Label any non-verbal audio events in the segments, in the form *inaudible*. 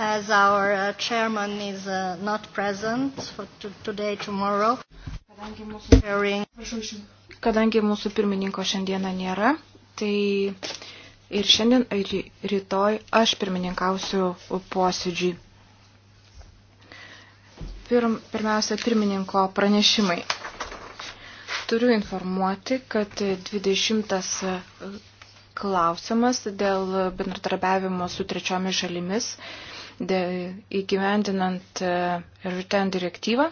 as our uh, chairman is uh, not present for today, tomorrow. Kadangi mūsų, kadangi mūsų pirmininko šiandieną nėra, tai ir šiandien, ir rytoj aš pirmininkausiu posėdžiui. Pirm, pirmiausia, pirmininko pranešimai. Turiu informuoti, kad 20 e, klausimas dėl bendradarbiavimo su trečiomis šalimis įgyvendinant e, RUTEN direktyvą.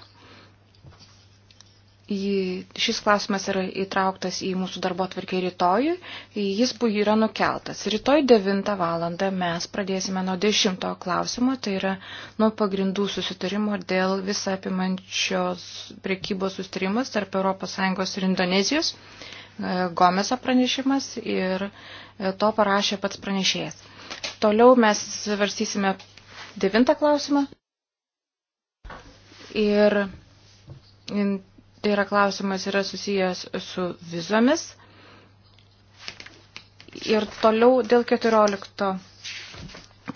Šis klausimas yra įtrauktas į mūsų darbo atvarkį rytoj, jis buvo yra nukeltas. Rytoj 9 valandą mes pradėsime nuo 10 klausimo, tai yra nuo pagrindų susitarimo dėl visą apimančios prekybos sustarimas tarp ES ir Indonezijos. E, Gomeso pranešimas ir e, to parašė pats pranešėjas. Toliau mes svarstysime devintą klausimą. Ir tai yra klausimas yra susijęs su vizomis. Ir toliau dėl 14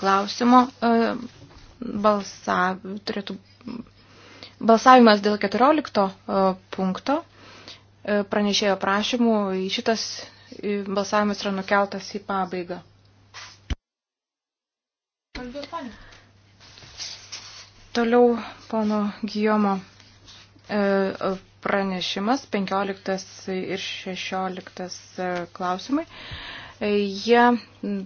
klausimo e, balsa, turėtų, balsavimas dėl 14 e, punkto e, pranešėjo prašymų, šitas balsavimas yra nukeltas į pabaigą. Toliau pono Gijomo e, pranešimas 15 ir 16 e, klausimai. E, jie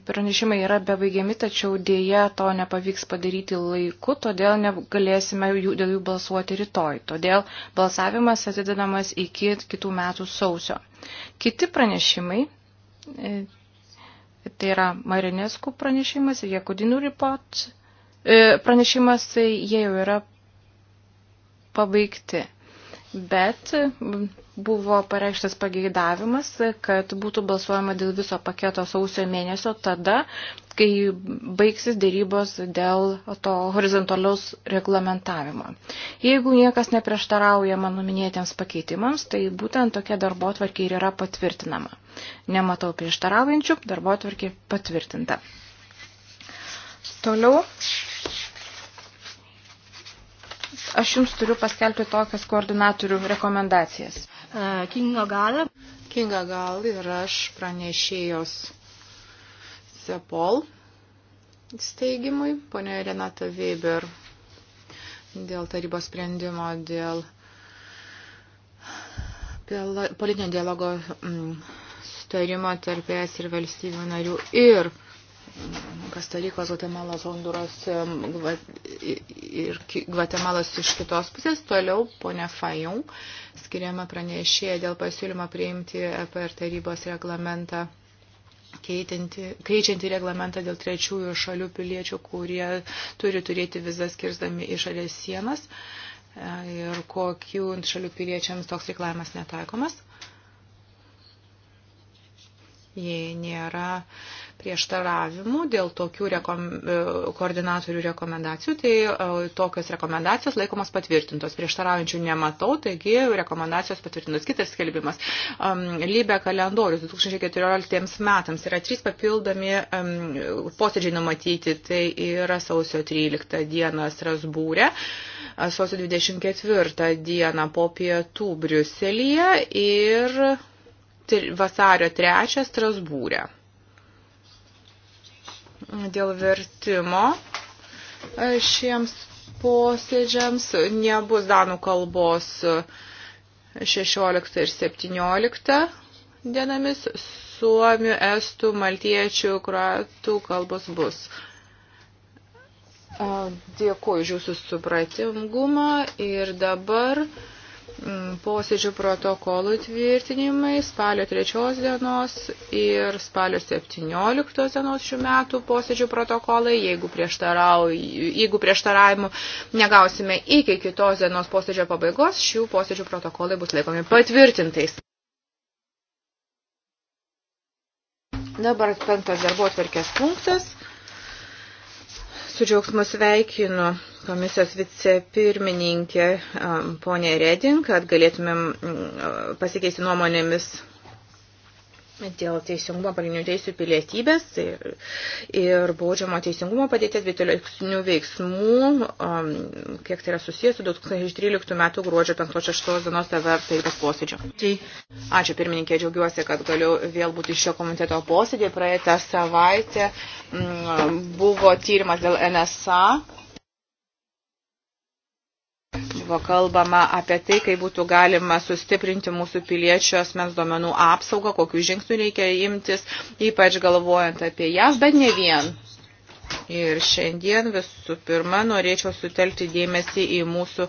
pranešimai yra bevaigiami, tačiau dėja to nepavyks padaryti laiku, todėl negalėsime jų, dėl jų balsuoti rytoj. Todėl balsavimas atidedamas iki kitų metų sausio. Kiti pranešimai, tai yra Marinesku pranešimas ir Jakudinų report E, pranešimas, tai jie jau yra pabaigti. Bet buvo pareikštas pageidavimas, kad būtų balsuojama dėl viso paketo sausio mėnesio tada, kai baigsis dėrybos dėl to horizontaliaus reglamentavimo. Jeigu niekas neprieštarauja mano minėtiems pakeitimams, tai būtent tokia darbo tvarkė ir yra patvirtinama. Nematau prieštaraujančių, darbo tvarkė patvirtinta. Toliau aš jums turiu paskelbti tokias koordinatorių rekomendacijas. E, Kinga Gal. Kinga Gal ir aš pranešėjos Sepol steigimui, ponė Renata Weber, dėl tarybos sprendimo, dėl politinio dialogo mm, sutarimo tarp es ir valstybių narių ir Kastarikos, Guatemalos, Honduros ir Guatemalos iš kitos pusės. Toliau, ponia Fajung, skiriama pranešėja dėl pasiūlymo priimti EPR tarybos reglamentą keitinti, keičianti reglamentą dėl trečiųjų šalių piliečių, kurie turi turėti vizas kirzdami išorės sienas e, ir kokių šalių piliečiams toks reikalavimas netaikomas. Jei nėra uh, prieštaravimų dėl tokių rekom, e, koordinatorių rekomendacijų, tai e, tokios rekomendacijos laikomos patvirtintos. Prieštaraujančių nematau, taigi rekomendacijos patvirtintos. Kitas skelbimas. Lybė kalendorius 2014 metams yra trys papildomi posėdžiai numatyti. Tai yra sausio 13 dieną Strasbūrė sausio 24 dieną po pietų Briuselyje ir vasario 3 Strasbūrė dėl vertimo e, šiems posėdžiams. Nebus danų kalbos 16 ir 17 dienomis. Suomių, estų, maltiečių, kruatų kalbos bus. E, Dėkuoju už jūsų supratingumą ir dabar Mm, posėdžių protokolų tvirtinimai spalio 3 dienos ir spalio 17 dienos šių metų posėdžių protokolai. Jeigu, jeigu prieštaravimų negausime iki kitos dienos posėdžio pabaigos, šių posėdžių protokolai bus laikomi patvirtintais. Dabar penktas darbo atverkės punktas. Su džiaugsmu sveikinu komisijos vicepirmininkė ponė Redin, kad galėtumėm pasikeisti nuomonėmis dėl teisingumo pagrindinių teisų pilietybės ir, ir baudžiamo teisingumo padėties bei tolesnių veiksmų, um, kiek tai yra susijęs su 2013 metų gruodžio 5-6 dienos TVR tarybos posėdžio. Ačiū pirmininkė, džiaugiuosi, kad galiu vėl būti šio komiteto posėdė. Praeitą savaitę m, buvo tyrimas dėl NSA buvo kalbama apie tai, kaip būtų galima sustiprinti mūsų piliečių asmens duomenų apsaugą, kokių žingsnių reikia imtis, ypač galvojant apie jas, bet ne vien. Ir šiandien visų pirma norėčiau sutelkti dėmesį į mūsų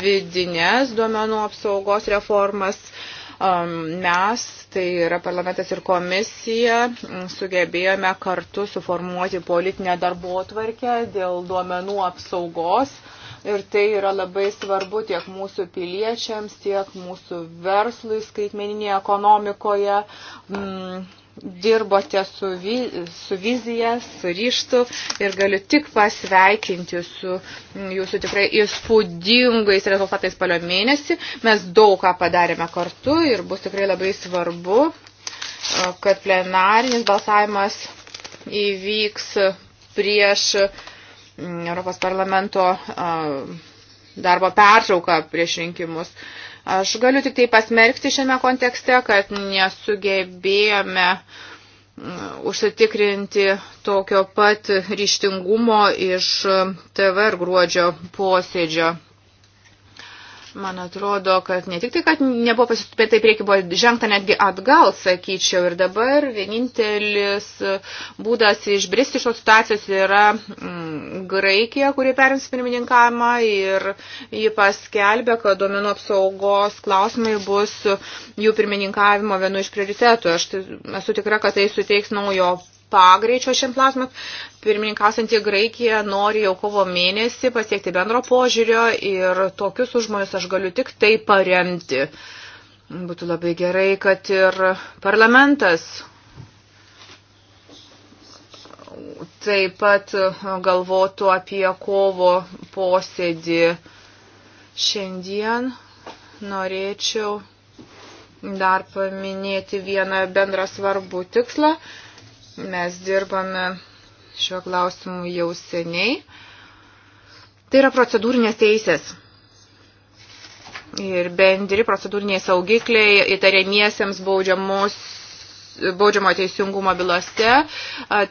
vidinės duomenų apsaugos reformas. Um, mes, tai yra parlamentas ir komisija, sugebėjome kartu suformuoti politinę darbo tvarkę dėl duomenų apsaugos. Ir tai yra labai svarbu tiek mūsų piliečiams, tiek mūsų verslui skaitmeninėje ekonomikoje. Mm, dirbote su, vi, su vizija, su ryštu ir galiu tik pasveikinti su jūsų tikrai įspūdingais rezultatais palio mėnesį. Mes daug ką padarėme kartu ir bus tikrai labai svarbu, kad plenarinis balsavimas įvyks prieš Europos parlamento darbo pertrauką prieš rinkimus. Aš galiu tik tai pasmerkti šiame kontekste, kad nesugebėjome užsitikrinti tokio pat ryštingumo iš TV ir gruodžio posėdžio. Man atrodo, kad ne tik tai, kad nebuvo pasistupėta į priekį, buvo žengta netgi atgal, sakyčiau. Ir dabar vienintelis būdas išbristi iš tos situacijos yra mm, Graikija, kuri perims pirmininkavimą ir ji paskelbė, kad domino apsaugos klausimai bus jų pirmininkavimo vienu iš prioritetų. Aš esu tikra, kad tai suteiks naujo pagreičio šiam klausimams. Pirmininkausianti Graikija nori jau kovo mėnesį pasiekti bendro požiūrio ir tokius užmojus aš galiu tik tai paremti. Būtų labai gerai, kad ir parlamentas taip pat galvotų apie kovo posėdį. Šiandien norėčiau dar paminėti vieną bendrą svarbų tikslą. Mes dirbame šiuo klausimu jau seniai. Tai yra procedūrinės teisės. Ir bendri procedūriniai saugikliai įtariamiesiems baudžiamos baudžiamo teisingumo bylose.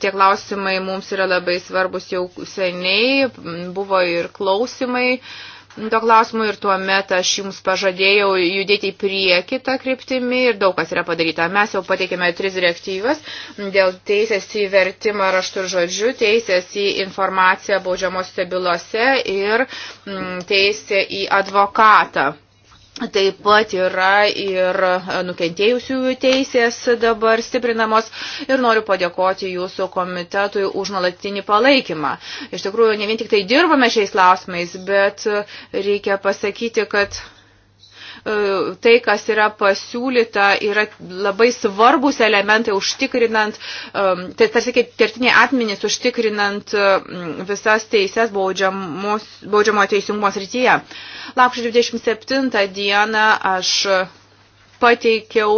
Tie klausimai mums yra labai svarbus jau seniai. Buvo ir klausimai. Uh, to klausimu ir tuo metu aš jums pažadėjau judėti į priekį tą kryptimį ir daug kas yra padaryta. Mes jau pateikėme tris direktyvas dėl teisės į vertimą raštų ir žodžių, teisės į informaciją baudžiamosiuose bylose ir mm, teisė į advokatą. Taip pat yra ir e, nukentėjusiųjų teisės dabar stiprinamos ir noriu padėkoti jūsų komitetui už nuolatinį palaikymą. Iš tikrųjų, ne vien tik tai dirbame šiais klausimais, bet e, reikia pasakyti, kad E, tai, kas yra pasiūlyta, yra labai svarbus elementai užtikrinant, e, tai tarsi kaip kertiniai atmenys užtikrinant e, visas teises baudžiamo teisingumo srityje. Lapkričio 27 dieną aš pateikiau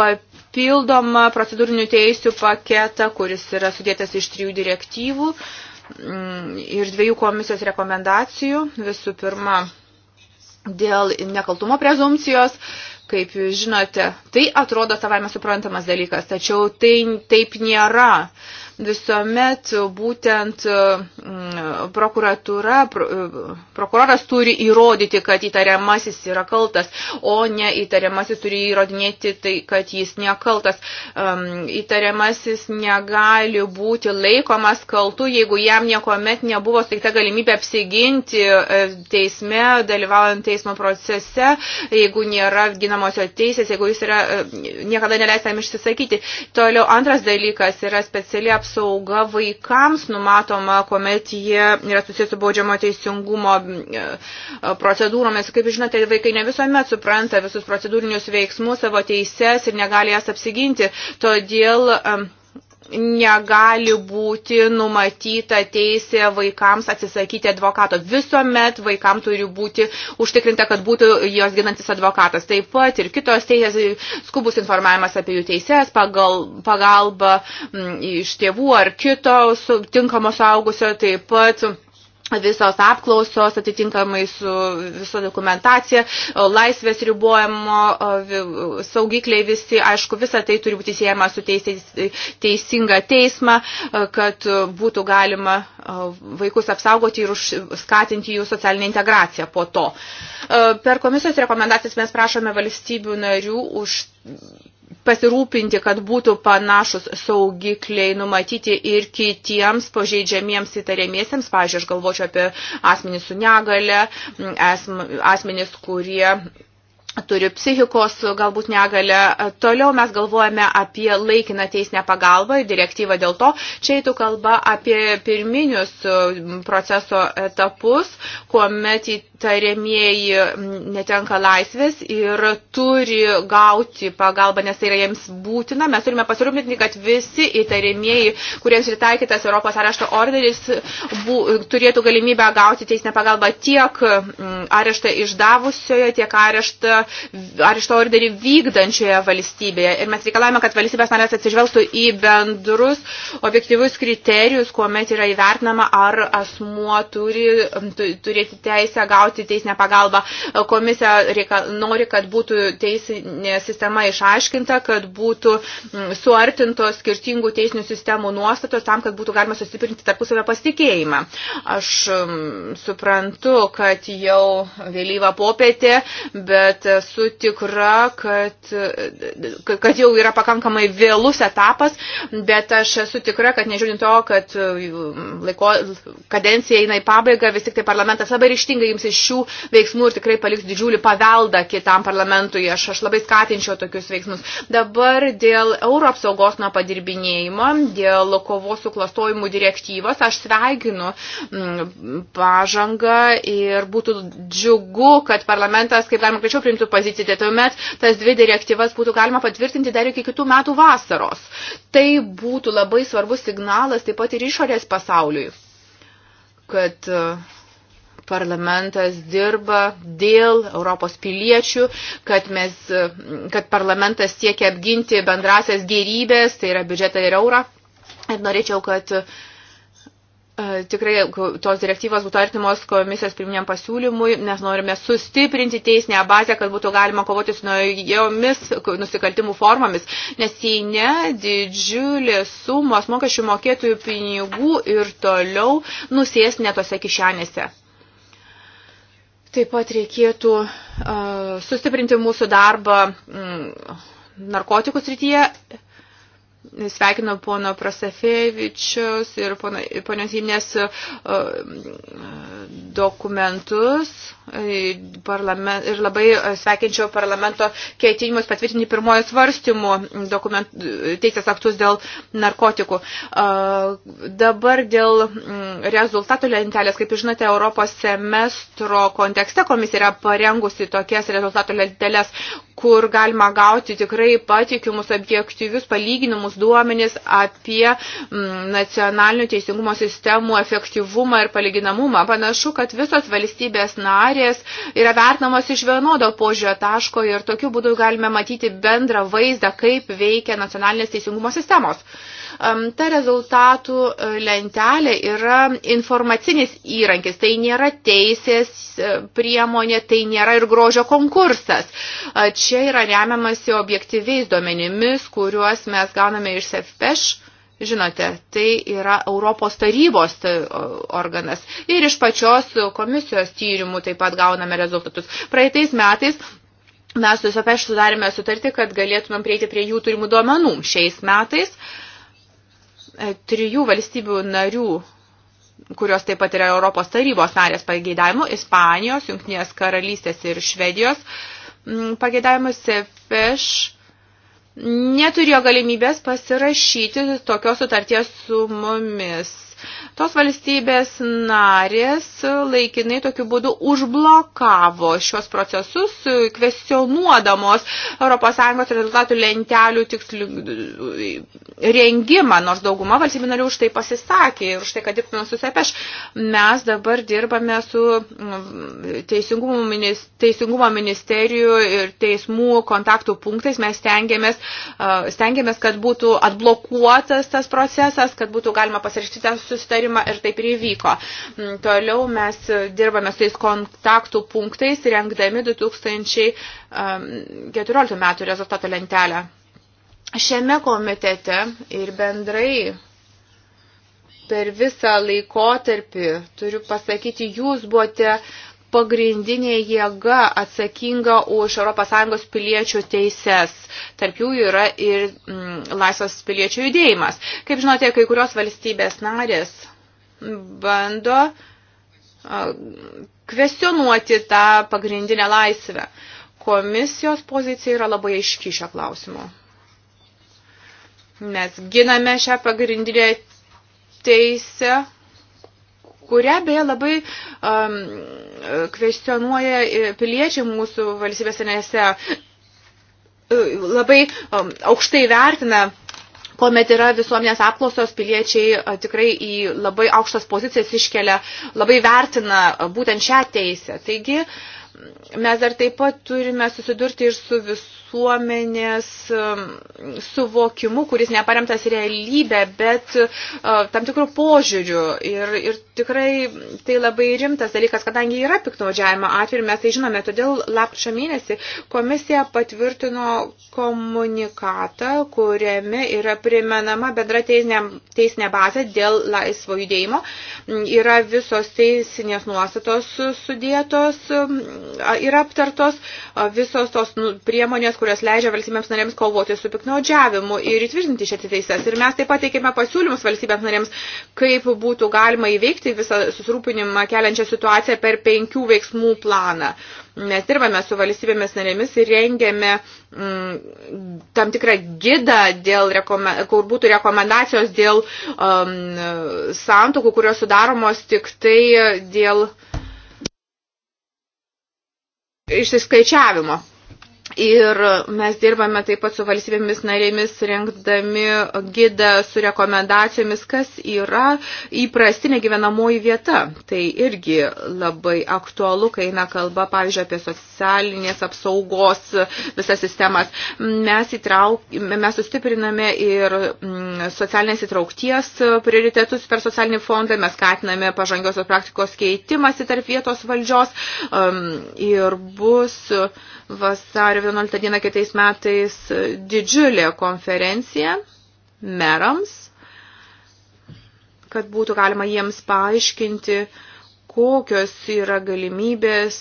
papildomą procedūrinių teisių paketą, kuris yra sudėtas iš trijų direktyvų mm, ir dviejų komisijos rekomendacijų. Visų pirma, dėl nekaltumo prezumcijos, kaip jūs žinote, tai atrodo savame suprantamas dalykas, tačiau tai taip nėra visuomet būtent e, prokuratūra, e, prokuroras turi įrodyti, kad įtariamasis yra kaltas, o ne įtariamasis turi įrodinėti, tai, kad jis nekaltas. Įtariamasis negali būti laikomas kaltu, jeigu jam niekuomet nebuvo suteikta galimybė apsiginti e, teisme, dalyvaujant teismo procese, jeigu nėra ginamosios teisės, jeigu jis yra, niekada neleista jam išsisakyti. Toliau antras dalykas yra speciali apsauga apsauga vaikams numatoma, kuomet jie yra susijęs su baudžiamo teisingumo e, procedūromis. Kaip žinote, vaikai ne visuomet supranta visus procedūrinius veiksmus, savo teises ir negali jas apsiginti. Todėl um, negali būti numatyta teisė vaikams atsisakyti advokato. Visuomet vaikam turi būti užtikrinta, kad būtų jos ginantis advokatas. Taip pat ir kitos teisės, skubus informavimas apie jų teisės, pagal, pagalba m, mm, iš tėvų ar kito tinkamo saugusio, taip pat visos apklausos atitinkamai su viso dokumentacija, laisvės ribojimo saugikliai visi, aišku, visa tai turi būti siejama su teisinga teisma, kad būtų galima vaikus apsaugoti ir skatinti jų socialinę integraciją po to. Per komisijos rekomendacijas mes prašome valstybių narių už pasirūpinti, kad būtų panašus saugikliai numatyti ir kitiems pažeidžiamiems įtariamiesiems. Pavyzdžiui, aš galvočiau apie asmenys su negale, asmenys, kurie turi psichikos galbūt negalę. Toliau mes galvojame apie laikiną teisinę pagalbą, direktyvą dėl to. Čia eitų kalba apie pirminius proceso etapus, kuomet į įtariamieji netenka laisvės ir turi gauti pagalbą, nes tai yra jiems būtina. Mes turime pasirūpinti, kad visi įtariamieji, kuriems pritaikytas Europos arešto orderis, bu, turėtų galimybę gauti teisinę pagalbą tiek areštą išdavusioje, tiek areštą, arešto orderį vykdančioje valstybėje. Ir mes reikalavome, kad valstybės narės atsižvelgtų į bendrus objektyvius kriterijus, kuomet yra įvertinama, ar asmuo turi turėti teisę gauti gauti teisinę pagalbą. Komisija reika, nori, kad būtų teisinė sistema išaiškinta, kad būtų suartintos skirtingų teisinių sistemų nuostatos tam, kad būtų galima sustiprinti tarpusavio pasitikėjimą. Aš suprantu, kad jau vėlyva popietė, bet esu tikra, kad, e, kad jau yra pakankamai vėlus etapas, bet aš esu tikra, kad nežiūrint to, kad laiko, kadencija eina į pabaigą, vis tik tai parlamentas labai ryštingai jums iš šių veiksmų ir tikrai paliks didžiulį paveldą kitam parlamentui. Aš, aš labai skatinčiau tokius veiksmus. Dabar dėl euro apsaugos nuo padirbinėjimo, dėl kovos su klastojimu direktyvos, aš sveikinu mm, pažangą ir būtų džiugu, kad parlamentas, kaip galima greičiau, priimtų poziciją. Tai tuomet tas dvi direktyvas būtų galima patvirtinti dar iki kitų metų vasaros. Tai būtų labai svarbus signalas taip pat ir išorės pasauliui kad uh, parlamentas dirba dėl Europos piliečių, kad, mes, kad parlamentas siekia apginti bendrasias gerybės, tai yra biudžetą ir eurą. Ir norėčiau, kad e, tikrai tos direktyvos būtų artimos komisijos pirminiam pasiūlymui, nes norime sustiprinti teisinę bazę, kad būtų galima kovoti su naujomis nusikaltimų formomis, nes jei ne, didžiulės sumos mokesčių mokėtojų pinigų ir toliau nusės netose kišenėse. Taip pat reikėtų uh, sustiprinti mūsų darbą mm, narkotikų srityje sveikino pono Prasafevičius ir ponios Jimnės e, dokumentus e, ir labai e, sveikinčiau parlamento keitinimus patvirtinti pirmojo svarstymų teisės aktus dėl narkotikų. Dabar dėl mm, rezultatų lentelės, kaip žinote, Europos semestro kontekste komisija yra parengusi tokias rezultatų lentelės, kur galima gauti tikrai patikimus, objektyvius palyginimus duomenis apie mm, nacionalinių teisingumo sistemų efektyvumą ir palyginamumą. Panašu, kad visos valstybės narės yra vertinamos iš vienodo požiūrio taško ir tokiu būdu galime matyti bendrą vaizdą, kaip veikia nacionalinės teisingumo sistemos. Ta rezultatų e, lentelė yra informacinis įrankis, tai nėra teisės e, priemonė, tai nėra ir grožio konkursas. Čia yra remiamasi objektyviais duomenimis, kuriuos mes gauname iš SEFPEŠ. Žinote, tai yra Europos tarybos e, organas. Ir iš pačios komisijos tyrimų taip pat gauname rezultatus. Praeitais metais mes su SEPEŠ sudarėme sutartį, kad galėtumėm prieiti prie jų turimų duomenų. Šiais metais uh, trijų valstybių narių kurios taip pat yra Europos tarybos narės pageidavimų, Ispanijos, Junktinės karalystės ir Švedijos mm, pageidavimus CFIŠ neturėjo galimybės pasirašyti tokios sutarties su mumis. Tos valstybės narės laikinai tokiu būdu užblokavo šios procesus, kvestionuodamos ES rezultatų lentelių tikslių rengimą, nors dauguma valstybių narių už tai pasisakė ir už tai, kad dirbtume su SEPEŠ. Mes dabar dirbame su mm, Teisingumo, teisingumo ministerijų ir teismų kontaktų punktais. Mes stengiamės, stengiamės kad būtų atblokuotas tas procesas, kad būtų galima pasirašyti tą susitarimą susitarimą ir taip ir įvyko. Mm, toliau mes dirbame su tais kontaktų punktais, rengdami 2014 ehm, metų rezultato lentelę. Šiame komitete ir bendrai per visą laikotarpį, turiu pasakyti, jūs buvote pagrindinė jėga atsakinga už ES piliečių teises. Tarp jų yra ir mm, laisvas piliečių judėjimas. Kaip žinote, kai kurios valstybės narės bando kvestionuoti tą pagrindinę laisvę. Komisijos pozicija yra labai aiški šio klausimo. Mes giname šią pagrindinę teisę, kurią beje labai um, kvestionuoja e, piliečiai mūsų valstybės senėse, e, labai um, aukštai vertina kuomet yra visuomenės apklausos, piliečiai e, tikrai į labai aukštas pozicijas iškelia, labai vertina e, būtent šią teisę. Taigi, mes dar taip pat turime susidurti ir su visų visuomenės um, suvokimu, kuris neparemtas realybė, bet uh, tam tikrų požiūrių. Ir, ir tikrai tai labai rimtas dalykas, kadangi yra piknaudžiavimo atveju, mes tai žinome, todėl lapkričio mėnesį komisija patvirtino komunikatą, kuriame yra primenama bendra teisinė, teisinė bazė dėl laisvo judėjimo. Yra visos teisinės nuostatos sudėtos, um, yra aptartos uh, visos tos nu, priemonės, kurios leidžia valstybėms narėms kovoti su piknaudžiavimu ir įtvirtinti šią teises. Ir mes taip pat teikėme pasiūlymus valstybėms narėms, kaip būtų galima įveikti visą susirūpinimą keliančią situaciją per penkių veiksmų planą. Mes dirbame su valstybėmis narėmis ir rengėme mm, tam tikrą gidą, dėl, kur būtų rekomendacijos dėl um, santokų, kurios sudaromos tik tai dėl išsiskaičiavimo. Ir mes dirbame taip pat su valstybėmis narėmis, rengdami gidą su rekomendacijomis, kas yra įprastinė gyvenamoji vieta. Tai irgi labai aktualu, kai eina kalba, pavyzdžiui, apie socialinės apsaugos visas sistemas. Mes, įtrauk, mes sustipriname ir mm, socialinės įtraukties prioritetus per socialinį fondą, mes skatiname pažangiosios praktikos keitimąsi tarp vietos valdžios mm, ir bus vasario 11 dieną kitais metais didžiulė konferencija merams, kad būtų galima jiems paaiškinti, kokios yra galimybės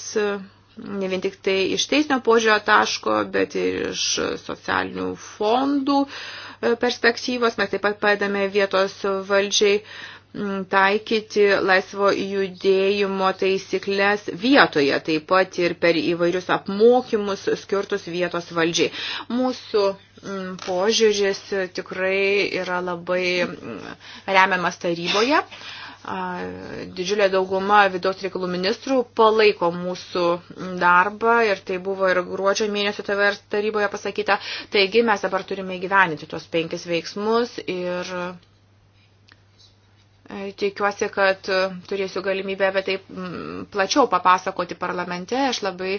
ne vien tik tai iš teisinio požiūrio taško, bet ir iš socialinių fondų perspektyvos. Mes taip pat padame vietos valdžiai Mm, taikyti laisvo judėjimo taisyklės vietoje, taip pat ir per įvairius apmokymus skirtus vietos valdžiai. Mūsų mm, požiūris tikrai yra labai mm, remiamas taryboje. Didžiulė dauguma vidaus reikalų ministrų palaiko mūsų darbą ir tai buvo ir gruodžio mėnesio TVR taryboje pasakyta. Taigi mes dabar turime gyveninti tuos penkis veiksmus ir Tikiuosi, kad e, turėsiu galimybę apie tai plačiau papasakoti parlamente. Aš labai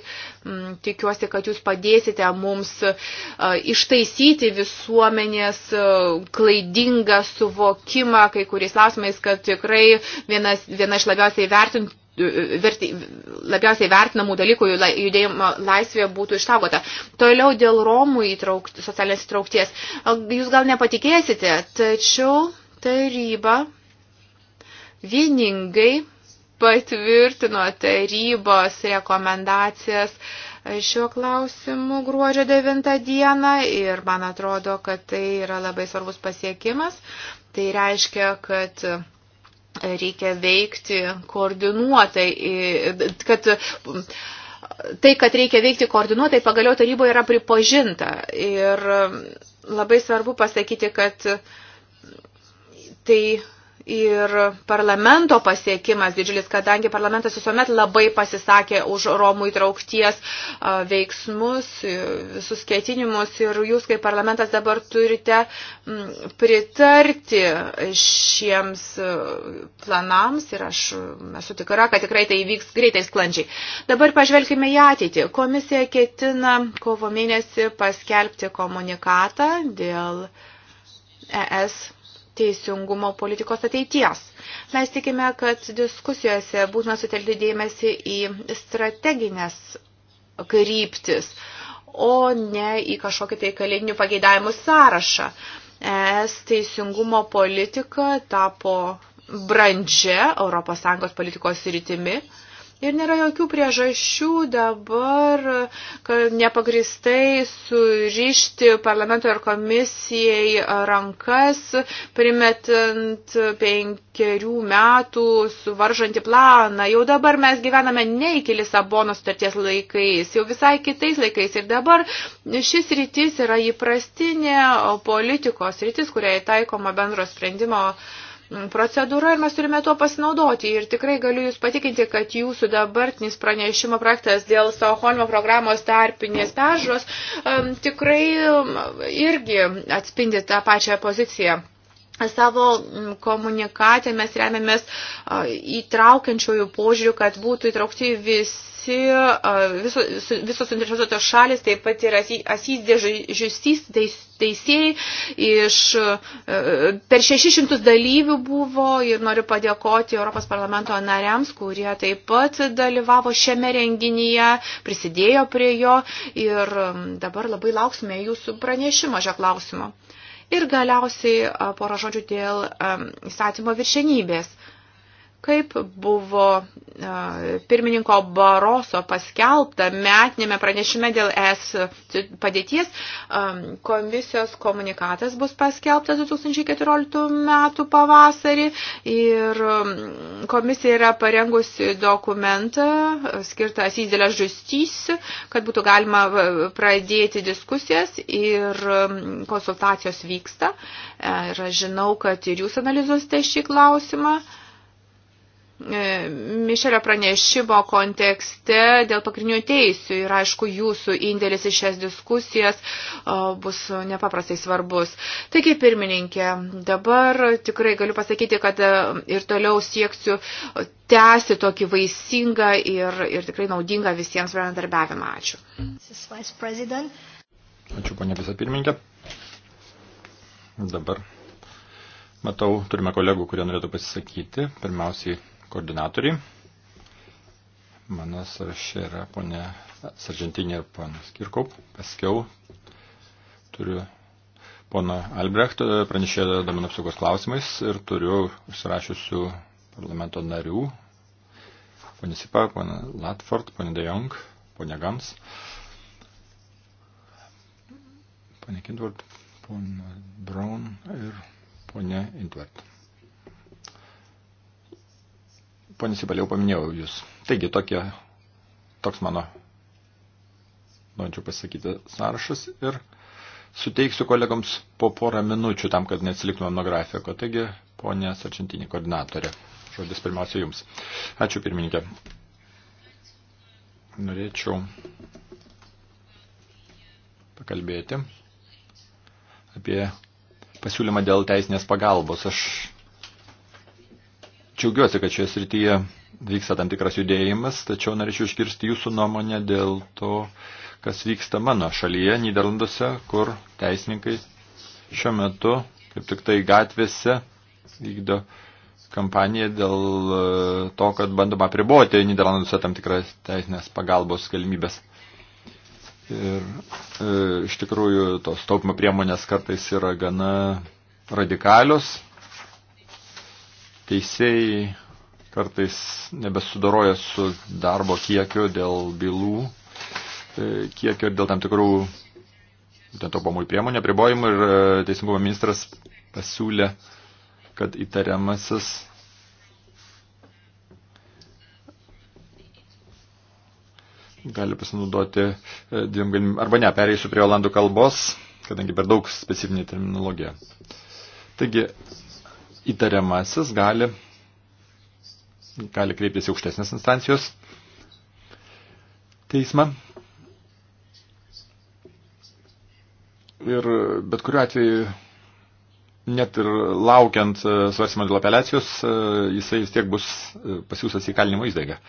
tikiuosi, kad jūs padėsite mums e, ištaisyti visuomenės e, klaidingą suvokimą kai kuriais klausimais, kad tikrai vienas, viena iš labiausiai vertintų verti, labiausiai vertinamų dalykų judėjimo laisvė būtų išsaugota. Toliau dėl Romų įtraukt, socialinės įtraukties. Jūs gal nepatikėsite, tačiau taryba vieningai patvirtino tarybos rekomendacijas šiuo klausimu gruodžio 9 dieną ir man atrodo, kad tai yra labai svarbus pasiekimas. Tai reiškia, kad reikia veikti koordinuotai, kad tai, kad reikia veikti koordinuotai, pagaliau taryboje yra pripažinta. Ir labai svarbu pasakyti, kad tai ir parlamento pasiekimas didžiulis, kadangi parlamentas visuomet labai pasisakė už Romų įtraukties veiksmus, visus ketinimus ir jūs kaip parlamentas dabar turite pritarti šiems planams ir aš esu tikra, kad tikrai tai vyks greitai sklandžiai. Dabar pažvelkime į ateitį. Komisija ketina kovo mėnesį paskelbti komunikatą dėl ES teisingumo politikos ateities. Mes tikime, kad diskusijose būtina sutelkti dėmesį į strateginės kryptis, o ne į kažkokį tai kalėdinių pageidavimų sąrašą. Es teisingumo politika tapo brandžia ES politikos rytimi. Ir nėra jokių priežasčių dabar nepagristai surišti parlamento ir komisijai rankas, primetant penkerių metų suvaržantį planą. Jau dabar mes gyvename ne iki Lisabono sutarties laikais, jau visai kitais laikais. Ir dabar šis rytis yra įprastinė politikos rytis, kuriai taikoma bendro sprendimo uh, procedūra ir mes turime tuo pasinaudoti. Ir tikrai galiu Jūs patikinti, kad Jūsų dabartinis pranešimo projektas dėl Stokholmo programos tarpinės peržos um, tikrai um, irgi atspindi tą pačią poziciją savo mm, komunikatę mes remiamės įtraukiančiųjų požiūrių, kad būtų įtraukti visi visi, visos, visos suinteresuotos šalis, taip pat ir asys dėžystys teis, teisėjai, iš, per 600 dalyvių buvo ir noriu padėkoti Europos parlamento nariams, kurie taip pat dalyvavo šiame renginyje, prisidėjo prie jo ir dabar labai lauksime jūsų pranešimo šio klausimo. Ir galiausiai pora žodžių dėl įstatymo viršenybės kaip buvo pirmininko Baroso paskelbta metinėme pranešime dėl ES padėties, komisijos komunikatas bus paskelbtas 2014 metų pavasarį ir komisija yra parengusi dokumentą skirtą Asizelė Žustys, kad būtų galima pradėti diskusijas ir konsultacijos vyksta. Ir žinau, kad ir jūs analizuosite šį klausimą. E, Mišelio pranešimo kontekste dėl pagrindinių teisių ir aišku jūsų indėlis į šias diskusijas e, bus nepaprastai svarbus. Taigi, pirmininkė, dabar tikrai galiu pasakyti, kad e, ir toliau sieksiu tęsti tokį vaisingą ir, ir tikrai naudingą visiems bendradarbiavimą. Ačiū. Ačiū, ponė visapirmininkė. Dabar. Matau, turime kolegų, kurie norėtų pasisakyti. Pirmiausiai koordinatoriai. Mano sąraše yra ponė Sargentinė ir ponas Kirkau. Paskiau turiu pono Albrecht e, pranešėjo domenų apsaugos klausimais ir turiu užsirašiusių parlamento narių. Pone Sipa, pone Latford, pone De Jong, pone Gans, pone Kindvart, pone Brown ir pone Intvert. Pone Sipaliau, paminėjau jūs. Taigi, tokie, toks mano, norėčiau pasakyti, sąrašas ir suteiksiu kolegoms po porą minučių tam, kad neatsiliktume nuo grafiko. Taigi, ponė Sarčentinė, koordinatorė, žodis pirmiausia jums. Ačiū pirmininkė. Norėčiau pakalbėti apie pasiūlymą dėl teisinės pagalbos. Aš Čiaugiuosi, kad šioje srityje vyksta tam tikras judėjimas, tačiau norėčiau iškirsti jūsų nuomonę dėl to, kas vyksta mano šalyje, Niderlanduose, kur teisininkai šiuo metu kaip tik tai gatvėse vykdo kampaniją dėl e, to, kad bandoma priboti Niderlanduose tam tikras teisinės pagalbos galimybės. Ir e, iš tikrųjų tos taupimo priemonės kartais yra gana radikalios, Teisėjai kartais nebesudaroja su darbo kiekiu dėl bylų e, kiekio ir dėl tam tikrų taupomųjų priemonių apribojimų ir e, teisingumo ministras pasiūlė, kad įtariamasis gali pasinaudoti e, dviem galimybėm, arba ne, pereisiu prie olandų kalbos, kadangi per daug specifinė terminologija. Taigi, įtariamasis gali, gali kreiptis į aukštesnės instancijos teismą. Ir bet kuriuo atveju, net ir laukiant svarstymą dėl apeliacijos, jisai vis tiek bus pasiūstas į kalinimo įstaigą.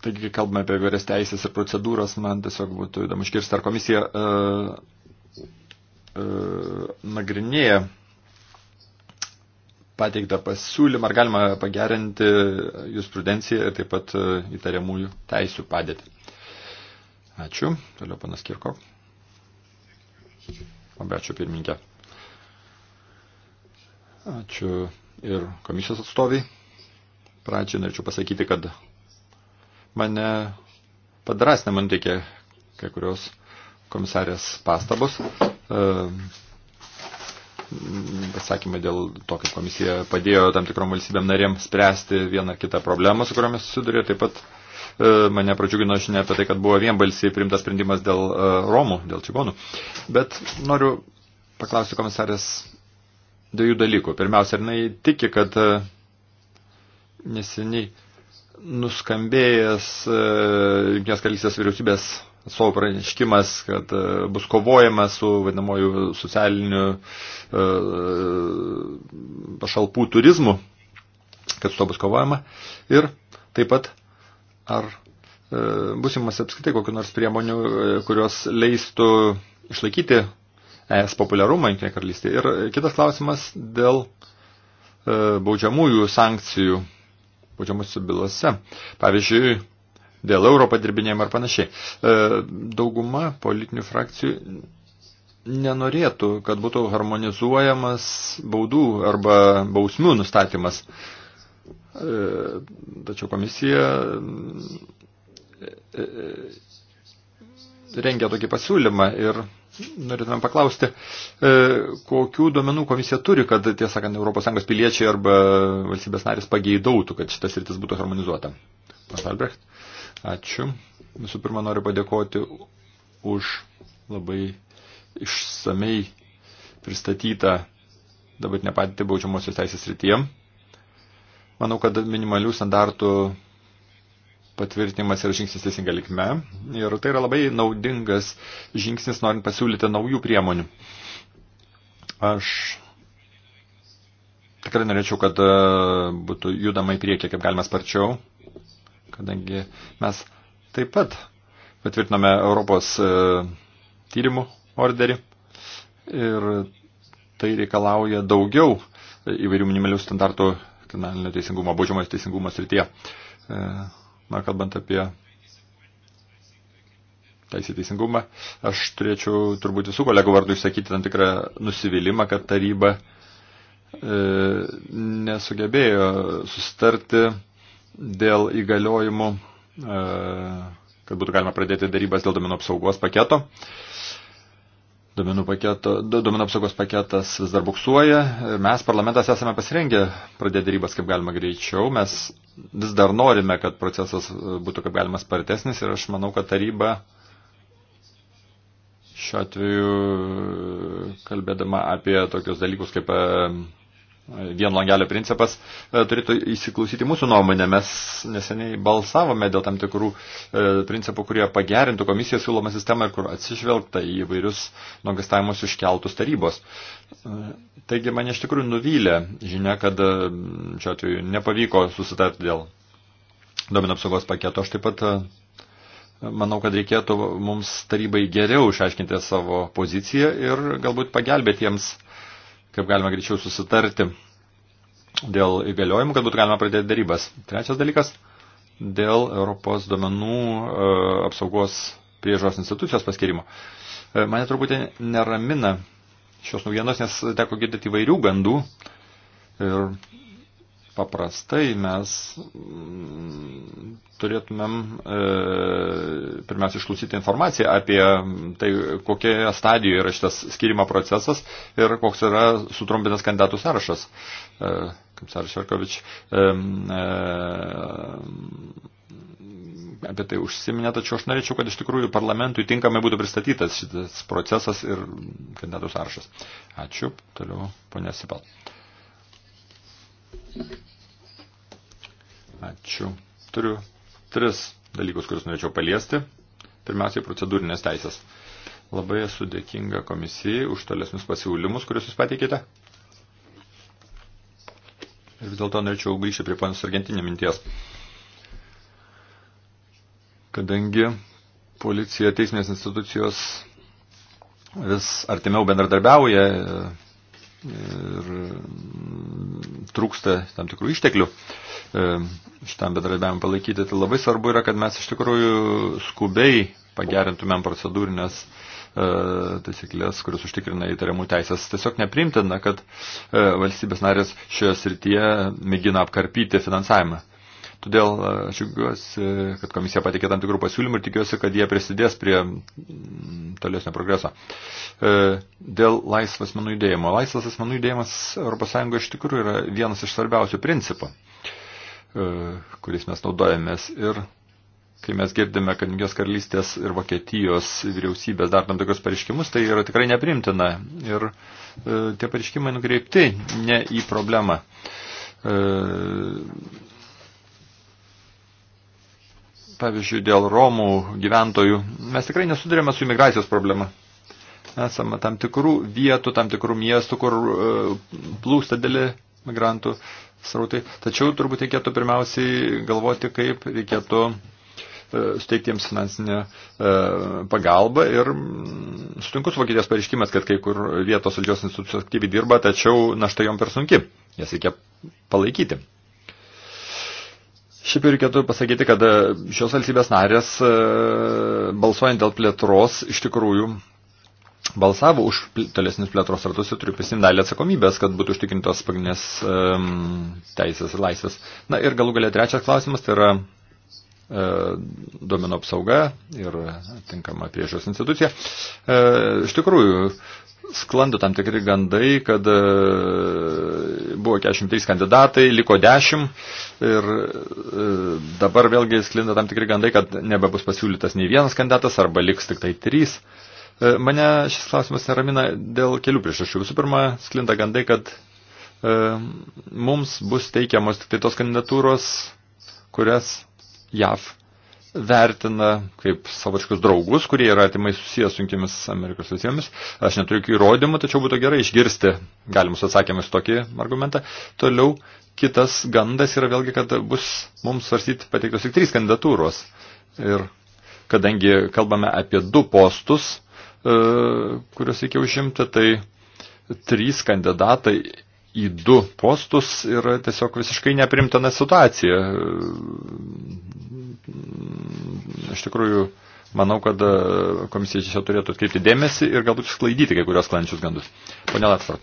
Taigi, kai kalbame apie vėres teisės ir procedūras, man tiesiog būtų įdomu iškirsti, ar komisija uh, uh, nagrinėja pateiktą pasiūlymą, ar galima pagerinti jūs prudenciją ir taip pat e, įtariamųjų teisų padėtį. Ačiū. Toliau panas Kirko. Labai ačiū pirmininkė. Ačiū ir komisijos atstoviai. Pradžiai norėčiau pasakyti, kad mane padrasnė man reikia kai kurios komisarės pastabos. E, pasakymai dėl to, kaip komisija padėjo tam tikrom valstybėm narėm spręsti vieną kitą problemą, su kuriomis susidurė. Taip pat e, mane pradžiugino žinia apie tai, kad buvo vienbalsiai priimtas sprendimas dėl e, Romų, dėl čigonų. Bet noriu paklausti komisarės dviejų dalykų. Pirmiausia, ar jinai tiki, kad e, neseniai nuskambėjęs Junktinės karalystės vyriausybės atstovų pranešimas, kad e, bus kovojama su vadinamoju socialiniu e, pašalpų turizmu, kad su to bus kovojama. Ir taip pat ar e, bus įmas apskritai kokiu nors priemonių, kurios leistų išlaikyti ES populiarumą Jungtinėje karalystėje. Ir kitas klausimas dėl baudžiamųjų sankcijų baudžiamosių bylose. Pavyzdžiui, dėl euro padirbinėjimo ir panašiai. E, dauguma politinių frakcijų nenorėtų, kad būtų harmonizuojamas baudų arba bausmių nustatymas. E, tačiau komisija e, rengia tokį pasiūlymą ir norėtume paklausti, kokių duomenų komisija turi, kad, tiesąkant, ES piliečiai arba valstybės narės pageidautų, kad šitas rytis būtų harmonizuota. Pas Albrecht. Ačiū. Visų pirma, noriu padėkoti už labai išsamei pristatytą dabar nepatyti baudžiamosios teisės rytyje. Manau, kad minimalių standartų patvirtinimas yra žingsnis teisinga likme ir tai yra labai naudingas žingsnis, norint pasiūlyti naujų priemonių. Aš tikrai norėčiau, kad e, būtų judama į priekį, kaip galima sparčiau kadangi mes taip pat patvirtiname Europos e, tyrimų orderį ir tai reikalauja daugiau įvairių minimalių standartų kriminalinio teisingumo, baudžiamojo teisingumo srityje. E, na, kalbant apie teisį teisingumą, aš turėčiau turbūt visų kolegų vardų išsakyti tam tikrą nusivylimą, kad taryba e, nesugebėjo sustarti dėl įgaliojimų, e, kad būtų galima pradėti darybas dėl domenų apsaugos paketo. Domenų, paketo, domenų apsaugos paketas vis dar buksuoja. Mes, parlamentas, esame pasirengę pradėti darybas kaip galima greičiau. Mes vis dar norime, kad procesas e, būtų kaip galima spartesnis ir aš manau, kad taryba šiuo atveju kalbėdama apie tokius dalykus kaip e, vien langelio principas e, turėtų įsiklausyti mūsų nuomonę. Mes neseniai balsavome dėl tam tikrų e, principų, kurie pagerintų komisijos siūlomą sistemą ir kur atsižvelgta į vairius nuogastavimus iškeltus tarybos. E, taigi mane iš tikrųjų nuvylė žinia, kad šiuo atveju nepavyko susitarti dėl domino apsaugos paketo. Aš taip pat Manau, kad reikėtų mums tarybai geriau išaiškinti savo poziciją ir galbūt pagelbėti jiems uh, kaip galima greičiau susitarti dėl įgaliojimų, kad būtų galima pradėti darybas. Trečias dalykas - dėl Europos duomenų e, apsaugos priežos institucijos paskirimo. E, mane turbūt neramina šios naujienos, nes teko girdėti įvairių gandų ir paprastai mes mm, turėtumėm e, pirmiausia išklausyti informaciją apie tai, kokioje stadijoje yra šitas skirimo procesas ir koks yra sutrumpintas kandidatų sąrašas. E, kaip Saras Šarkovič e, e, apie tai užsiminė, tačiau aš norėčiau, kad iš tikrųjų parlamentui tinkamai būtų pristatytas šitas procesas ir kandidatų sąrašas. Ačiū. Toliau, ponė Sipal. E, Ačiū. Turiu tris dalykus, kuriuos norėčiau paliesti. Pirmiausiai, procedūrinės teisės. Labai esu dėkinga komisijai už tolesnius pasiūlymus, kuriuos jūs pateikėte. Ir vis dėlto norėčiau grįžti prie ponios Argentinė minties. Kadangi policija, teisinės institucijos vis artimiau bendradarbiauja, ir mm, trūksta tam tikrų išteklių e, šitam bedarbiavimui palaikyti. Tai labai svarbu yra, kad mes iš tikrųjų skubiai pagerintumėm procedūrinės e, taisyklės, kuris užtikrina įtariamų teisės. Tiesiog neprimtina, kad e, valstybės narės šioje srityje mėgina apkarpyti finansavimą. Todėl e, aš džiugiuosi, kad komisija patikė tam tikrų pasiūlymų ir tikiuosi, kad jie prisidės prie tolesnio progreso. E, dėl laisvas asmenų judėjimo. Laisvas asmenų judėjimas ES iš tikrųjų yra vienas iš svarbiausių principų, e, kuriais mes naudojamės. Ir kai mes girdime, kad Jungės karalystės ir Vokietijos vyriausybės dar tam tokius pareiškimus, tai yra tikrai neprimtina. Ir tie pareiškimai nukreipti ne į problemą. E, pavyzdžiui, dėl Romų gyventojų, mes tikrai nesudarėme su imigracijos problema. Esame tam tikrų vietų, tam tikrų miestų, kur e, plūsta dėlį migrantų srautai. Tačiau turbūt reikėtų pirmiausiai galvoti, kaip reikėtų e, suteikti jiems finansinę e, pagalbą ir mm, sutinku su Vokietijos pareiškimas, kad kai kur vietos valdžios institucijos aktyviai dirba, tačiau našta jom per sunki, jas reikia palaikyti. Šiaip jau reikėtų pasakyti, kad e, šios valstybės narės e, balsuojant dėl plėtros iš tikrųjų balsavo už tolesnius plėtros ratus ir turi prisimti dalį atsakomybės, kad būtų užtikrintos pagrindinės um, teisės ir laisvės. Na ir galų galia trečias klausimas, tai yra e, duomenų apsauga ir e, tinkama priežiūros institucija. E, iš tikrųjų, sklando tam tikri gandai, kad e, buvo 43 kandidatai, liko 10 ir e, dabar vėlgi sklinda tam tikri gandai, kad nebebus pasiūlytas nei vienas kandidatas arba liks tik tai 3. E, mane šis klausimas neramina dėl kelių priešašių. Visų pirma, sklinda gandai, kad mums bus teikiamos tik tai tos kandidatūros, kurias JAV vertina kaip savačkus draugus, kurie yra atimai susijęs su Junktinėmis Amerikos valstybėmis. Aš neturiu jokių įrodymų, tačiau būtų gerai išgirsti galimus atsakymus tokį argumentą. Toliau kitas gandas yra vėlgi, kad bus mums svarstyti pateiktos tik trys kandidatūros. Ir kadangi kalbame apie du postus, e, kuriuos reikia užimti, tai trys kandidatai į du postus yra tiesiog visiškai neprimtana situacija. Iš tikrųjų, manau, kad e, komisija čia turėtų atkreipti dėmesį ir galbūt sklaidyti kai kurios klančius gandus. Pone Latford.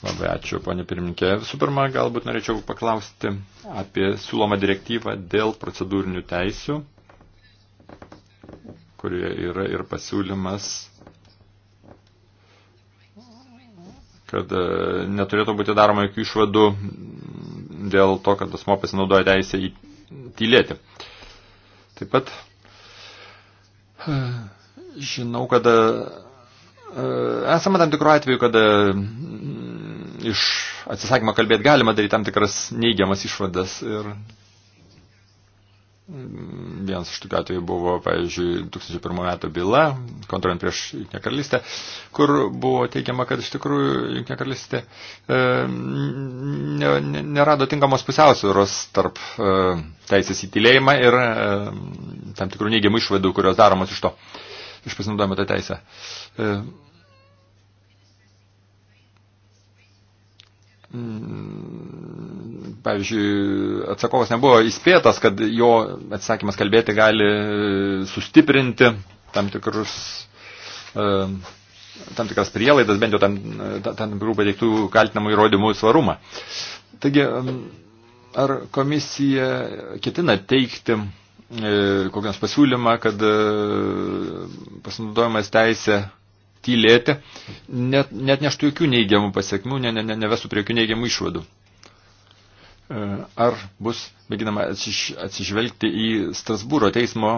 Labai ačiū, ponė pirminkė. Visų pirma, galbūt norėčiau paklausti apie siūlomą direktyvą dėl procedūrinių teisių, kurioje yra ir pasiūlymas kad e, neturėtų būti daroma jokių išvadų dėl to, kad asmo pasinaudoja teisę į tylėti. Taip pat e, žinau, kad e, esame tam tikrų atveju, kad iš atsisakymą kalbėti galima daryti tam tikras neigiamas išvadas ir Vienas iš tokių atvejų buvo, pavyzdžiui, 2001 metų byla, kontroliant prieš Junktinę karalystę, kur buvo teigiama, kad iš tikrųjų Junktinė karalystė e, nerado tinkamos pusiausvėros tarp e, teisės įtylėjimą ir e, tam tikrų neigiamų išvadų, kurios daromos iš to, iš pasinaudojimo tą teisę. E, pavyzdžiui, atsakovas nebuvo įspėtas, kad jo atsakymas kalbėti gali e, sustiprinti tam tikrus e, tam tikras prielaidas, bent jau tam, e, tam tikrų pateiktų kaltinamų įrodymų svarumą. Taigi, mm, ar komisija ketina teikti kokią nors pasiūlymą, kad pasinaudojimas teisė tylėti net, net neštų jokių neigiamų pasiekmių, ne, ne, ne, nevesų prie jokių neigiamų išvadų? ar bus mėginama atsiž, atsižvelgti į Strasbūro teismo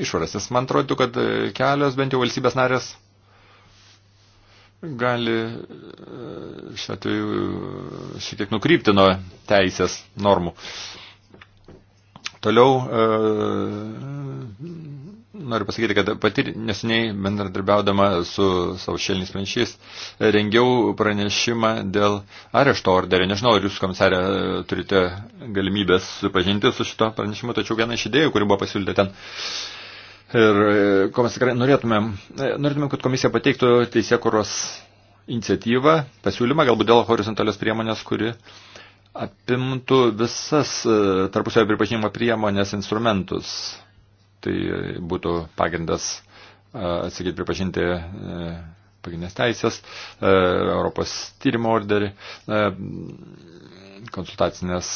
išvaras. Nes man atrodo, kad e, kelios bent jau valstybės narės gali e, šiuo atveju e, šiek tiek nukrypti nuo teisės normų. Toliau e, Noriu pasakyti, kad pati nesiniai bendradarbiaudama su savo šelniais pranešys e, rengiau pranešimą dėl arešto orderio. Nežinau, ar jūs, komisarė, turite galimybės supažinti su šito pranešimu, tačiau viena iš idėjų, kuri buvo pasiūlyta ten. Ir e, ko mes tikrai norėtumėm, e, norėtumėm, kad komisija pateiktų teisėkuros iniciatyvą, pasiūlymą, galbūt dėl horizontalios priemonės, kuri apimtų visas tarpusavio pripažinimo priemonės instrumentus tai būtų pagrindas atsakyti pripažinti pagrindinės teisės, Europos tyrimo orderį, konsultacinės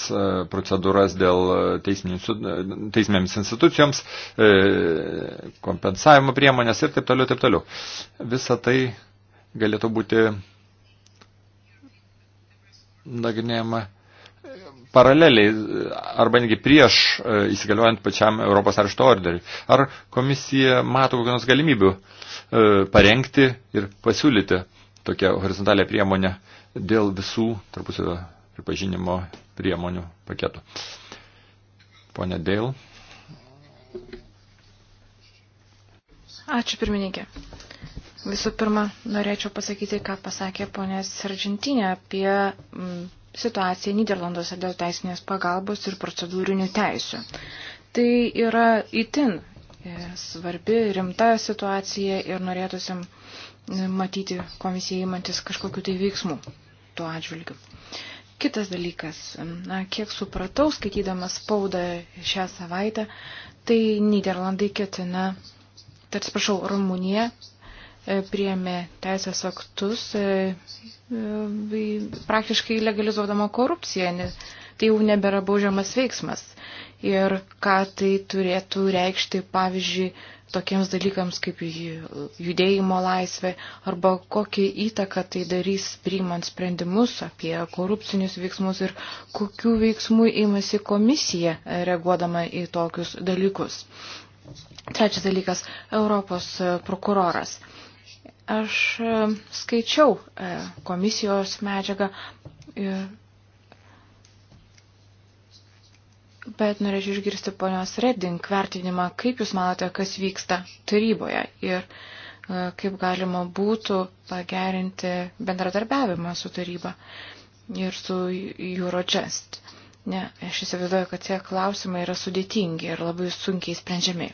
procedūras dėl teisminėms institucijoms, kompensavimo priemonės ir taip toliau, taip toliau. Visa tai galėtų būti nagrinėjama paraleliai arba netgi prieš e, įsigaliuojant pačiam Europos arešto orderiui. Ar komisija mato kokios galimybių e, parengti ir pasiūlyti tokią horizontalią priemonę dėl visų tarpusavio pripažinimo priemonių paketų? Pone Dėl. Ačiū pirmininkė. Visų pirma, norėčiau pasakyti, ką pasakė ponė Sargentinė apie mm, situacija Niderlanduose dėl teisinės pagalbos ir procedūrinių teisių. Tai yra itin e, svarbi, rimta situacija ir norėtusim e, matyti komisijai imantis kažkokiu tai veiksmu tuo atžvilgiu. Kitas dalykas, na, kiek supratau, skaitydamas spaudą šią savaitę, tai Niderlandai ketina, tarsi prašau, Rumunija E, priėmė teisės aktus e, e, praktiškai legalizuodama korupciją, nes tai jau nebėra baudžiamas veiksmas. Ir ką tai turėtų reikšti, pavyzdžiui, tokiems dalykams kaip judėjimo laisvė arba kokią įtaką tai darys priimant sprendimus apie korupcinius veiksmus ir kokių veiksmų imasi komisija reaguodama į tokius dalykus. Trečias dalykas - Europos prokuroras. Aš e, skaičiau e, komisijos medžiagą, e, bet norėčiau išgirsti ponios Redding vertinimą, kaip jūs manote, kas vyksta taryboje ir kaip galima būtų pagerinti bendradarbiavimą su taryba ir su Eurojust. Ne, aš įsivaizduoju, kad tie klausimai yra sudėtingi ir labai sunkiai sprendžiami.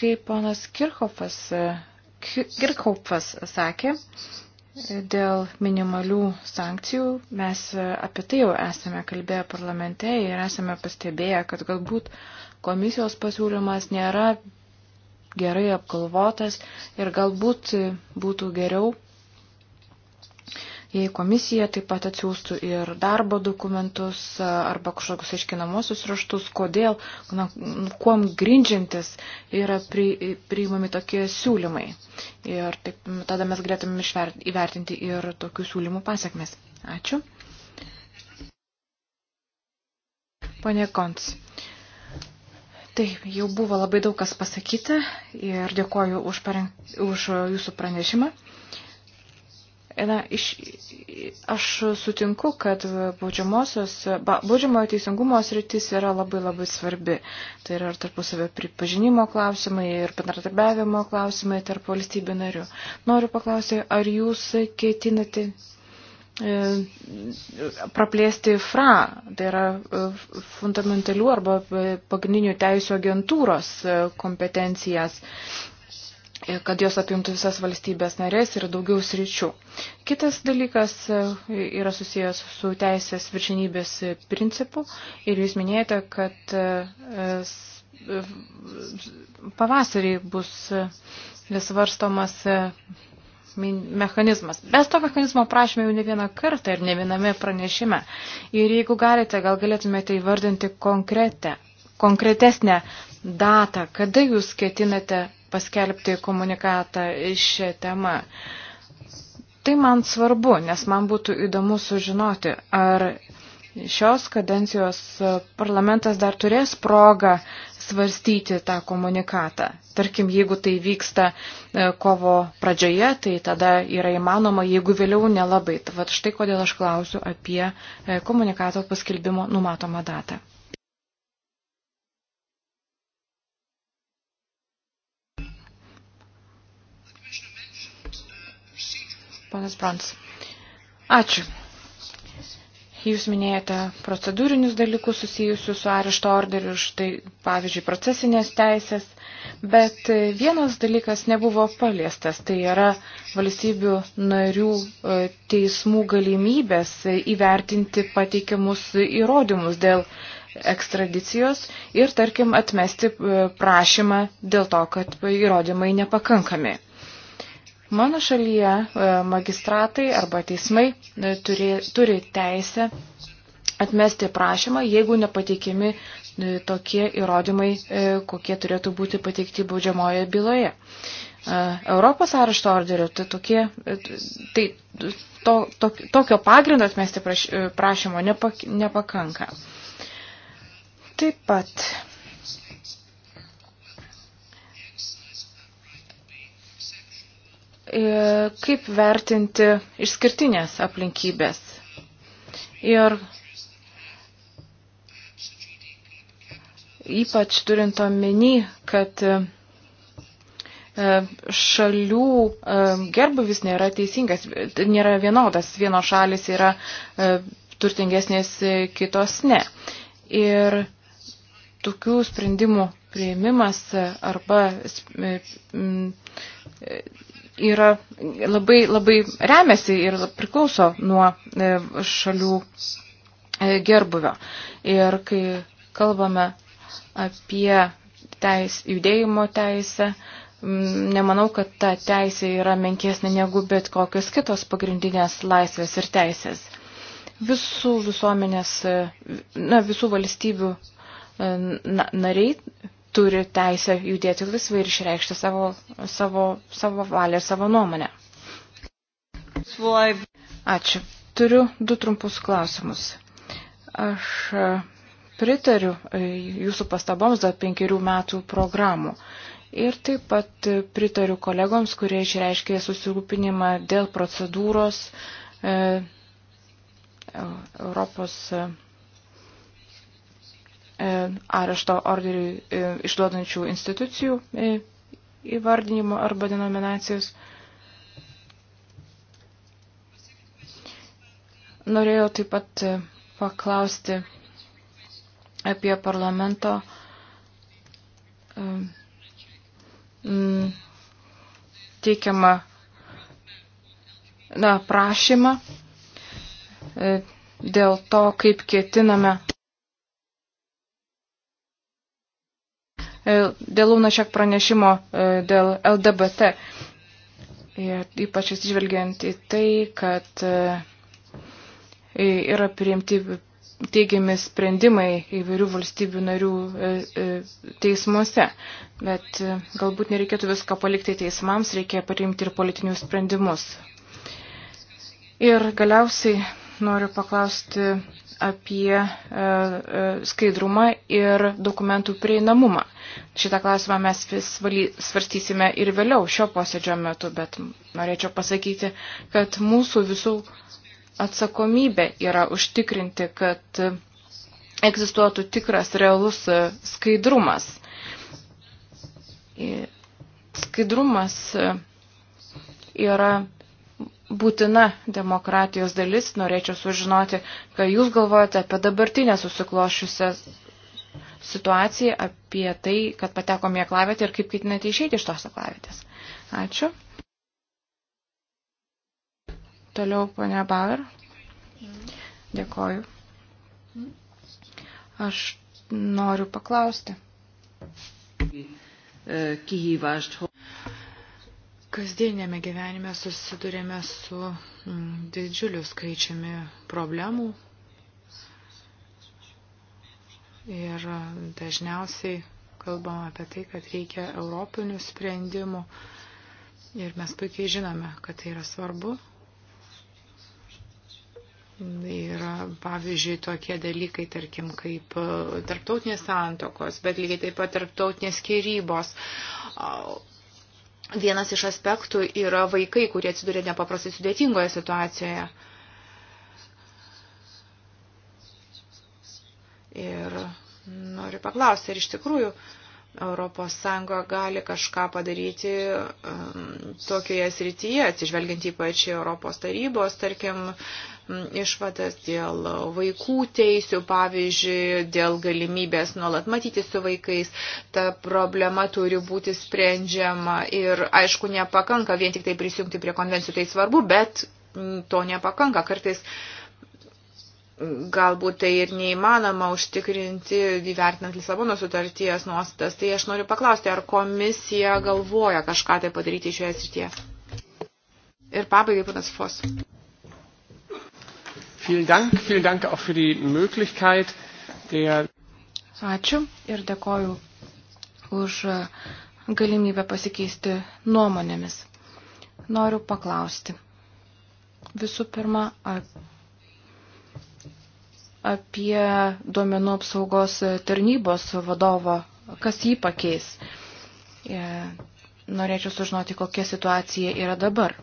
Kaip ponas Kirchhoffas Kirkhaupas sakė, dėl minimalių sankcijų mes apie tai jau esame kalbėję parlamente ir esame pastebėję, kad galbūt komisijos pasiūlymas nėra gerai apgalvotas ir galbūt būtų geriau jei komisija taip pat atsiųstų ir darbo dokumentus arba kažkokius aiškinamosius raštus, kodėl, na, kuom grindžiantis yra pri, priimami tokie siūlymai. Ir taip, tada mes galėtume įvertinti ir tokių siūlymų pasiekmes. Ačiū. Pone Kons. Taip, jau buvo labai daug kas pasakyti ir dėkoju už, pareng... už jūsų pranešimą. Na, iš, aš sutinku, kad baudžiamojo teisingumo sritis yra labai labai svarbi. Tai yra ir tarpusavio pripažinimo klausimai, ir bendradarbiavimo klausimai tarp valstybių narių. Noriu paklausyti, ar jūs ketinate e, praplėsti FRA, tai yra e, fundamentalių arba e, pagrindinių teisų agentūros e, kompetencijas kad jos apimtų visas valstybės narės ir daugiau sričių. Kitas dalykas e, yra susijęs su teisės viršinybės principu ir jūs minėjote, kad e, e, pavasarį bus svarstomas mechanizmas. Mes to mechanizmo prašome jau ne vieną kartą ir ne viename pranešime. Ir jeigu galite, gal galėtumėte įvardinti konkretę, konkretesnę datą, kada jūs ketinate paskelbti komunikatą šią temą. Tai man svarbu, nes man būtų įdomu sužinoti, ar šios kadencijos parlamentas dar turės progą svarstyti tą komunikatą. Tarkim, jeigu tai vyksta e, kovo pradžioje, tai tada yra įmanoma, jeigu vėliau nelabai. Vat štai kodėl aš klausiu apie e, komunikato paskelbimo numatomą datą. Ponas Brons. Ačiū. Jūs minėjote procedūrinius dalykus susijusius su arešto orderiu, štai pavyzdžiui procesinės teisės, bet vienas dalykas nebuvo paliestas, tai yra valstybių narių e, teismų galimybės įvertinti pateikiamus įrodymus dėl ekstradicijos ir, tarkim, atmesti e, prašymą dėl to, kad įrodymai nepakankami. Mano šalyje e, magistratai arba teismai e, turi, turi teisę atmesti prašymą, jeigu nepateikimi e, tokie įrodymai, kokie turėtų būti pateikti baudžiamoje byloje. Europos arešto orderio, tai, tokie, tai to, to, tokio pagrindo atmesti prašymo nepak, nepakanka. Taip pat E, kaip vertinti išskirtinės aplinkybės. Ir ypač turint omeny, kad e, šalių e, gerbuvis nėra teisingas, nėra vienodas, vienos šalis yra turtingesnės, kitos ne. Ir tokių sprendimų prieimimas arba yra labai, labai remiasi ir priklauso nuo e, šalių e, gerbuvio. Ir kai kalbame apie teis, judėjimo teisę, nemanau, kad ta teisė yra menkesnė negu bet kokios kitos pagrindinės laisvės ir teisės. Visų visuomenės, e, na, visų valstybių nariai turi teisę judėti laisvai ir išreikšti savo, savo, savo valią ir savo nuomonę. Ačiū. Turiu du trumpus klausimus. Aš e, pritariu e, jūsų pastaboms dėl penkerių metų programų. Ir taip pat e, pritariu kolegoms, kurie išreiškė susirūpinimą dėl procedūros Europos E, arešto orderiui e, išduodančių institucijų e, įvardinimo arba denominacijos. Norėjau taip pat paklausti apie parlamento teikiamą na, prašymą dėl to, kaip ketiname E, dėl Lunašek pranešimo e, dėl LGBT. Ir ypač atsižvelgiant į tai, kad e, yra priimti teigiami sprendimai įvairių valstybių narių teismuose. Bet galbūt nereikėtų viską palikti teismams, reikia parimti ir politinius sprendimus. Ir galiausiai noriu paklausti apie e, e, skaidrumą ir dokumentų prieinamumą. Šitą klausimą mes vis svarstysime ir vėliau šio posėdžio metu, bet norėčiau pasakyti, kad mūsų visų atsakomybė yra užtikrinti, kad egzistuotų tikras, realus skaidrumas. Skaidrumas e, yra būtina demokratijos dalis. Norėčiau sužinoti, ką Jūs galvojate apie dabartinę susiklošiusią situaciją, apie tai, kad patekome į aklavietę ir kaip ketinate išeiti iš tos aklavietės. Ačiū. Toliau, ponia Bauer. Dėkoju. Aš noriu paklausti. Kihívást. E, kasdienėme gyvenime susidurėme su mm, didžiuliu skaičiumi problemų ir dažniausiai kalbam apie tai, kad reikia europinių sprendimų ir mes puikiai žinome, kad tai yra svarbu. Yra, pavyzdžiui, tokie dalykai, tarkim, kaip e, tarptautinės santokos, bet lygiai taip pat tarptautinės skirybos, Vienas iš aspektų yra vaikai, kurie atsiduria nepaprastai sudėtingoje situacijoje. Ir noriu paklausti, ar iš tikrųjų Europos Sąjunga gali kažką padaryti um, tokioje srityje, atsižvelgiant ypač Europos tarybos, tarkim, išvadas dėl vaikų teisių, pavyzdžiui, dėl galimybės nuolat matyti su vaikais. Ta problema turi būti sprendžiama ir, aišku, nepakanka vien tik tai prisijungti prie konvencijų, tai svarbu, bet to nepakanka. Kartais galbūt tai ir neįmanoma užtikrinti, įvertinant Lisabono sutarties nuostatas. Tai aš noriu paklausti, ar komisija galvoja kažką tai padaryti šioje srityje. Ir pabaigai panas Fos. Vielen Dank, vielen Dank auch für die Möglichkeit der. Ačiū ir dėkoju už e, galimybę pasikeisti nuomonėmis. Noriu paklausti. Visų pirma, apie duomenų apsaugos tarnybos vadovo, kas jį pakeis. E, norėčiau sužinoti, kokia situacija yra dabar.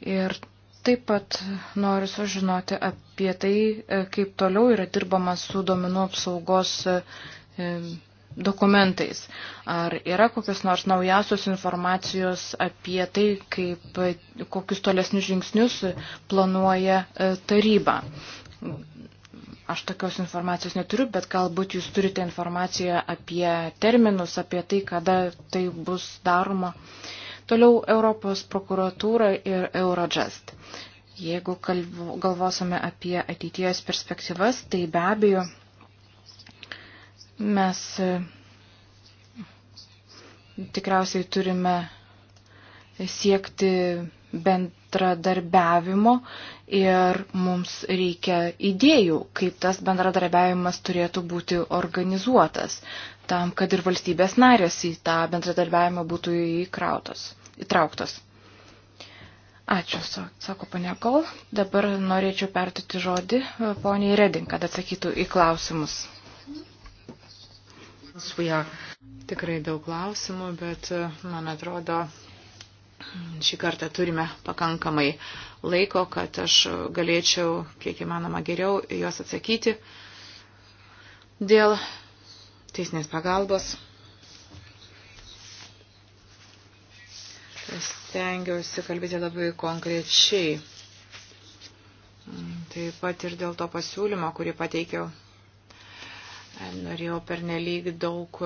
Ir Taip pat noriu sužinoti apie tai, e, kaip toliau yra dirbama su domenų apsaugos e, e, dokumentais. Ar yra kokios nors naujausios informacijos apie tai, kaip, kokius tolesnius žingsnius planuoja taryba. Aš tokios informacijos neturiu, bet galbūt jūs turite informaciją apie terminus, apie tai, kada tai bus daroma. Uh, Toliau Europos prokuratūra ir Eurojust. Jeigu kalbu, galvosime apie ateities perspektyvas, tai be abejo mes e, tikriausiai turime siekti bendradarbiavimo ir mums reikia idėjų, kaip tas bendradarbiavimas turėtų būti organizuotas, tam, kad ir valstybės narės į tą bendradarbiavimą būtų įkrautos įtrauktos. Ačiū, sako ponia Kol. Dabar norėčiau pertuti žodį e, poniai Redin, kad atsakytų į klausimus. Tikrai daug klausimų, bet e, man atrodo, šį kartą turime pakankamai laiko, kad aš galėčiau, kiek įmanoma geriau, juos atsakyti dėl teisinės pagalbos. stengiausi kalbėti labai konkrečiai. Taip pat ir dėl to pasiūlymo, kurį pateikiau. Norėjau per nelyg daug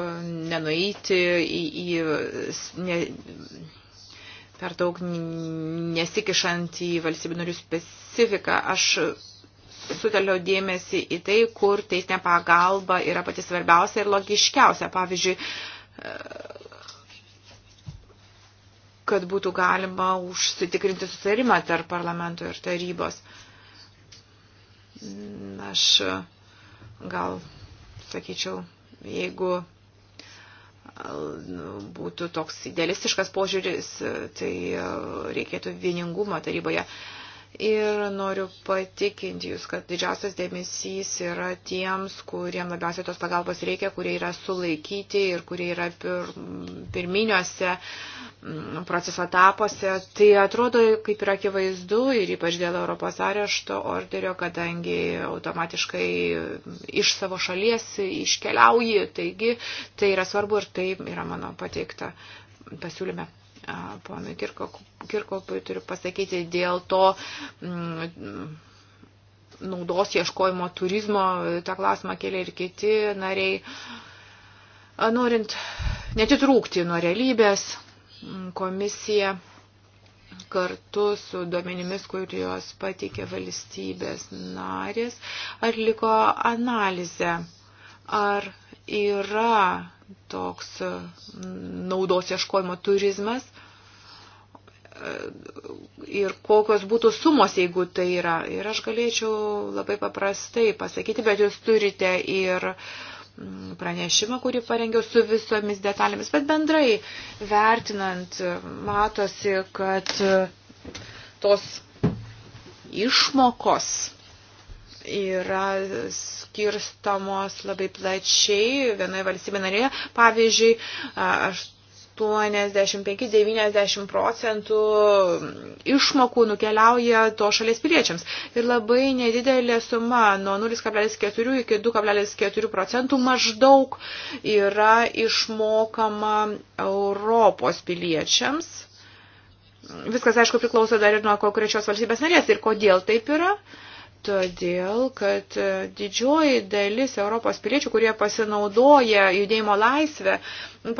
nenueiti į, į ne, per daug nesikišant į valstybių narių specifiką. Aš suteliau dėmesį į tai, kur teisinė pagalba yra pati svarbiausia ir logiškiausia. Pavyzdžiui, kad būtų galima užsitikrinti susitarimą tarp parlamento ir tarybos. Aš gal sakyčiau, jeigu nu, būtų toks idealistiškas požiūris, tai e, reikėtų vieningumo taryboje. Ir noriu patikinti Jūs, kad didžiausias dėmesys yra tiems, kuriems labiausiai tos pagalbos reikia, kurie yra sulaikyti ir kurie yra pir, pirminiuose mm, proceso etapuose. Tai atrodo kaip ir akivaizdu ir ypač dėl Europos arešto orderio, kadangi automatiškai iš savo šalies iškeliauji. Taigi tai yra svarbu ir tai yra mano pateikta pasiūlyme ponui Kirkopui turiu pasakyti dėl to m, mm, naudos ieškojimo turizmo, tą klausimą kėlė ir kiti nariai. Norint netitrūkti nuo realybės, mm, komisija kartu su duomenimis, kurios patikė valstybės narės, atliko analizę, ar yra toks e, naudos ieškojimo turizmas e, ir kokios būtų sumos, jeigu tai yra. Ir aš galėčiau labai paprastai pasakyti, bet jūs turite ir mm, pranešimą, kurį parengiau su visomis detalėmis, bet bendrai vertinant, matosi, kad e, tos išmokos yra skirstamos labai plačiai vienoje valstybė narėje. Pavyzdžiui, 85-90 procentų išmokų nukeliauja to šalies piliečiams. Ir labai nedidelė suma nuo 0,4 iki 2,4 procentų maždaug yra išmokama Europos piliečiams. Viskas, aišku, priklauso dar ir nuo konkrečios valstybės narės. Ir kodėl taip yra? Uh, Todėl, kad e, didžioji dalis Europos piliečių, kurie pasinaudoja judėjimo laisvę,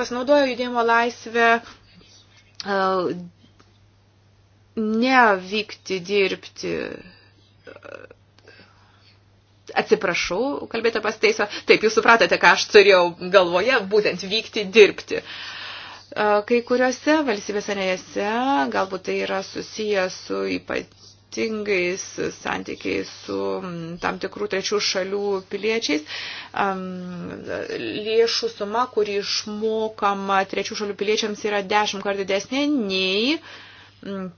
pasinaudoja judėjimo laisvę e, nevykti dirbti. E, atsiprašau, kalbėte pasteisą. Taip, jūs supratote, ką aš turėjau galvoje, būtent vykti dirbti. Uh, Kai kuriuose valstybėse narėse galbūt tai yra susijęs su ypač ypatingais santykiais su mm, tam tikrų trečių šalių piliečiais. Lėšų suma, kuri išmokama trečių šalių piliečiams, yra dešimt kart didesnė nei mm,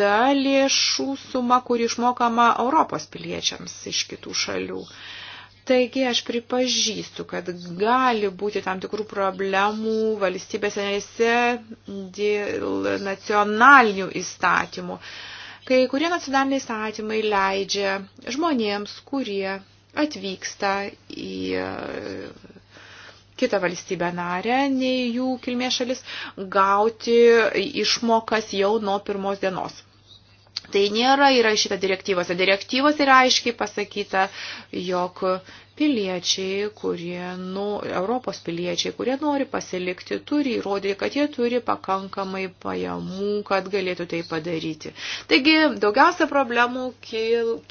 ta lėšų suma, kuri išmokama Europos piliečiams iš kitų šalių. Taigi aš pripažįstu, kad gali būti tam tikrų problemų valstybėse dėl nacionalinių įstatymų. Uh, Kai kurie nacionaliniai statymai leidžia žmonėms, kurie atvyksta į e, kitą valstybę narę, nei jų kilmės šalis, gauti išmokas jau nuo pirmos dienos. Tai nėra įrašyta direktyvose. Direktyvos yra aiškiai pasakyta, jog Piliečiai, kurie, nu, Europos piliečiai, kurie nori pasilikti, turi įrodyti, kad jie turi pakankamai pajamų, kad galėtų tai padaryti. Taigi, daugiausia problemų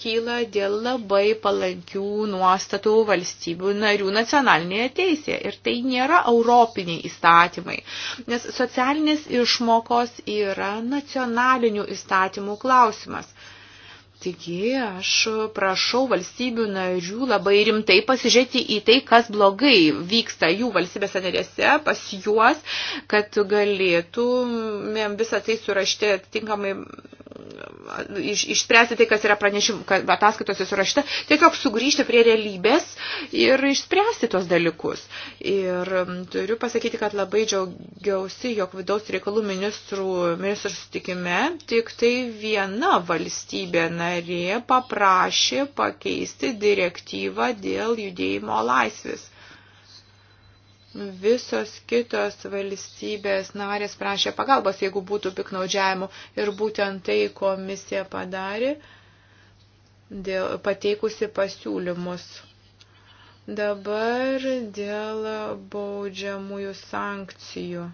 kyla dėl labai palankių nuostatų valstybių narių nacionalinėje teisėje. Ir tai nėra europiniai įstatymai, nes socialinės išmokos yra nacionalinių įstatymų klausimas. Taigi aš prašau valstybių narių labai rimtai pasižiūrėti į tai, kas blogai vyksta jų valstybės narėse pas juos, kad galėtumėm visą tai surašti atitinkamai iš, išspręsti tai, kas yra pranešim, ataskaitose surašta, tiesiog sugrįžti prie realybės ir išspręsti tos dalykus. Ir turiu pasakyti, kad labai džiaugiausi, jog vidaus reikalų ministrų, ministrų sutikime tik tai viena valstybė. Na, narė paprašė pakeisti direktyvą dėl judėjimo laisvės. Visos kitos valstybės narės prašė pagalbos, jeigu būtų piknaudžiavimų ir būtent tai komisija padarė, dėl, pateikusi pasiūlymus. Dabar dėl baudžiamųjų sankcijų.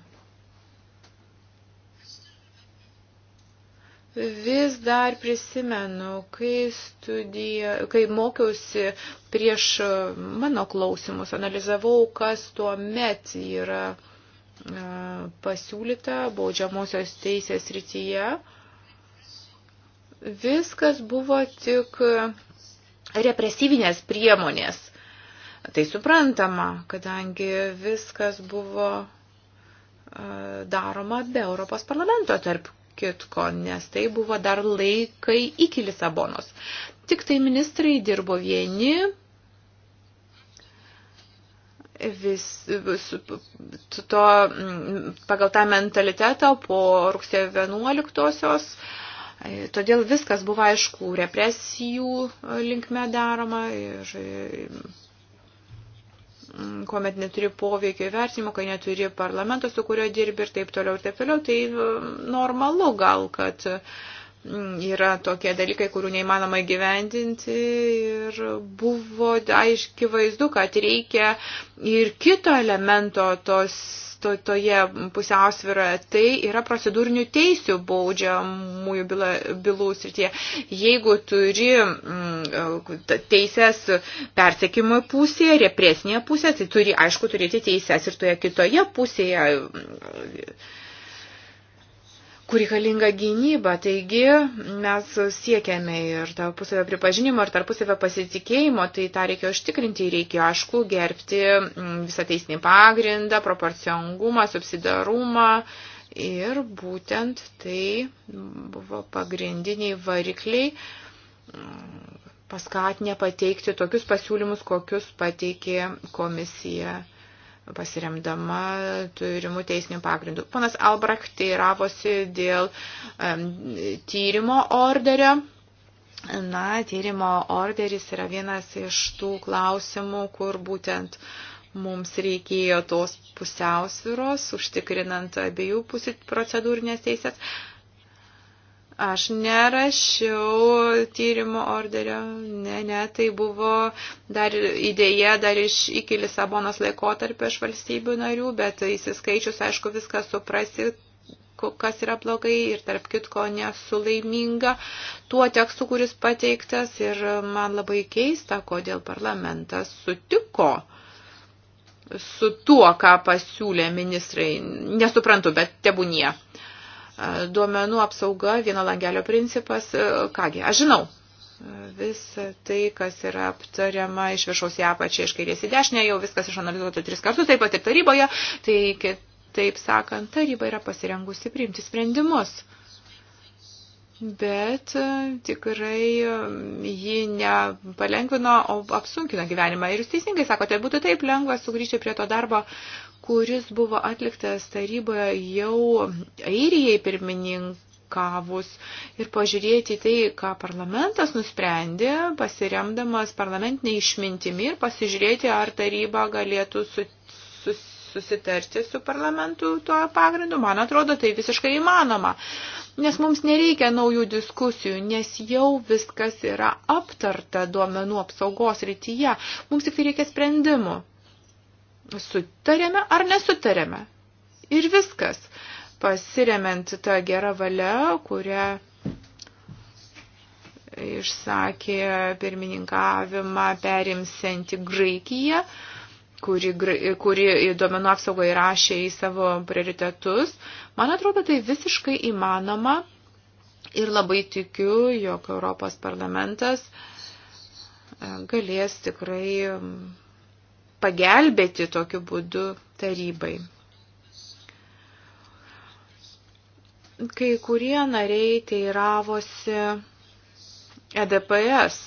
Vis dar prisimenu, kai, studija, kai mokiausi prieš e, mano klausimus, analizavau, kas tuo met yra e, pasiūlyta baudžiamosios teisės rytyje. Viskas buvo tik represyvinės priemonės. Tai suprantama, kadangi viskas buvo e, daroma be Europos parlamento, tarp kitko, nes tai buvo dar laikai iki Lisabonos. Tik tai ministrai dirbo vieni, vis, vis to, mm, pagal tą mentalitetą po rugsėjo 11-osios. E, todėl viskas buvo aišku represijų linkme daroma ir e, Mm, kuomet neturi poveikio įvertinimo, kai neturi parlamento, su kurio dirbi ir taip toliau ir taip toliau, tai mm, normalu gal, kad uh, yra tokie dalykai, kurių neįmanoma gyvendinti ir buvo aiški vaizdu, kad reikia ir kito elemento tos to, toje pusiausvyroje, tai yra procedūrinių teisių baudžiamųjų byla, bylų srityje. Jeigu turi mm, teisės persekimo pusėje, represinėje pusėje, tai turi, aišku, turėti teisės ir toje kitoje pusėje. Mm, kur reikalinga gynyba. Taigi mes siekiame ir tarpusavio pripažinimo, ir tarpusavio pasitikėjimo, tai tą reikia užtikrinti ir reikia, aišku, gerbti mm, visą teisinį pagrindą, proporcingumą, subsidarumą. Ir būtent tai buvo pagrindiniai varikliai mm, paskatinę pateikti tokius pasiūlymus, kokius pateikė komisija pasiremdama turimų teisinių pagrindų. Ponas Albrecht teiravosi dėl um, tyrimo orderio. Na, tyrimo orderis yra vienas iš tų klausimų, kur būtent mums reikėjo tos pusiausviros, užtikrinant abiejų pusit procedūrinės teisės. Aš nerašiau tyrimo orderio, ne, ne, tai buvo dar idėja dar iš iki Lisabonos laikotarpio iš valstybių narių, bet įsiskaičius, aišku, viską suprasi, kas yra blogai ir tarp kitko nesulaiminga tuo tekstu, kuris pateiktas ir man labai keista, kodėl parlamentas sutiko su tuo, ką pasiūlė ministrai. Nesuprantu, bet tebūnie. Uh, duomenų apsauga, vieno langelio principas, e, kągi, aš žinau, visa tai, kas yra aptariama iš viršaus į apačią, iš kairės į dešinę, jau viskas išanalizuota tris kartus, taip pat ir taryboje, tai kitaip sakant, taryba yra pasirengusi priimti sprendimus bet e, tikrai e, ji nepalengvino, o apsunkino gyvenimą. Ir jūs teisingai sakote, būtų taip lengva sugrįžti prie to darbo, kuris buvo atliktas taryboje jau Airijai pirmininkavus ir pažiūrėti tai, ką parlamentas nusprendė, pasiremdamas parlamentinė išmintimi ir pasižiūrėti, ar taryba galėtų susitarti su parlamentu tuo pagrindu. Man atrodo, tai visiškai įmanoma. Nes mums nereikia naujų diskusijų, nes jau viskas yra aptarta duomenų apsaugos rytyje. Mums tik tai reikia sprendimų. Sutarėme ar nesutarėme. Ir viskas. Pasiremiant tą gerą valią, kurią išsakė pirmininkavimą perimsianti Graikija, uh, kuri, kuri duomenų apsaugą įrašė į savo prioritetus. Man atrodo, tai visiškai įmanoma ir labai tikiu, jog Europos parlamentas e, galės tikrai pagelbėti tokiu būdu tarybai. Kai kurie nariai teiravosi EDPS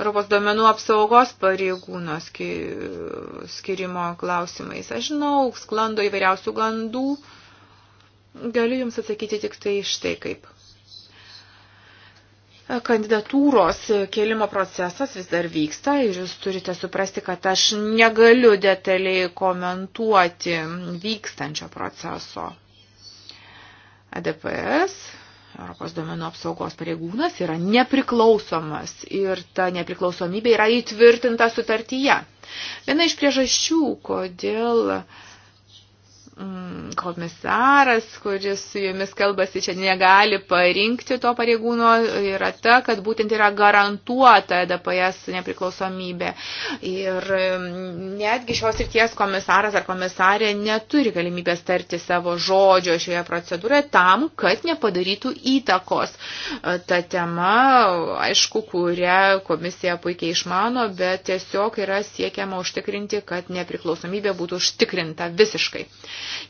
Europos duomenų apsaugos pareigūno skirimo klausimais. Aš žinau, sklando įvairiausių gandų. Galiu Jums atsakyti tik tai štai kaip. Kandidatūros kėlimo procesas vis dar vyksta ir jūs turite suprasti, kad aš negaliu detaliai komentuoti vykstančio proceso. ADPS Europos duomenų apsaugos pareigūnas yra nepriklausomas ir ta nepriklausomybė yra įtvirtinta sutartyje. Viena iš priežasčių, kodėl uh, Mm, komisaras, kuris su jumis kalbasi, čia negali parinkti to pareigūno, yra ta, kad būtent yra garantuota DPS nepriklausomybė. Ir mm, netgi šios ryties komisaras ar komisarė neturi galimybės tarti savo žodžio šioje procedūroje tam, kad nepadarytų įtakos. E, ta tema, aišku, kurią komisija puikiai išmano, bet tiesiog yra siekiama užtikrinti, kad nepriklausomybė būtų užtikrinta visiškai.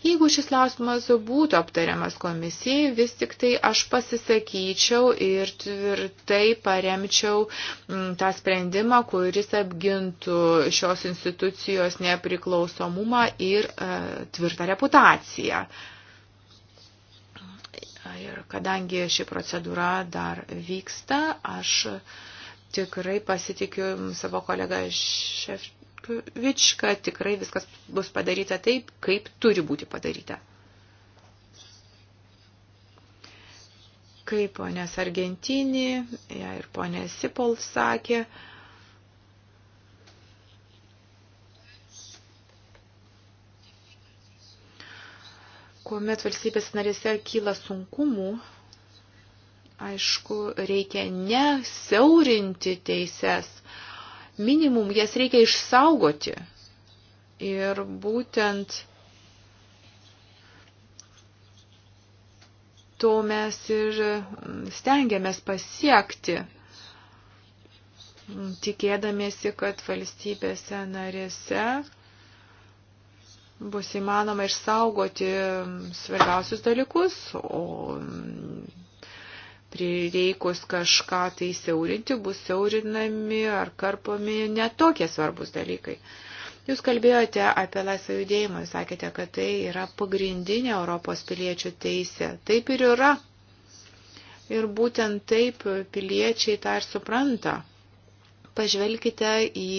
Jeigu šis klausimas būtų aptariamas komisijai, vis tik tai aš pasisakyčiau ir tvirtai paremčiau mm, tą sprendimą, kuris apgintų šios institucijos nepriklausomumą ir e, tvirtą reputaciją. Ir kadangi ši procedūra dar vyksta, aš tikrai pasitikiu savo kolegą Šeft Vič, kad tikrai viskas bus padaryta taip, kaip turi būti padaryta. Kaip ponės Argentinį ja, ir ponės Sipol sakė, kuomet valstybės narėse kyla sunkumų, aišku, reikia ne siaurinti teises, minimum, jas reikia išsaugoti. Ir būtent to mes ir mm, stengiamės pasiekti, mm, tikėdamėsi, kad valstybėse narėse bus įmanoma išsaugoti mm, svarbiausius dalykus, o prireikus kažką tai siaurinti, bus siaurinami ar karpami netokie svarbus dalykai. Jūs kalbėjote apie laisvą judėjimą, jūs sakėte, kad tai yra pagrindinė Europos piliečių teisė. Taip ir yra. Ir būtent taip piliečiai tą ir supranta. Pažvelkite į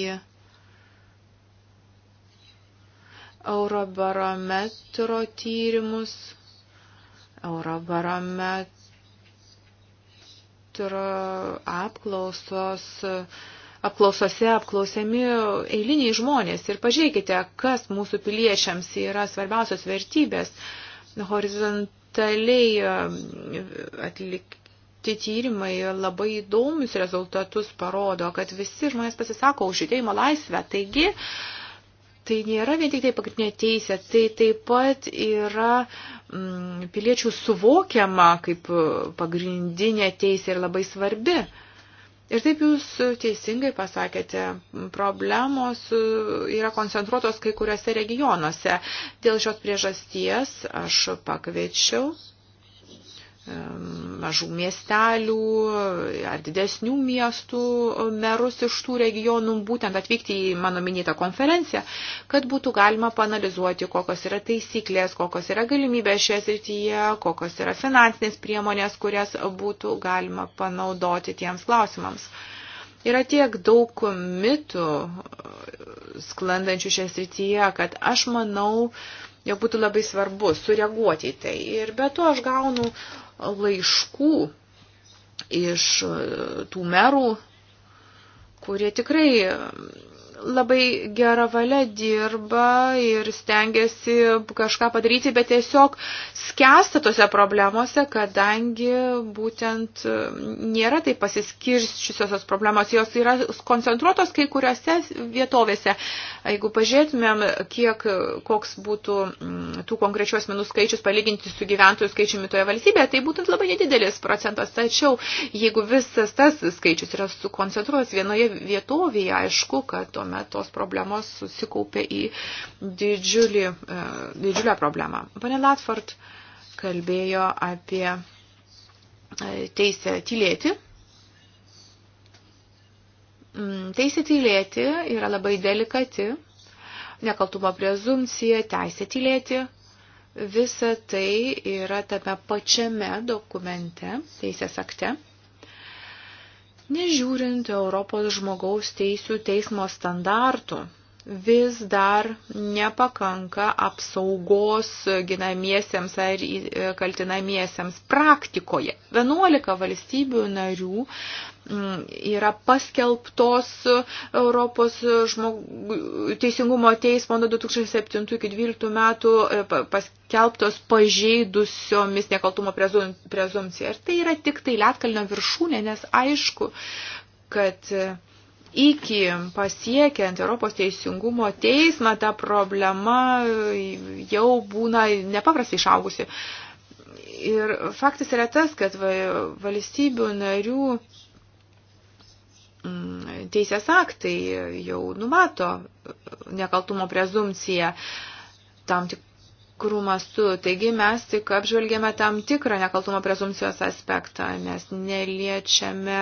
Eurobarometro tyrimus. Eurobaromet yra apklausos apklausose apklausiami eiliniai žmonės ir pažiūrėkite, kas mūsų piliečiams yra svarbiausios vertybės. Horizontaliai e, atlikti tyrimai labai įdomius rezultatus parodo, kad visi žmonės pasisako už judėjimo laisvę. Taigi, uh, tai nėra vien tik tai pagrindinė teisė, tai taip pat yra mm, piliečių suvokiama kaip pagrindinė teisė ir labai svarbi. Ir taip jūs teisingai pasakėte, problemos yra koncentruotos kai kuriuose regionuose. Dėl šios priežasties aš pakviečiau mažų miestelių ar didesnių miestų merus iš tų regionų, būtent atvykti į mano minėtą konferenciją, kad būtų galima panalizuoti, kokios yra taisyklės, kokios yra galimybės šioje srityje, kokios yra finansinės priemonės, kurias būtų galima panaudoti tiems klausimams. Yra tiek daug mitų e, sklandančių šioje srityje, kad aš manau, jog būtų labai svarbu sureaguoti į tai. Ir be to aš gaunu uh, laiškų iš e, tų merų, kurie tikrai labai gera valia dirba ir stengiasi kažką padaryti, bet tiesiog skęsta tose problemose, kadangi būtent nėra taip pasiskirščiusios problemos, jos yra koncentruotos kai kuriuose vietovėse. Jeigu pažiūrėtumėm, kiek, koks būtų mm, tų konkrečių asmenų skaičius palyginti su gyventojų skaičiumi toje valstybėje, tai būtent labai nedidelis procentas. Tačiau jeigu visas tas skaičius yra sukoncentruotas vienoje vietovėje, aišku, kad tuomet kuomet tos problemos susikaupė į didžiulį, e, didžiulę problemą. Pane Latford kalbėjo apie e, teisę tylėti. Mm, teisė tylėti yra labai delikati, nekaltumo prezumcija, teisė tylėti, visa tai yra tame pačiame dokumente, teisės akte nežiūrint Europos žmogaus teisų teismo standartų vis dar nepakanka apsaugos ginamiesiems ar e, kaltinamiesiems praktikoje. 11 valstybių narių mm, yra paskelbtos Europos žmog... teisingumo teismo nuo 2007-2012 metų e, paskelbtos pažeidusiomis nekaltumo prezumciją. Ir tai yra tik tai Lietkalnio viršūnė, nes aišku, kad e, iki pasiekiant Europos teisingumo teismą ta problema jau būna nepaprastai išaugusi. Ir faktas yra tas, kad valstybių narių mm, teisės aktai jau numato nekaltumo prezumciją tam tik tikrų mastų. Taigi mes tik apžvelgėme tam tikrą nekaltumo prezumcijos aspektą, nes neliečiame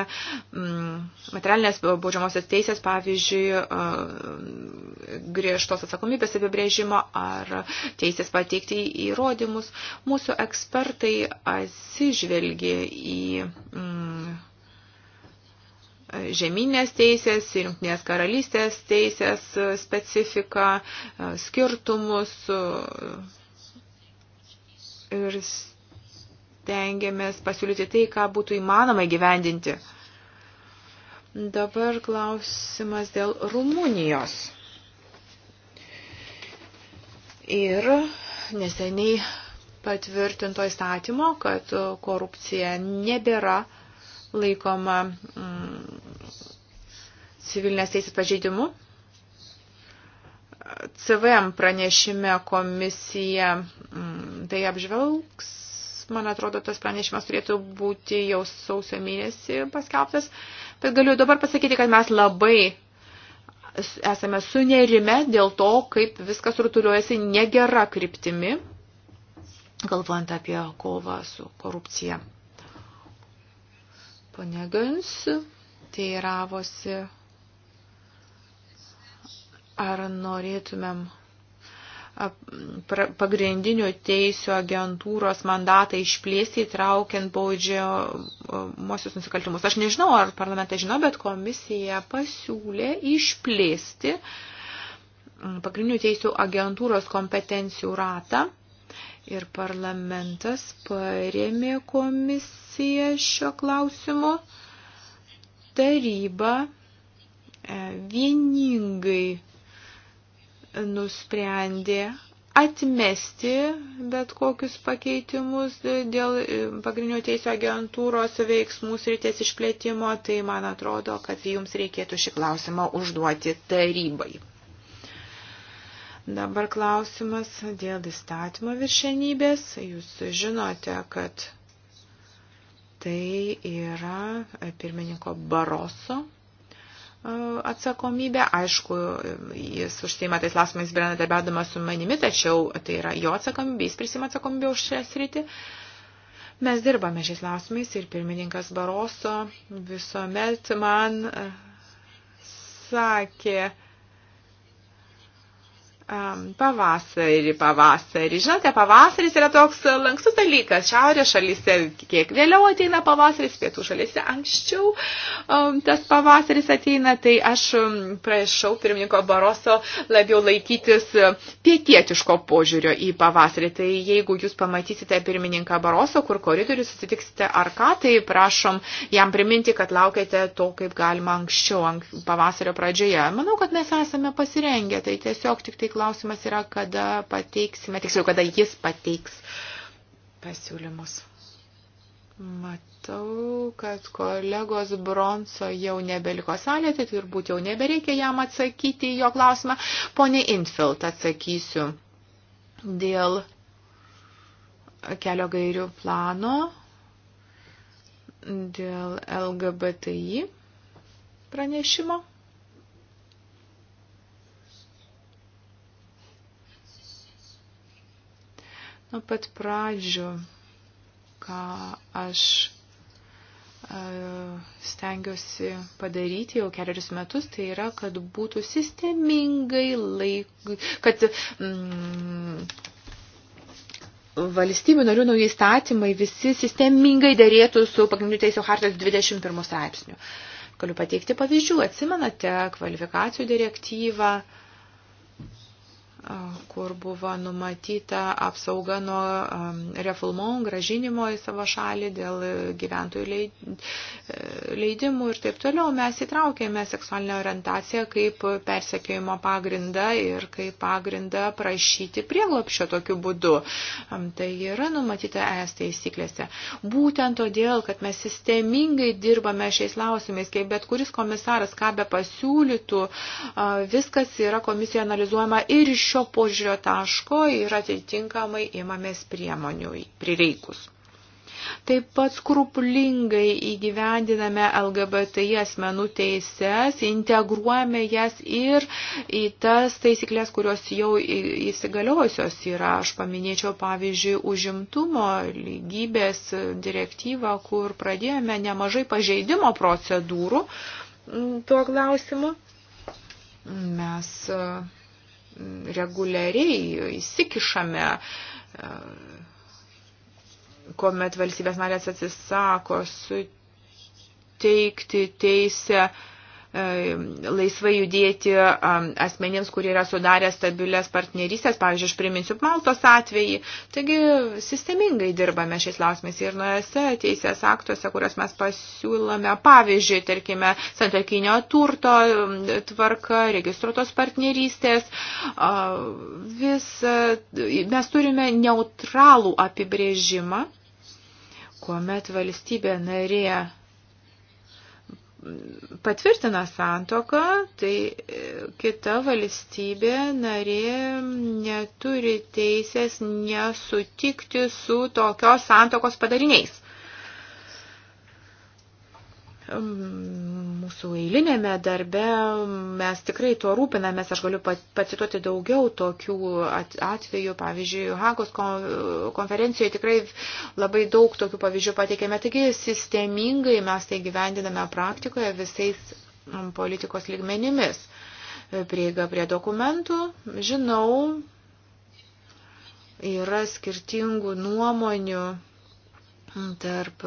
mm, materialinės baudžiamosios teisės, pavyzdžiui, mm, griežtos atsakomybės apibrėžimo ar teisės pateikti įrodymus. Mūsų ekspertai atsižvelgė į. Mm, žemynės teisės ir jungtinės karalystės teisės specifiką, mm, skirtumus, ir stengiamės pasiūlyti tai, ką būtų įmanoma gyvendinti. Dabar klausimas dėl Rumunijos. Ir neseniai patvirtinto įstatymo, kad korupcija nebėra laikoma mm, civilinės teisės pažeidimu, CVM pranešime komisija mm, tai apžvelgs. Man atrodo, tas pranešimas turėtų būti jau sausio mėnesį paskelbtas. Bet galiu dabar pasakyti, kad mes labai esame sunerime dėl to, kaip viskas rutuliuojasi negera kryptimi, galvojant apie kovą su korupcija. Pone Gans teiravosi Ar norėtumėm pagrindinių teisų agentūros mandatą išplėsti, įtraukiant baudžiamosius nusikaltimus. Aš nežinau, ar parlamentai žino, bet komisija pasiūlė išplėsti pagrindinių teisų agentūros kompetencijų ratą ir parlamentas paremė komisiją šio klausimu. Taryba e, vieningai nusprendė atmesti bet kokius pakeitimus dėl e, pagrindinio teisų agentūros veiksmų sritės išplėtimo, tai man atrodo, kad jums reikėtų šį klausimą užduoti tarybai. Dabar klausimas dėl įstatymo viršenybės. Jūs žinote, kad tai yra pirmininko Baroso atsakomybę. Aišku, jis užsima tais lasmais bendradarbiaudamas su manimi, tačiau tai yra jo atsakomybė, jis prisima atsakomybę už šią sritį. Mes dirbame šiais lasmais ir pirmininkas Baroso visuomet man e, sakė, Pavasarį, pavasarį. Žinote, pavasaris yra toks lankstus dalykas. Šiaurės šalyse kiek vėliau ateina pavasaris, pietų šalyse anksčiau um, tas pavasaris ateina. Tai aš prašau pirmininko Baroso labiau laikytis pietietiško požiūrio į pavasarį. Tai jeigu jūs pamatysite pirmininką Baroso, kur koridorių susitiksite ar ką, tai prašom jam priminti, kad laukiate to, kaip galima anksčiau, ank, pavasario pradžioje. Manau, kad mes esame pasirengę. Tai tiesiog tik tai klausimas klausimas yra, kada pateiksime, tiksliau, kada jis pateiks pasiūlymus. Matau, kad kolegos Bronso jau nebeliko salė, tai turbūt jau nebereikia jam atsakyti jo klausimą. Pone Infilt atsakysiu dėl kelio gairių plano, dėl LGBTI pranešimo. nuo pat pradžių, ką aš e, stengiuosi padaryti jau keliarius metus, tai yra, kad būtų sistemingai laikui, kad mm, valstybių narių nauji įstatymai visi sistemingai dėrėtų su pagrindinių teisų hartijos 21 straipsniu. Galiu pateikti pavyzdžių. Atsimenate kvalifikacijų direktyvą, uh, kur buvo numatyta apsauga nuo refulmon gražinimo į savo šalį dėl gyventojų e, leidimų ir taip toliau. Mes įtraukėme seksualinę orientaciją kaip persekiojimo pagrindą ir kaip pagrindą prašyti prieglopšio tokiu būdu. Tai yra numatyta ES teisyklėse. Būtent todėl, kad mes sistemingai dirbame šiais lausimais, kaip bet kuris komisaras ką be pasiūlytų, viskas yra komisijoje analizuojama ir iš šio šio požiūrio taško ir atitinkamai imamės priemonių prireikus. Taip pat skrupulingai įgyvendiname LGBTI asmenų teises, integruojame jas ir į tas taisyklės, kurios jau įsigaliosios yra. Aš paminėčiau, pavyzdžiui, užimtumo lygybės direktyvą, kur pradėjome nemažai pažeidimo procedūrų mm, tuo klausimu. Mes uh, reguliariai įsikišame, e, kuomet valstybės narės atsisako suteikti teisę uh, E, laisvai judėti asmenėms, kurie yra sudarę stabilias partnerystės, pavyzdžiui, aš priminsiu Maltos atvejį. Taigi sistemingai dirbame šiais lausmės ir nuose teisės aktuose, kurias mes pasiūlome, pavyzdžiui, tarkime, santokinio turto tvarka, registruotos partnerystės. Vis, mes turime neutralų apibrėžimą, kuomet valstybė narė patvirtina santoką, tai e, kita valstybė narė neturi teisės nesutikti su tokios santokos padariniais mūsų eilinėme darbe mes tikrai tuo rūpinamės, aš galiu pacituoti daugiau tokių atvejų, pavyzdžiui, Hagos konferencijoje tikrai labai daug tokių pavyzdžių pateikėme, taigi sistemingai mes tai gyvendiname praktikoje visais politikos lygmenimis. Prieiga prie dokumentų, žinau, yra skirtingų nuomonių tarp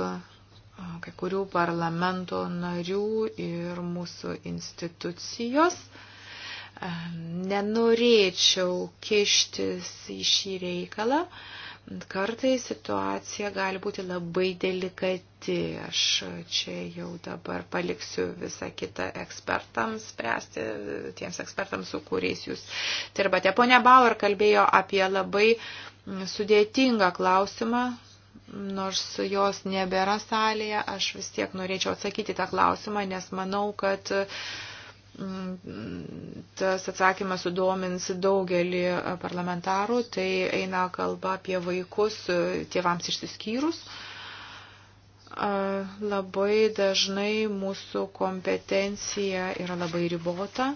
kai kurių parlamento narių ir mūsų institucijos. E, nenorėčiau kištis į šį reikalą. Kartais situacija gali būti labai delikati. Aš čia jau dabar paliksiu visą kitą ekspertams spręsti, tiems ekspertams, su kuriais jūs dirbate. Pone Bauer kalbėjo apie labai sudėtingą klausimą, nors jos nebėra salėje, aš vis tiek norėčiau atsakyti tą klausimą, nes manau, kad mm, tas atsakymas sudomins daugelį parlamentarų, tai eina kalba apie vaikus tėvams išsiskyrus labai dažnai mūsų kompetencija yra labai ribota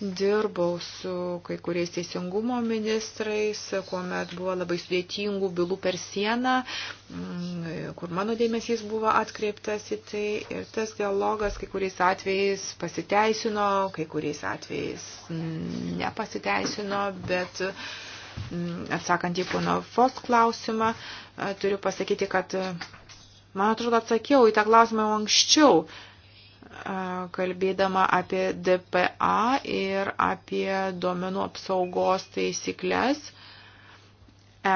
dirbau su kai kuriais teisingumo ministrais, kuomet buvo labai sudėtingų bylų per sieną, mm, kur mano dėmesys buvo atkreiptas į tai. Ir tas dialogas kai kuriais atvejais pasiteisino, kai kuriais atvejais nepasiteisino, bet mm, atsakant į pono Fos klausimą, turiu pasakyti, kad man atrodo atsakiau į tą klausimą anksčiau kalbėdama apie DPA ir apie duomenų apsaugos taisyklės.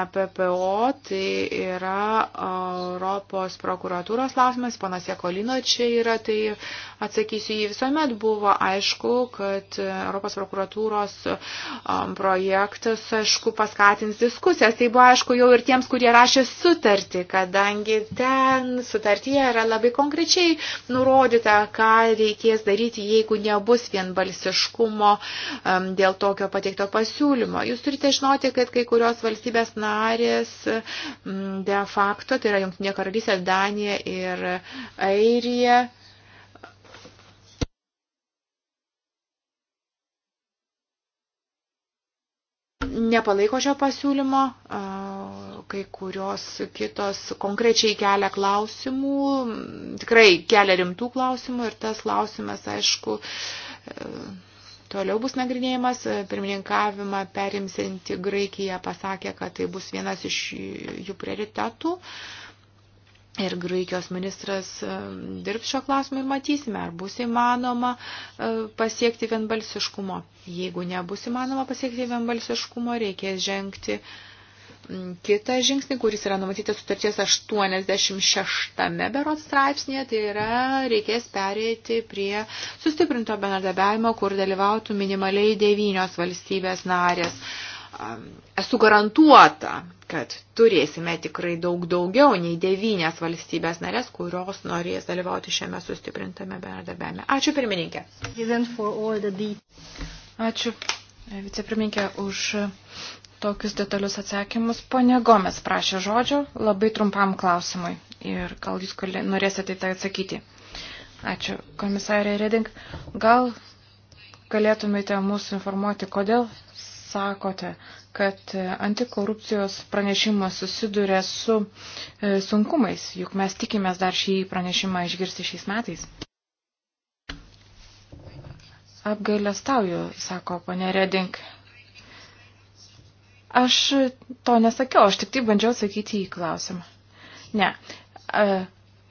EPPO, tai yra Europos prokuratūros klausimas, panas Jekolino čia yra, tai atsakysiu, jį visuomet buvo aišku, kad Europos prokuratūros projektas, aišku, paskatins diskusijas, tai buvo aišku jau ir tiems, kurie rašė sutartį, kadangi ten sutartyje yra labai konkrečiai nurodyta, ką reikės daryti, jeigu nebus vienbalsiškumo dėl tokio pateikto pasiūlymo. Jūs turite žinoti, kad kai kurios valstybės narės de facto, tai yra Junktinė karalystė, Danija ir Airija. Nepalaiko šio pasiūlymo, kai kurios kitos konkrečiai kelia klausimų, tikrai kelia rimtų klausimų ir tas klausimas, aišku, e, toliau bus nagrinėjimas. Pirmininkavimą perimsinti Graikija pasakė, kad tai bus vienas iš jų prioritetų. Ir Graikijos ministras e, dirbs šio klausimu ir matysime, ar bus įmanoma e, pasiekti vienbalsiškumo. Jeigu nebus įmanoma pasiekti vienbalsiškumo, reikės žengti uh, kitą žingsnį, kuris yra numatytas sutarties 86 berods straipsnėje, tai yra reikės pereiti prie sustiprinto bendradarbiavimo, kur dalyvautų minimaliai devynios valstybės narės. Esu garantuota, kad turėsime tikrai daug daugiau nei devynės valstybės narės, kurios norės dalyvauti šiame sustiprintame bendradarbiavime. Ačiū pirmininkė. Ačiū vicepirmininkė už tokius detalius atsakymus. Pone Gomes prašė žodžio labai trumpam klausimui ir gal jūs norėsite tai atsakyti. Ačiū, komisarė Reding. Gal galėtumėte mūsų informuoti, kodėl sakote, kad antikorupcijos pranešimas susiduria su e, sunkumais, juk mes tikimės dar šį pranešimą išgirsti šiais metais. Apgailestauju, sako ponė Reding, Aš to nesakiau, aš tik taip bandžiau atsakyti į klausimą. Ne. E,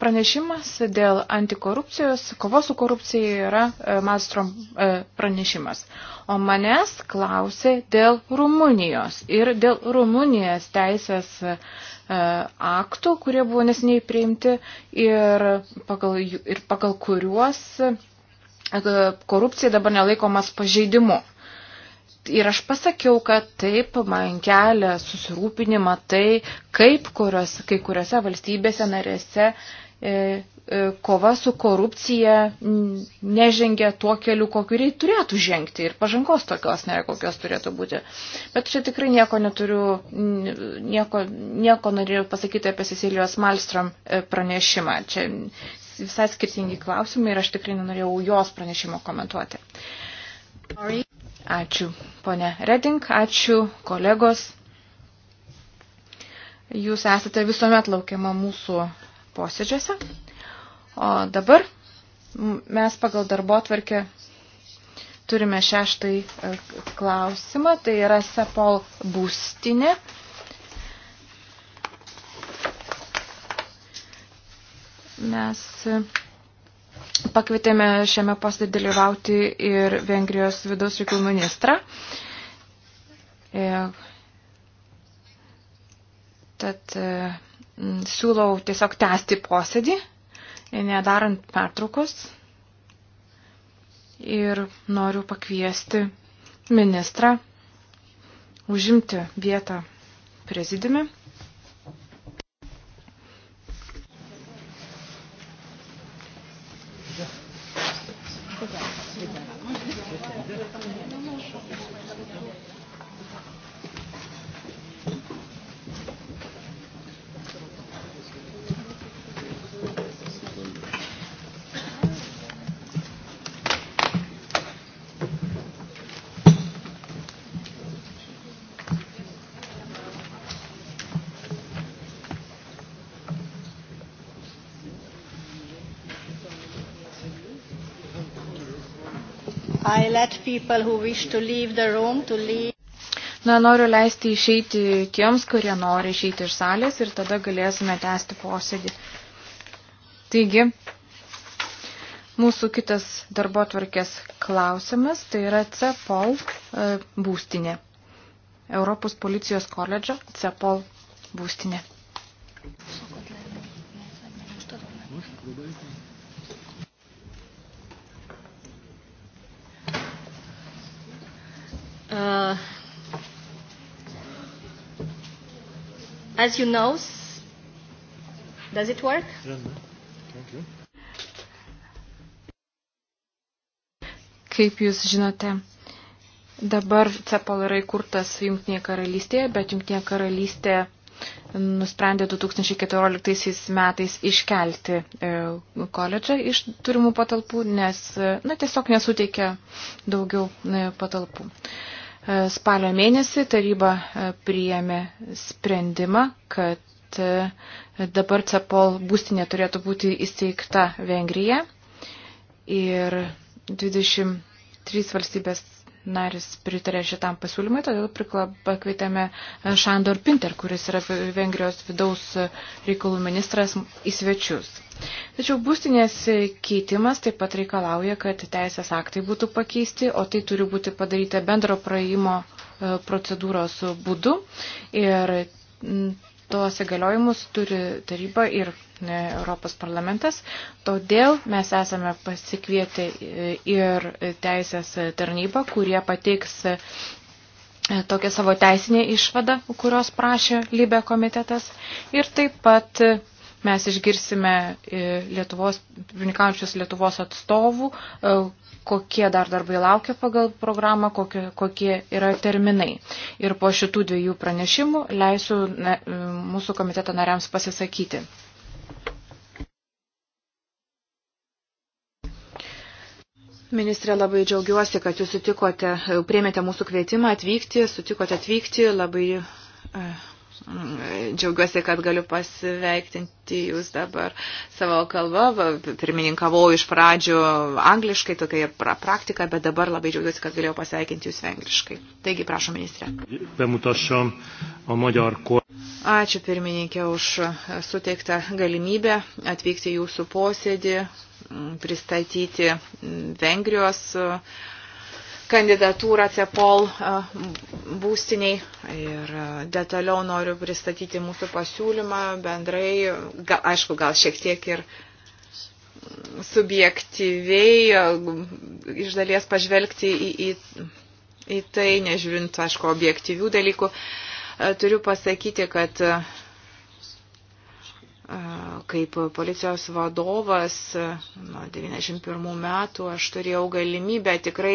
pranešimas dėl antikorupcijos, kovos su korupcija yra e, Malstrom e, pranešimas. O manęs klausė dėl Rumunijos ir dėl Rumunijos teisės aktų, kurie buvo nesiniai priimti ir pagal, ir pagal kuriuos korupcija dabar nelaikomas pažeidimu. Ir aš pasakiau, kad taip man kelia susirūpinimą tai, kaip kurios, kai kuriuose valstybėse narėse e, e kova su korupcija nežengia tuo keliu, kokiu rei turėtų žengti ir pažangos tokios nėra, kokios turėtų būti. Bet čia tikrai nieko neturiu, nieko, nieko norėjau pasakyti apie Cecilijos Malstrom e, pranešimą. Čia visai skirtingi klausimai ir aš tikrai nenorėjau jos pranešimo komentuoti. Sorry. Ačiū, ponė Reding, ačiū, kolegos. Jūs esate visuomet laukiama mūsų posėdžiuose. O dabar mes pagal darbo atvarkę turime šeštąjį e, klausimą, tai yra Sepol būstinė. Mes Pakvietėme šiame posėdį dalyvauti ir Vengrijos vidaus reikalų ministrą. E, tad e, siūlau tiesiog tęsti posėdį, nedarant pertraukos. Ir noriu pakviesti ministrą užimti vietą prezidime. let people who wish to leave the room to leave. Na, noriu leisti išeiti tiems, kurie nori išeiti iš salės ir tada galėsime tęsti posėdį. Taigi, mūsų kitas darbo tvarkės klausimas, tai yra CEPOL e, būstinė. Europos policijos koledžo CEPOL būstinė. Может, глубоко. Uh, as you know, does it work? Kaip jūs žinote, dabar CEPAL yra įkurtas Junktinėje karalystėje, bet Junktinė karalystė nusprendė 2014 metais iškelti e, koledžą iš turimų patalpų, nes e, na, nu, tiesiog nesuteikė daugiau e, patalpų. Uh, E, spalio mėnesį taryba e, priėmė sprendimą, kad e, dabar CEPOL būstinė turėtų būti įsteigta Vengrija ir 23 valstybės narys pritarė šitam pasiūlymui, todėl pakvietėme e, Šandor Pinter, kuris yra Vengrijos vidaus reikalų ministras, į svečius. Tačiau būstinės keitimas taip pat reikalauja, kad teisės aktai būtų pakeisti, o tai turi būti padaryta bendro praėjimo e, procedūros būdu. Ir tuos įgaliojimus turi taryba ir e, Europos parlamentas. Todėl mes esame pasikvietę e, ir teisės tarnybą, kurie pateiks e, tokią savo teisinę išvadą, kurios prašė Libė komitetas. Ir taip pat mes išgirsime Lietuvos, pirmininkaujančios Lietuvos atstovų, kokie dar darbai laukia pagal programą, kokie, kokie yra terminai. Ir po šitų dviejų pranešimų leisiu ne, mūsų komiteto nariams pasisakyti. Ministrė, labai džiaugiuosi, kad jūs sutikote, e, priemėte mūsų kvietimą atvykti, sutikote atvykti, labai e, Mm, džiaugiuosi, kad galiu pasveiktinti jūs dabar savo kalbą. Pirmininkavau iš pradžių angliškai, tokia pra praktika, bet dabar labai džiaugiuosi, kad galėjau pasveikinti jūs vengriškai. Taigi, prašom, ministrė. Ačiū pirmininkė už suteiktą galimybę atvykti jūsų posėdį, pristatyti Vengrijos uh, kandidatūrą CEPOL būstiniai ir detaliau noriu pristatyti mūsų pasiūlymą bendrai, gal, aišku, gal šiek tiek ir subjektyviai iš dalies pažvelgti į, į, į tai, nežiūrint, aišku, objektyvių dalykų. Turiu pasakyti, kad kaip policijos vadovas nuo 91 metų aš turėjau galimybę tikrai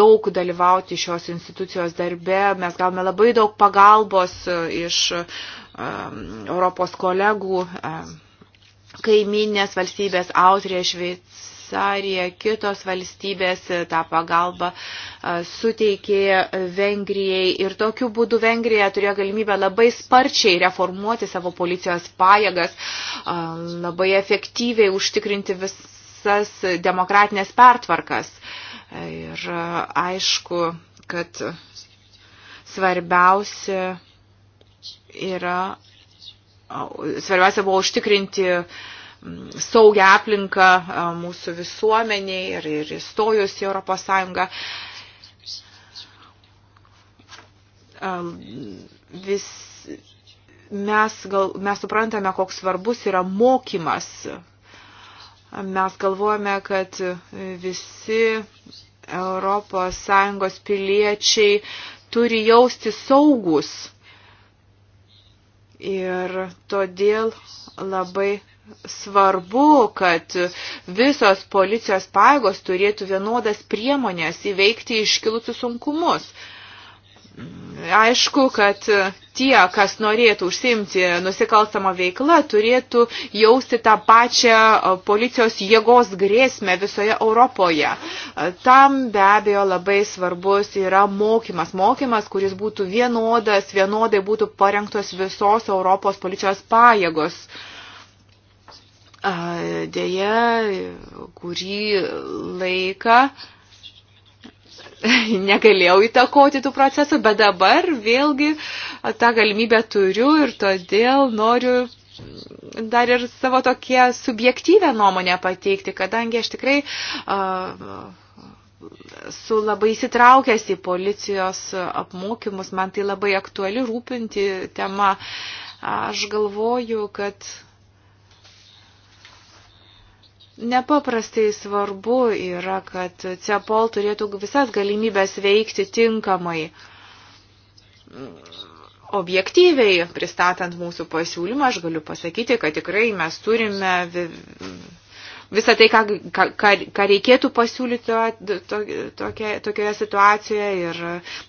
daug dalyvauti šios institucijos darbe. Mes gavome labai daug pagalbos iš Europos kolegų kaiminės valstybės Austrija, Šveicarija Šveicarija, kitos valstybės e, tą pagalbą e, suteikė Vengrijai ir tokiu būdu Vengrija turėjo galimybę labai sparčiai reformuoti savo policijos pajėgas, e, labai efektyviai užtikrinti visas demokratinės pertvarkas. Ir aišku, kad svarbiausia yra, svarbiausia buvo užtikrinti uh, saugią aplinką mūsų visuomeniai ir, ir įstojus į Europos Sąjungą. Vis, mes, gal, mes suprantame, koks svarbus yra mokymas. Mes galvojame, kad visi ES piliečiai turi jausti saugus. Ir todėl labai svarbu, kad visos policijos paėgos turėtų vienodas priemonės įveikti iškilusius sunkumus. Aišku, kad tie, kas norėtų užsimti nusikalstamą veiklą, turėtų jausti tą pačią policijos jėgos grėsmę visoje Europoje. Tam be abejo labai svarbus yra mokymas. Mokymas, kuris būtų vienodas, vienodai būtų parengtos visos Europos policijos pajėgos. Uh, dėja, kurį laiką *laughs* negalėjau įtakoti tų procesų, bet dabar vėlgi tą galimybę turiu ir todėl noriu dar ir savo tokią subjektyvę nuomonę pateikti, kadangi aš tikrai uh, su labai įsitraukęs į policijos apmokymus, man tai labai aktuali rūpinti tema. Aš galvoju, kad Nepaprastai svarbu yra, kad CEPOL turėtų visas galimybės veikti tinkamai, objektyviai pristatant mūsų pasiūlymą. Aš galiu pasakyti, kad tikrai mes turime visą tai, ką, ką, ką reikėtų pasiūlyti to, to, tokia, tokioje situacijoje. Ir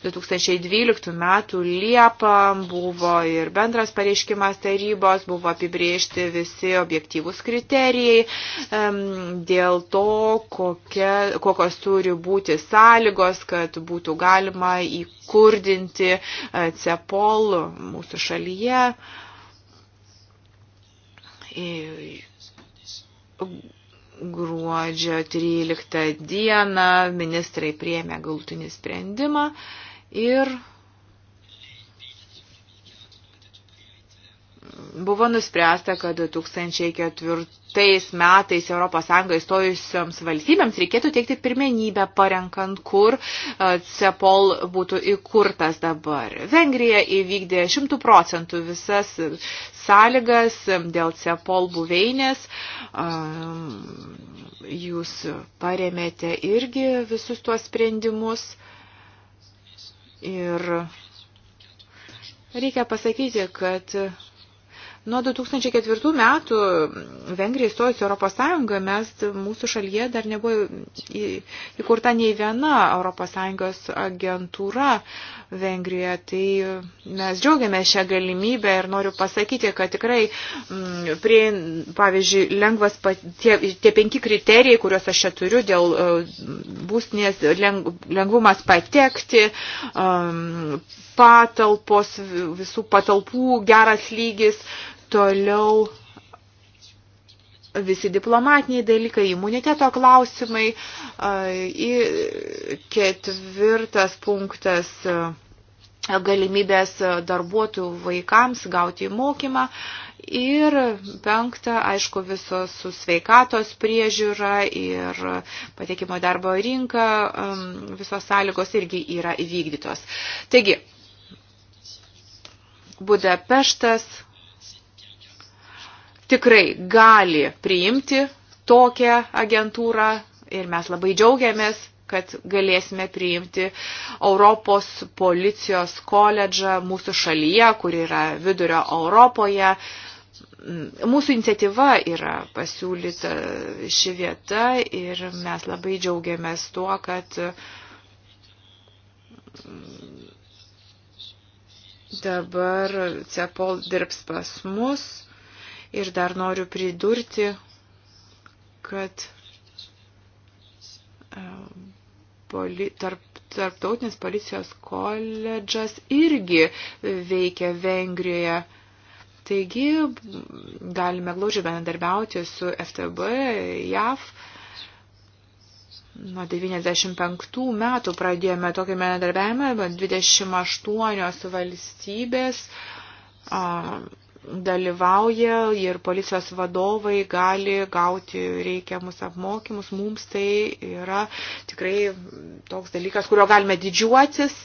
2012 metų Liepa buvo ir bendras pareiškimas tarybos, buvo apibriežti visi objektyvus kriterijai dėl to, kokia, kokios turi būti sąlygos, kad būtų galima įkurdinti e, CEPOL mūsų šalyje Gruodžio 13 dieną ministrai priėmė galutinį sprendimą ir buvo nuspręsta, kad 2004 metais ES įstojusiams valstybėms reikėtų teikti pirmenybę parenkant, kur e, CEPOL būtų įkurtas dabar. Vengrija įvykdė 100 procentų visas sąlygas dėl CEPOL buveinės. E, jūs paremėte irgi visus tuos sprendimus. Ir reikia pasakyti, kad Nuo 2004 metų Vengrija įstojus Europos Sąjungą, mes mūsų šalyje dar nebuvo įkurta nei viena Europos Sąjungos agentūra Vengrijoje. Tai mes džiaugiamės šią galimybę ir noriu pasakyti, kad tikrai, m, mm, prie, pavyzdžiui, lengvas tie, tie penki kriterijai, kuriuos aš čia turiu dėl e, būsnės leng, lengvumas patekti, m, e, patalpos, visų patalpų geras lygis, Toliau visi diplomatiniai dalykai, imuniteto klausimai. Ir ketvirtas punktas galimybės darbuotojų vaikams gauti mokymą. Ir penkta, aišku, visos su sveikatos priežiūra ir patekimo darbo rinka, visos sąlygos irgi yra įvykdytos. Taigi, Budapeštas, tikrai gali priimti tokią agentūrą ir mes labai džiaugiamės, kad galėsime priimti Europos policijos koledžą mūsų šalyje, kur yra vidurio Europoje. Mūsų iniciatyva yra pasiūlyta ši vieta ir mes labai džiaugiamės tuo, kad dabar CEPOL dirbs pas mus Ir dar noriu pridurti, kad e, poli, tarp, tarptautinis policijos koledžas irgi veikia Vengrijoje. Taigi galime glaudžiai bendarbiauti su FTB, JAV. Nuo 95 metų pradėjome tokį bendarbiavimą, 28 valstybės. Um, dalyvauja ir policijos vadovai gali gauti reikiamus apmokymus. Mums tai yra tikrai toks dalykas, kurio galime didžiuotis.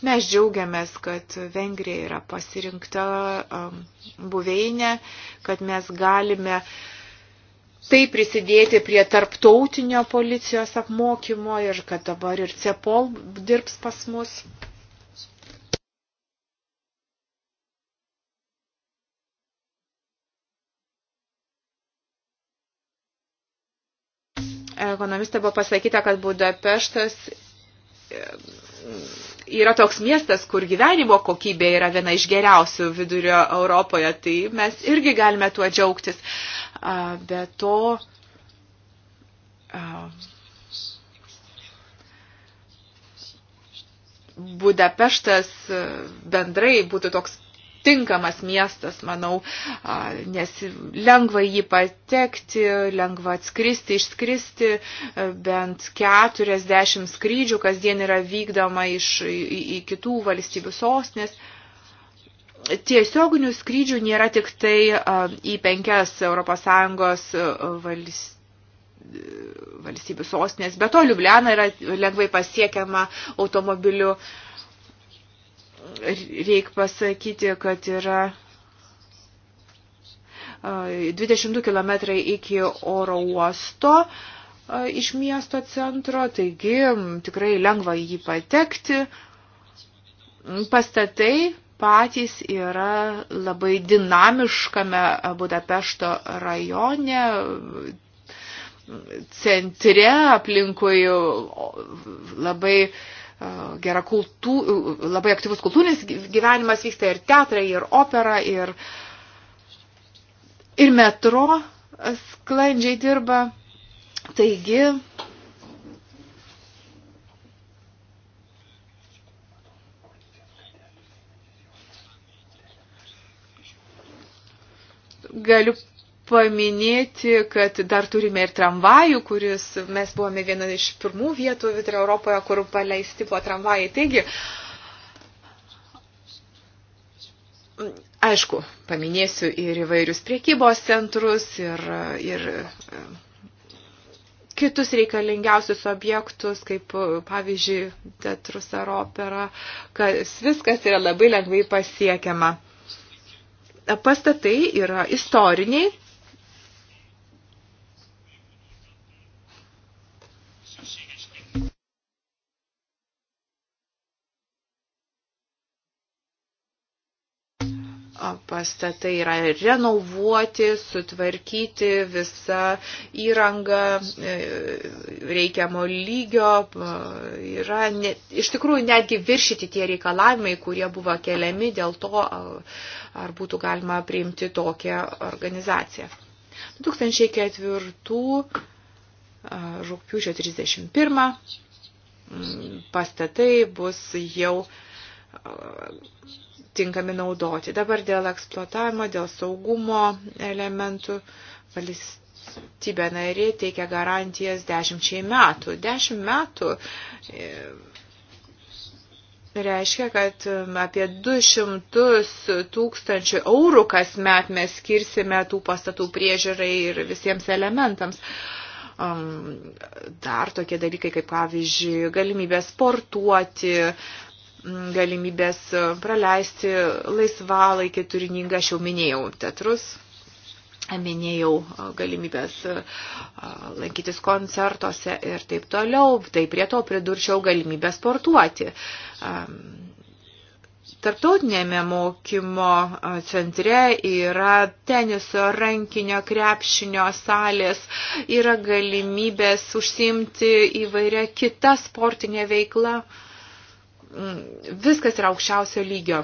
Mes džiaugiamės, kad Vengrija yra pasirinkta um, buveinė, kad mes galime uh, tai prisidėti prie tarptautinio policijos apmokymo ir kad dabar ir CEPOL dirbs pas mus. Ekonomistė buvo pasakyta, kad Budapeštas yra toks miestas, kur gyvenimo kokybė yra viena iš geriausių vidurio Europoje, tai mes irgi galime tuo džiaugtis. Be to, Budapeštas bendrai būtų toks tinkamas miestas, manau, nes lengva jį patekti, lengva atskristi, išskristi, bent 40 skrydžių kasdien yra vykdoma iš, į, į kitų valstybių sostinės. Tiesioginių skrydžių nėra tik tai į penkias ES valstybės valstybių sostinės, bet to Liubliana yra lengvai pasiekiama automobiliu. Uh, reikia pasakyti, kad yra 22 km iki oro uosto iš miesto centro, taigi tikrai lengva jį patekti. Pastatai patys yra labai dinamiškame Budapešto rajone, centre aplinkui labai uh, gera kultū, labai aktyvus kultūrinis gyvenimas vyksta ir teatrai, ir opera, ir, ir metro sklandžiai dirba. Taigi, galiu paminėti, kad dar turime ir tramvajų, kuris mes buvome viena iš pirmų vietų vidurio Europoje, kur paleisti buvo tramvajai. Taigi, aišku, paminėsiu ir įvairius priekybos centrus ir, ir kitus reikalingiausius objektus, kaip pavyzdžiui, teatrus ar opera, kas viskas yra labai lengvai pasiekiama. Pastatai yra istoriniai, pastatai yra renovuoti, sutvarkyti visą įrangą e, reikiamo lygio. E, yra ne, iš tikrųjų netgi viršyti tie reikalavimai, kurie buvo keliami dėl to, ar būtų galima priimti tokią organizaciją. 2004 rūpiučio 31 pastatai bus jau tinkami naudoti. Dabar dėl eksploatavimo, dėl saugumo elementų valstybė narė teikia garantijas dešimčiai metų. Dešimt metų e, reiškia, kad apie 200 tūkstančių eurų kasmet mes skirsime tų pastatų priežiūrai ir visiems elementams. Dar tokie dalykai kaip, pavyzdžiui, galimybė sportuoti, galimybės e, praleisti laisvalaikį turiningą, aš jau minėjau teatrus, minėjau e, galimybės e, lankytis koncertuose ir taip toliau, tai prie to pridurčiau galimybę sportuoti. Tarptautinėme mokymo centre yra teniso, rankinio, krepšinio salės, yra galimybės užsimti įvairią kitą sportinę veiklą. Uh, Mm, viskas yra aukščiausio lygio.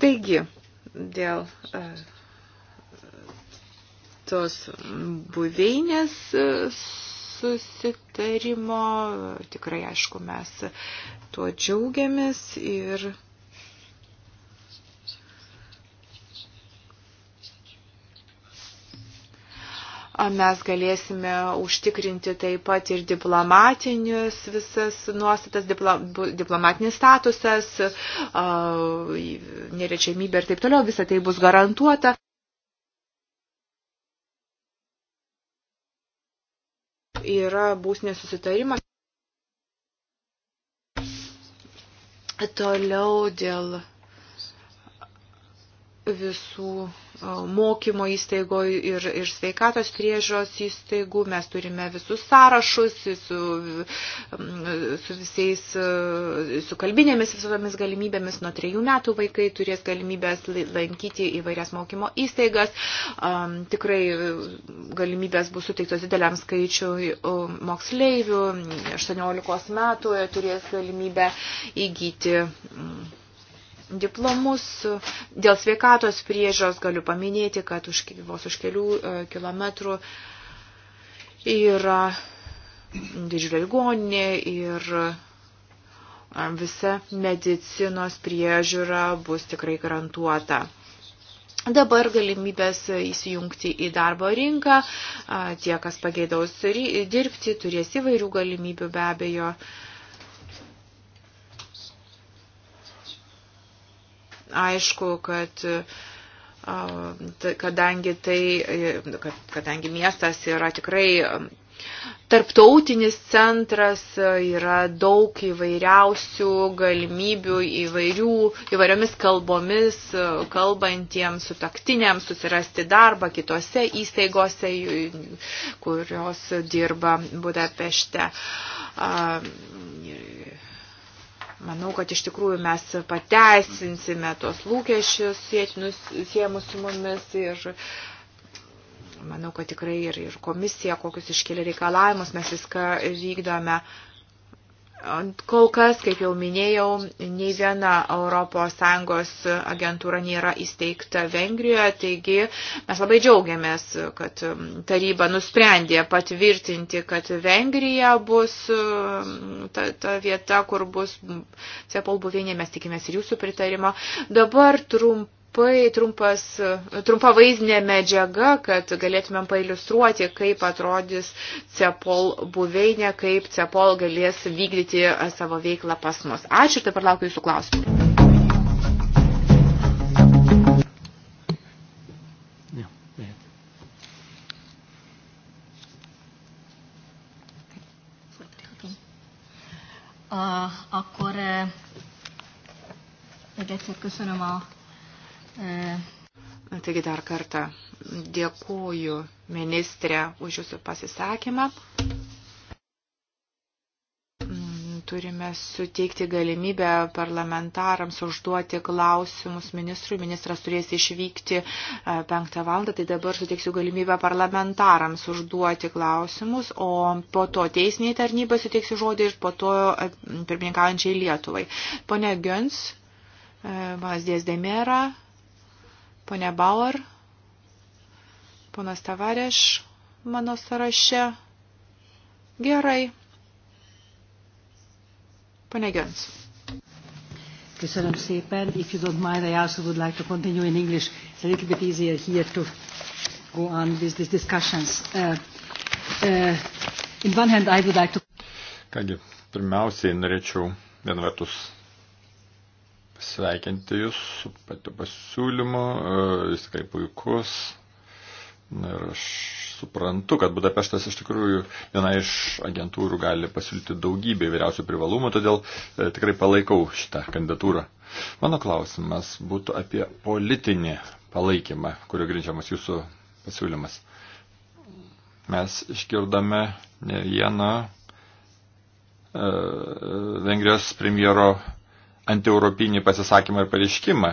Taigi, dėl e, tos buveinės e, susitarimo, tikrai aišku, mes tuo džiaugiamės ir mes galėsime užtikrinti taip pat ir diplomatinius visas nuostatas, diplo, diplomatinis statusas, nerečiamybė ir taip toliau, visa tai bus garantuota. Yra būsnės susitarimas. Toliau dėl visų mokymo įstaigų ir, ir sveikatos priežos įstaigų. Mes turime visus sąrašus su, su visais, su kalbinėmis visomis galimybėmis. Nuo trejų metų vaikai turės galimybės lankyti įvairias mokymo įstaigas. Tikrai galimybės bus suteiktos dideliam skaičiui moksleivių. 18 metų turės galimybę įgyti diplomus, dėl sveikatos priežos galiu paminėti, kad už, vos už kelių e, kilometrų yra didžiulė ligoninė ir e, visa medicinos priežiūra bus tikrai garantuota. Dabar galimybės įsijungti į darbo rinką, e, tie, kas pageidaus dirbti, turės įvairių galimybių be abejo. Aišku, kad kadangi, tai, e, kad, kadangi miestas yra tikrai tarptautinis centras, e, yra daug įvairiausių galimybių įvairių, įvairiomis kalbomis, e, kalbantiems sutaktiniams susirasti darbą kitose įstaigose, kurios dirba Budapešte. Manau, kad iš tikrųjų mes pateisinsime tos lūkesčius siejamus su mumis ir manau, kad tikrai ir, ir komisija, kokius iškelia reikalavimus, mes viską vykdome. Uh, Kol kas, kaip jau minėjau, nei viena ES agentūra nėra įsteigta Vengrijoje, taigi mes labai džiaugiamės, kad um, taryba nusprendė patvirtinti, kad Vengrija bus um, ta, ta vieta, kur bus CEPOL buveinė, mes tikimės ir jūsų pritarimo. Dabar trumpai labai trumpas, trumpa vaizdinė medžiaga, kad galėtumėm pailustruoti, kaip atrodys CEPOL buveinė, kaip CEPOL galės vykdyti e, savo veiklą pas mus. Ačiū ir dabar laukiu jūsų klausimų. Uh, akkor uh, egyszer köszönöm a E. Taigi dar kartą dėkuoju ministrė už jūsų pasisakymą. Mm, turime suteikti galimybę parlamentarams užduoti klausimus ministrui. Ministras turės išvykti e, penktą valandą, tai dabar suteiksiu galimybę parlamentarams užduoti klausimus, o po to teisiniai tarnybai suteiksiu žodį ir po to e, pirmininkaujančiai Lietuvai. Pone Gönts, Vazdės Demera. Pone Bauer, ponas Tavareš mano sąraše. Gerai. Pane Gens. Köszönöm szépen. If you don't mind, I also would like to continue in English. It's a little bit easier here to go on with these discussions. Uh, uh, in one hand, I would like to... Kągi, pirmiausiai norėčiau vien vertus sveikinti Jūs su patiu pasiūlymu, e, jis tikrai puikus. Ir aš suprantu, kad Budapeštas iš tikrųjų viena iš agentūrų gali pasiūlyti daugybę įvairiausių privalumų, todėl e, tikrai palaikau šitą kandidatūrą. Mano klausimas būtų apie politinį palaikymą, kurio grindžiamas jūsų pasiūlymas. Mes išgirdame ne vieną e, Vengrijos premjero antieuropinį pasisakymą ir pareiškimą.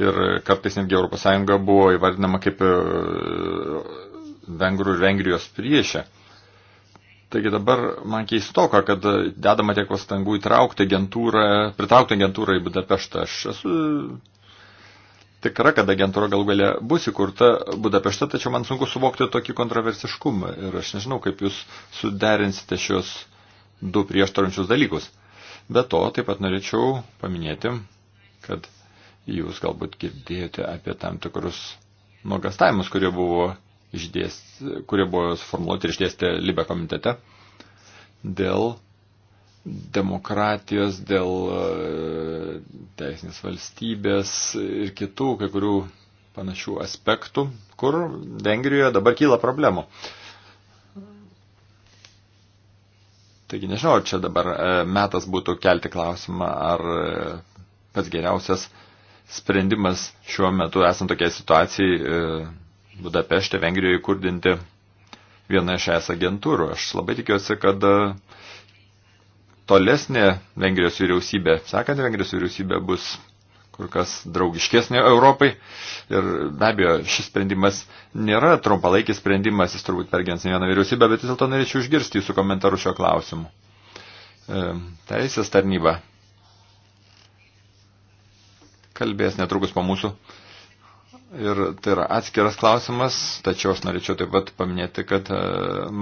Ir kartais netgi ES buvo įvardinama kaip e, vengrų ir vengrijos priešė. Taigi dabar man keistoka, kad dedama tiek pastangų įtraukti agentūrą, pritraukti agentūrą į Budapeštą. Aš esu tikra, kad agentūra gal galia bus įkurta Budapešte, tačiau man sunku suvokti tokį kontroversiškumą ir aš nežinau, kaip jūs suderinsite šios du prieštarančius dalykus. Be to, taip pat norėčiau paminėti, kad jūs galbūt girdėjote apie tam tikrus nuogastavimus, kurie buvo, išdėsti, kurie buvo suformuoluoti ir išdėsti Libe komitete dėl demokratijos, dėl e, teisinės valstybės ir kitų kai kurių panašių aspektų, kur Vengrijoje dabar kyla problemų. Uh, Taigi nežinau, ar čia dabar e, metas būtų kelti klausimą, ar e, pats geriausias sprendimas šiuo metu esant tokiai situacijai e, Budapešte, Vengrijoje įkurdinti vieną iš es agentūrų. Aš labai tikiuosi, kad tolesnė Vengrijos vyriausybė, sekanti Vengrijos vyriausybė bus kur kas draugiškesnė Europai. Ir be abejo, šis sprendimas nėra trumpalaikis sprendimas, jis turbūt pergins ne vieną vyriausybę, bet vis dėlto norėčiau išgirsti jūsų komentarų šio klausimu. E, teisės tarnyba kalbės netrukus po mūsų Ir tai yra atskiras klausimas, tačiau aš norėčiau taip pat paminėti, kad e,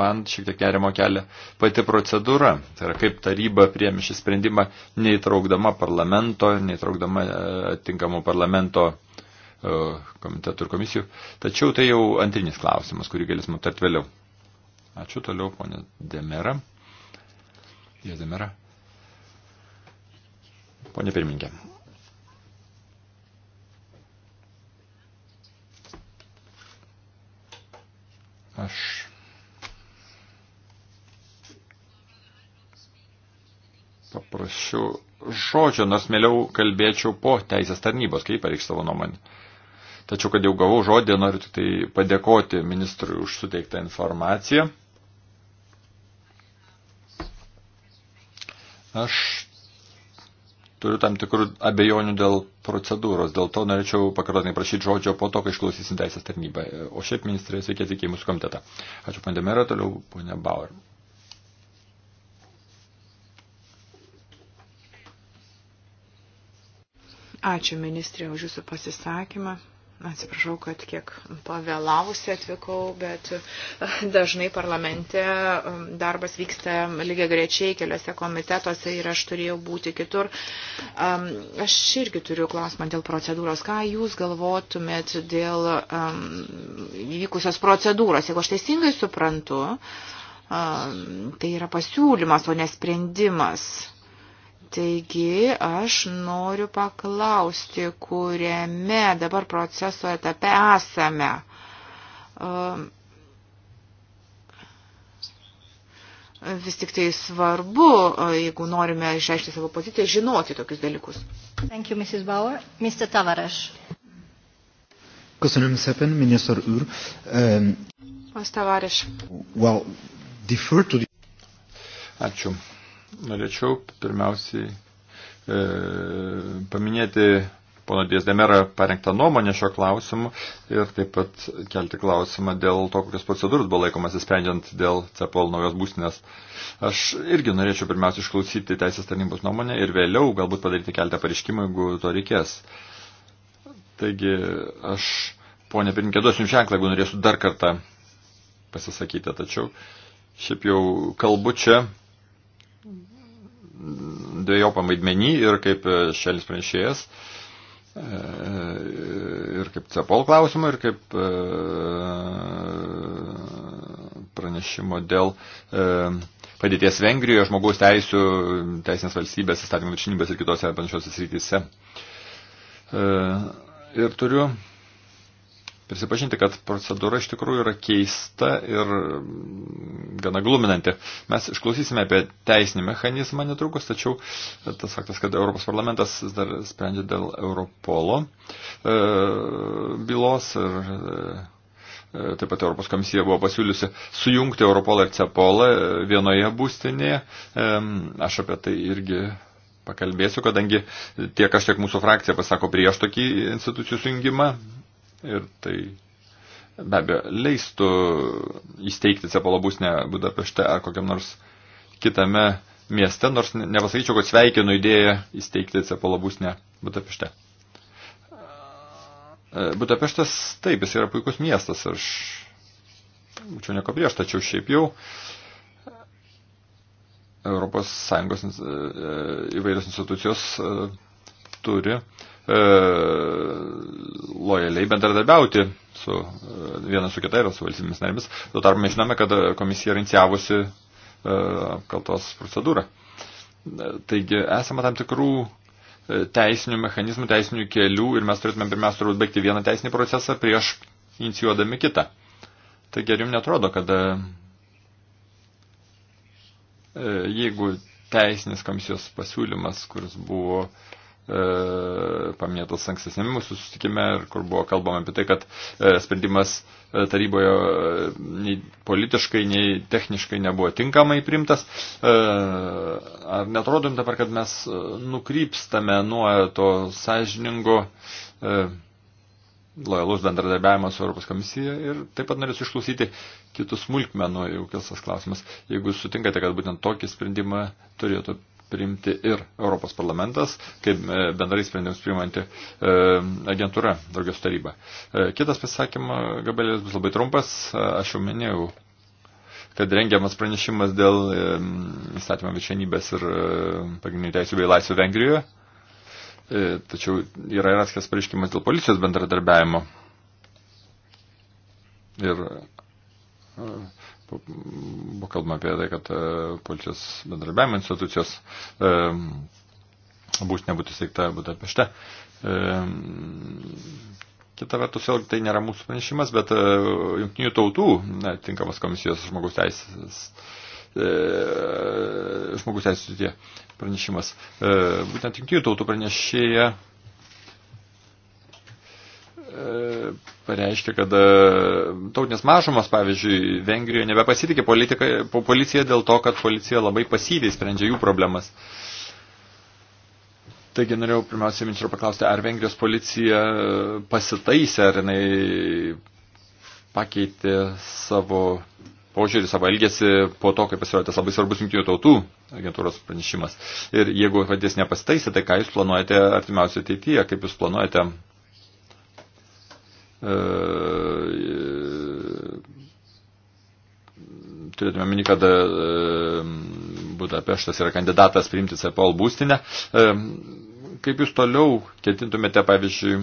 man šiek tiek nerimo kelia pati procedūra. Tai yra kaip taryba priemi šį sprendimą, neįtraukdama parlamento, neįtraukdama e, atinkamų parlamento e, komitetų ir komisijų. Tačiau tai jau antrinis klausimas, kurį galėsim aptart vėliau. Ačiū toliau, ponė Demera. Jie Demera. Pone pirmininkė. Aš paprašiau žodžio, nors mėliau kalbėčiau po teisės tarnybos, kaip pareikš savo nuomonę. Tačiau, kad jau gavau žodį, noriu tik tai padėkoti ministrui už suteiktą informaciją. Aš turiu tam tikrų abejonių dėl procedūros, dėl to norėčiau pakartotinai prašyti žodžio po to, kai išklausysim teisės tarnybą. O šiaip ministrė sveiki atvykę į mūsų komitetą. Ačiū pandemera, toliau ponia Bauer. Ačiū ministrė už jūsų pasisakymą. Atsiprašau, kad kiek pavėlavusi atvykau, bet eh, dažnai parlamente um, darbas vyksta lygiai grečiai keliose komitetuose ir aš turėjau būti kitur. Um, aš irgi turiu klausimą dėl procedūros. Ką jūs galvotumėt dėl um, vykusios procedūros? Jeigu aš teisingai suprantu, tai yra pasiūlymas, o ne sprendimas Taigi aš noriu paklausti, kuriame dabar proceso etape esame. Um, vis tik tai svarbu, uh, jeigu norime išreikšti savo poziciją, žinoti tokius dalykus. Thank you, Mrs. Bauer. Mr. Tavares. Köszönöm szépen, miniszter úr. Um, Tavares. Well, defer to the... Ačiū norėčiau pirmiausiai e, paminėti pono Diezdemera parengtą nuomonę šio klausimu ir taip pat kelti klausimą dėl to, kokios procedūros buvo laikomas įsprendžiant dėl CEPOL naujos būstinės. Aš irgi norėčiau pirmiausia išklausyti teisės tarnybos nuomonę ir vėliau galbūt padaryti keltą pareiškimų, jeigu to reikės. Taigi aš, ponė pirmininkė, duosiu jums ženklą, jeigu norėsiu dar kartą pasisakyti, tačiau šiaip jau kalbu čia dviejopam vaidmenį ir kaip e, šalis pranešėjas, e, ir kaip CEPOL klausimą, ir kaip e, pranešimo dėl padėties Vengrijoje, žmogaus teisų, teisinės valstybės, įstatymų viršinybės ir kitose panašiose srityse. Ir turiu prisipažinti, kad procedūra iš tikrųjų yra keista ir mm, gana gluminanti. Mes išklausysime apie teisinį mechanizmą netrukus, tačiau e, tas faktas, kad Europos parlamentas dar sprendžia dėl Europolo e, bylos ir e, e, taip pat Europos komisija buvo pasiūliusi sujungti Europolą ir Cepolą e, vienoje būstinėje. E, aš apie tai irgi pakalbėsiu, kadangi tiek aš, tiek mūsų frakcija pasako prieš tokį institucijų sujungimą, ir tai be abejo leistų įsteigti Cepolo būsnę Budapešte ar kokiam nors kitame mieste, nors nepasakyčiau, kad sveikinu idėją įsteigti Cepolo būsnę Budapešte. E, Budapeštas taip, jis yra puikus miestas, aš būčiau nieko prieš, tačiau šiaip jau Europos Sąjungos e, įvairios institucijos e, turi E, lojaliai bendradarbiauti su e, viena su kita ir su valstybėmis narėmis. Tuo tarpu mes žinome, kad komisija yra inicijavusi e, apkaltos procedūrą. Taigi esame tam tikrų teisinių mechanizmų, teisinių kelių ir mes turėtume pirmiausia turbūt baigti vieną teisinį procesą prieš inicijuodami kitą. Taigi ar jums netrodo, kad jeigu teisinis komisijos pasiūlymas, kuris buvo uh, E, paminėtas ankstesnėme mūsų susitikime ir kur buvo kalbama apie tai, kad e, sprendimas e, taryboje nei politiškai, nei techniškai nebuvo tinkamai primtas. Ar netrodom dabar, kad mes nukrypstame nuo to sąžiningo lojalus bendradarbiavimas su Europos komisija ir taip pat norėsiu išklausyti kitus smulkmenų, jau kilsas klausimas, jeigu sutinkate, kad būtent tokį sprendimą turėtų priimti ir Europos parlamentas, kaip e, bendrai sprendimus priimanti e, agentūra, draugės taryba. E, kitas pasisakymą, Gabalėlis, bus labai trumpas. Aš jau minėjau, kad rengiamas pranešimas dėl įstatymo viršenybės ir pagrindinių teisų bei laisvių Vengrijoje. Tačiau yra ir atskiras pareiškimas dėl policijos bendradarbiavimo. Ir buvo kalbama apie tai, kad e, policijos bendradarbiavimo institucijos e, bus nebūtų įsteigta Budapešte. E, kita vertus, vėlgi tai nėra mūsų pranešimas, bet jungtinių tautų tinkamas komisijos žmogaus teisės žmogus teisų tie pranešimas. Būtent jungtinių tautų pranešėja pareiškia, kad e, tautinės mažumas, pavyzdžiui, Vengrijoje nebepasitikė po policiją dėl to, kad policija labai pasyviai sprendžia jų problemas. Taigi norėjau pirmiausiai minčiau paklausti, ar Vengrijos policija e, pasitaisė, ar jinai pakeitė savo požiūrį, savo elgesį po to, kai pasirodė tas labai svarbus jungtinių tautų agentūros pranešimas. Ir jeigu padės nepasitaisė, tai ką jūs planuojate artimiausioje ateityje, kaip jūs planuojate E, e, turėtume mini, kad e, Budapeštas yra kandidatas priimti CEPOL būstinę. Kaip jūs toliau ketintumėte, pavyzdžiui,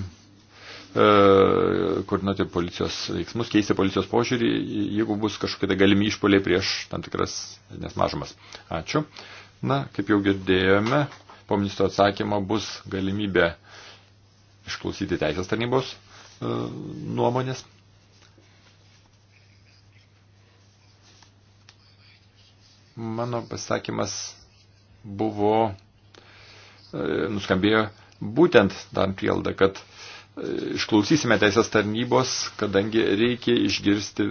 koordinuoti policijos veiksmus, keisti policijos požiūrį, jeigu bus kažkokie tai galimi išpoliai prieš tam tikras nesmažumas. Ačiū. Na, kaip jau girdėjome, po ministro atsakymo bus galimybė išklausyti teisės tarnybos E, nuomonės. Mano pasakymas buvo, e, nuskambėjo būtent tam prielda, kad e, išklausysime teisės tarnybos, kadangi reikia išgirsti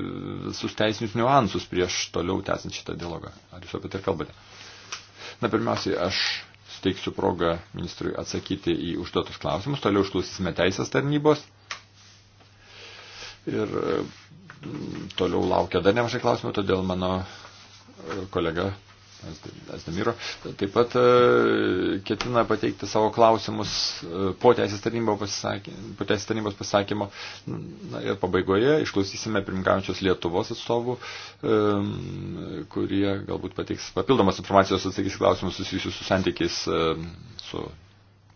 visus teisinius niuansus prieš toliau tęsiant šitą dialogą. Ar jūs apie tai kalbate? Na, pirmiausiai, aš suteiksiu progą ministrui atsakyti į užduotus klausimus, toliau išklausysime teisės tarnybos Ir e, toliau laukia dar nemažai klausimų, todėl mano e, kolega Asdemiro taip pat e, ketina pateikti savo klausimus po teisės, po teisės tarnybos pasisakymo. Na, ir pabaigoje išklausysime pirmgaujančios Lietuvos atstovų, kurie galbūt pateiks papildomas informacijos atsakys klausimus susijusius su santykiais su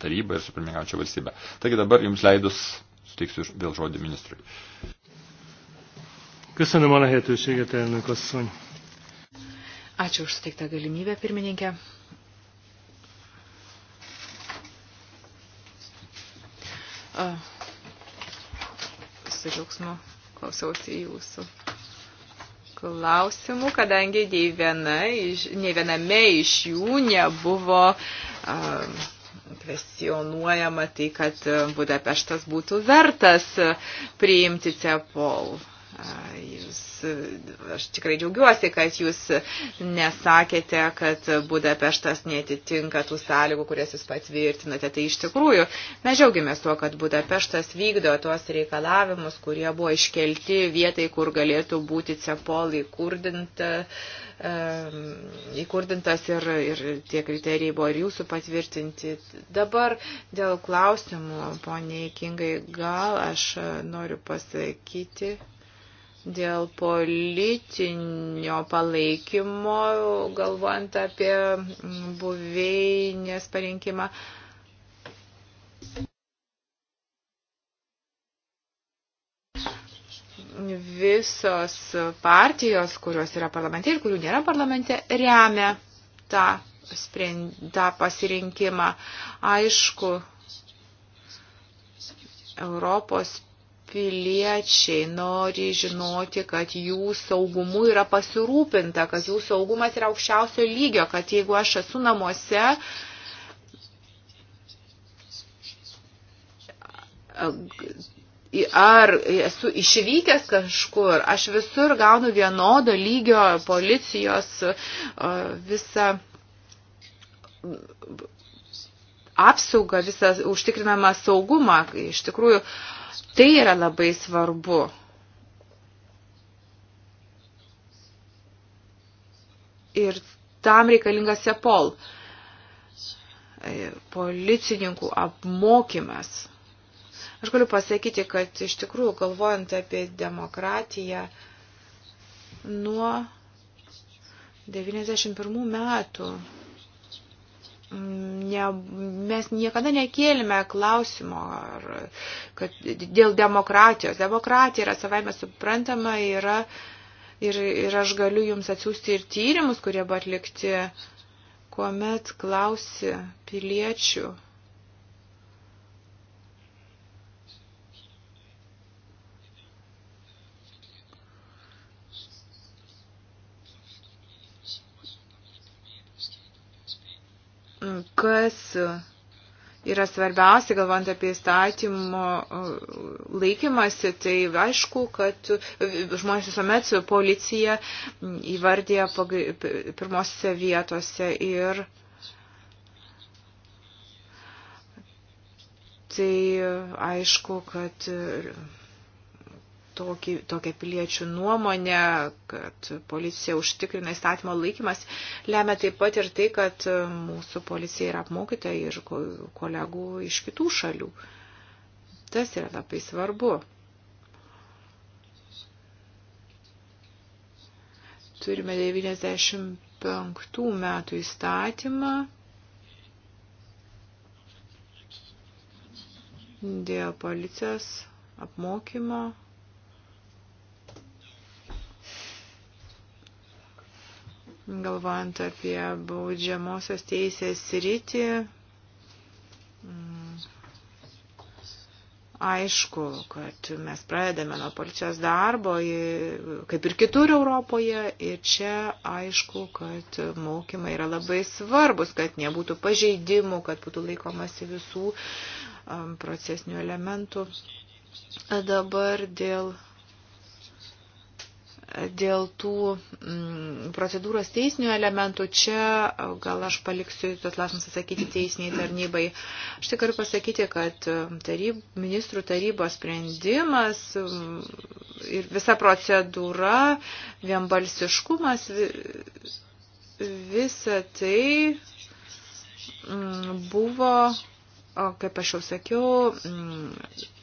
taryba ir su pirmgaujančia valstybe. Taigi dabar jums leidus suteiksiu vėl žodį ministrui. Köszönöm a lehetőséget, elnök asszony. Ačiū už suteiktą galimybę, pirmininkė. Su džiaugsmu klausiausi jūsų klausimų, kadangi nei, viena iš, nei viename iš jų nebuvo a, kvestionuojama tai, kad Budapeštas būtų vertas priimti CEPOL aš tikrai džiaugiuosi, kad jūs nesakėte, kad Budapeštas netitinka tų sąlygų, kurias jūs patvirtinate. Tai iš tikrųjų mes džiaugiamės tuo, kad Budapeštas vykdo tuos reikalavimus, kurie buvo iškelti vietai, kur galėtų būti cepol įkurdinta įkurdintas ir, ir tie kriterijai buvo ir jūsų patvirtinti. Dabar dėl klausimų, poniai Kingai, gal aš noriu pasakyti dėl politinio palaikymo, galvojant apie buveinės parinkimą. Visos partijos, kurios yra parlamente ir kurių nėra parlamente, remia tą, sprend, tą pasirinkimą. Aišku, Europos piliečiai nori žinoti, kad jų saugumu yra pasirūpinta, kad jų saugumas yra aukščiausio lygio, kad jeigu aš esu namuose, ar esu išvykęs kažkur, aš visur gaunu vienodo lygio policijos visą apsaugą, visą užtikrinamą saugumą. Iš tikrųjų, uh, Tai yra labai svarbu. Ir tam reikalingas sepol. E, policininkų apmokymas. Aš galiu pasakyti, kad iš tikrųjų, galvojant apie demokratiją, nuo 91 metų ne, mes niekada nekėlėme klausimo ar, kad, dėl demokratijos. Demokratija yra savaime suprantama yra, ir, ir aš galiu jums atsiųsti ir tyrimus, kurie buvo atlikti, kuomet klausi piliečių kas yra svarbiausia, galvant apie įstatymo e, laikymasi, tai aišku, kad žmonės visuomet su policija įvardė pirmosiose vietose ir tai aišku, kad tokį, tokią piliečių nuomonę, kad policija užtikrina įstatymo laikymas, lemia taip pat ir tai, kad mūsų policija yra apmokyta ir kolegų iš kitų šalių. Tas yra labai svarbu. Turime 95 metų įstatymą dėl policijos apmokymo galvojant apie baudžiamosios teisės rytį, mm, aišku, kad mes pradedame nuo policijos darbo, kaip ir kitur Europoje, ir čia aišku, kad mokymai yra labai svarbus, kad nebūtų pažeidimų, kad būtų laikomasi visų procesinių elementų. Dabar dėl dėl tų m, mm, procedūros teisinių elementų, čia gal aš paliksiu tos klausimus atsakyti teisiniai tarnybai. Aš tik galiu pasakyti, kad taryb, ministrų tarybos sprendimas ir visa procedūra, vienbalsiškumas, visa tai m, mm, buvo, kaip aš jau sakiau, m, mm,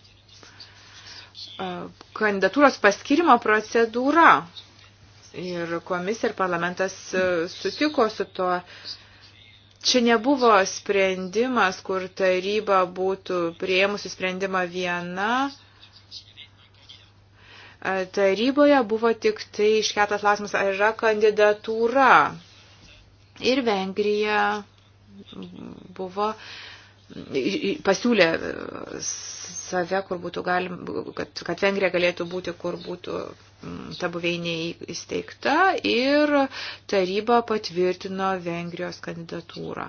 kandidatūros paskirimo procedūra. Ir komisija ir parlamentas sutiko su tuo. Čia nebuvo sprendimas, kur taryba būtų prieimusi sprendimą viena. Taryboje buvo tik tai išketas klausimas, ar yra kandidatūra. Ir Vengrija buvo uh, pasiūlė e, save, kur būtų galima, kad, kad Vengrija galėtų būti, kur būtų ta buveinė įsteigta ir taryba patvirtino Vengrijos kandidatūrą.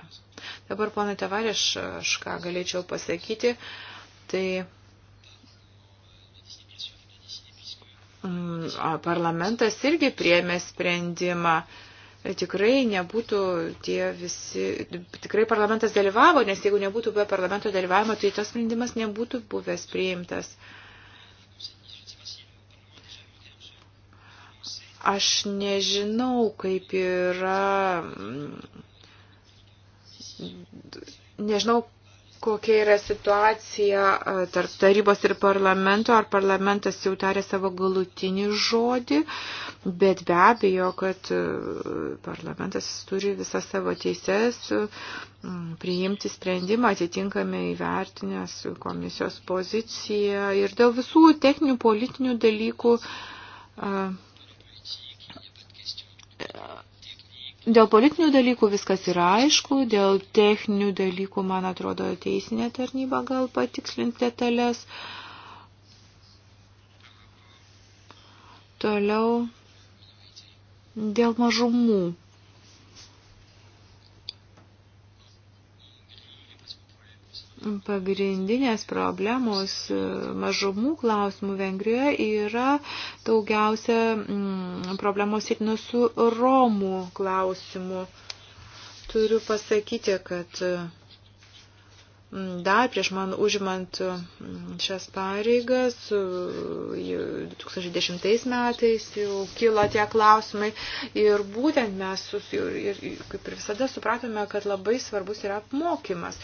Dabar, ponai Tavarėš, aš ką galėčiau pasakyti, tai parlamentas irgi priemė sprendimą tikrai nebūtų tie visi, tikrai parlamentas dalyvavo, nes jeigu nebūtų buvę parlamento dalyvavimo, tai tas sprendimas nebūtų buvęs priimtas. Aš nežinau, kaip yra, nežinau, kokia yra situacija tarp tarybos ir parlamento, ar parlamentas jau tarė savo galutinį žodį, bet be abejo, kad parlamentas turi visas savo teises priimti sprendimą atitinkamai įvertinęs komisijos poziciją ir dėl visų techninių politinių dalykų Dėl politinių dalykų viskas yra aišku, dėl techninių dalykų, man atrodo, teisinė tarnyba gal patikslint detalės. Toliau dėl mažumų. pagrindinės problemos e, mažumų klausimų Vengrijoje yra daugiausia mm, problemos sėtinos su Romų klausimu. Turiu pasakyti, kad dar prieš man užimant mm, šias pareigas, 2010 metais jau kilo tie klausimai ir būtent mes, ir, kaip ir visada, supratome, kad labai svarbus yra apmokymas.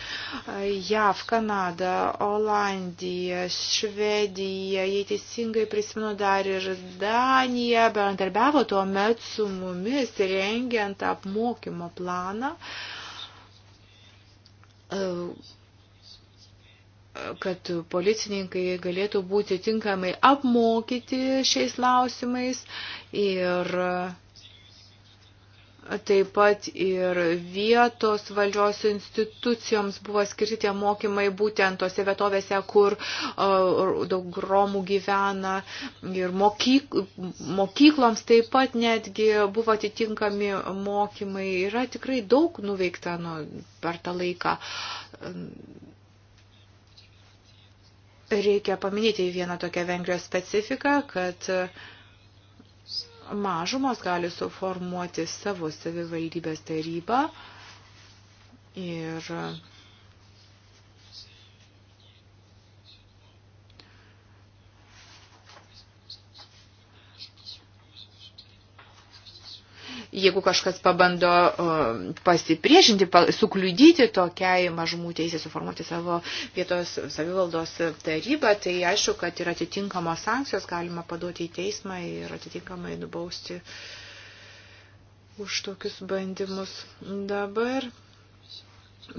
JAV, Kanada, Olandija, Švedija, jei teisingai prisimenu dar ir Danija, bendarbiavo tuo metu su mumis rengiant apmokymo planą. Uh, kad policininkai galėtų būti tinkamai apmokyti šiais klausimais ir taip pat ir vietos valdžios institucijoms buvo skirti tie mokymai būtent tose vietovėse, kur daug romų gyvena ir mokyk, mokykloms taip pat netgi buvo atitinkami mokymai. Yra tikrai daug nuveikta nu, per tą laiką Reikia paminėti vieną tokią Vengrijos specifiką, kad mažumos gali suformuoti savo savivaldybės tarybą ir jeigu kažkas pabando pasipriešinti, sukliudyti tokiai mažumų teisė suformuoti savo vietos savivaldos tarybą, tai aišku, kad yra atitinkamos sankcijos, galima paduoti į teismą ir atitinkamai nubausti už tokius bandymus. Dabar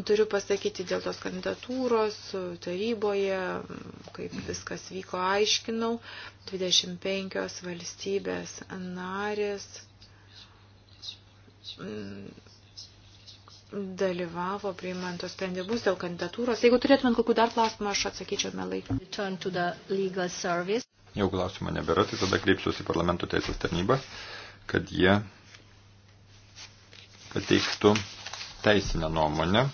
turiu pasakyti dėl tos kandidatūros taryboje, kaip viskas vyko, aiškinau, 25 valstybės narės dalyvavo priimant tos sprendimus dėl kandidatūros. Jeigu turėtumėm kokių dar klausimų, aš atsakyčiau melai. Jau klausimą nebėra, tai tada kreipsiuosi į parlamento teisės tarnybą, kad jie pateiktų teisinę nuomonę,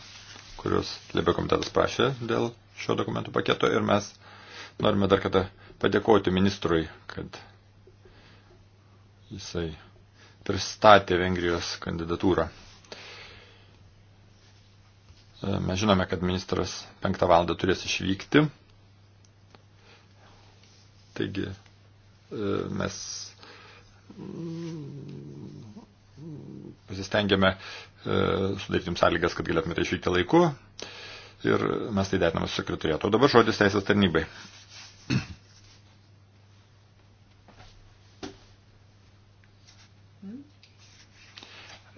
kurios Libė komitetas prašė dėl šio dokumentų paketo ir mes norime dar kada padėkoti ministrui, kad jisai pristatė Vengrijos kandidatūrą. E, mes žinome, kad ministras penktą valandą turės išvykti. Taigi e, mes pasistengėme e, sudaryti jums sąlygas, kad galėtumėte išvykti laiku. Ir mes tai deriname su sekretorietu. O dabar žodis teisės tarnybai.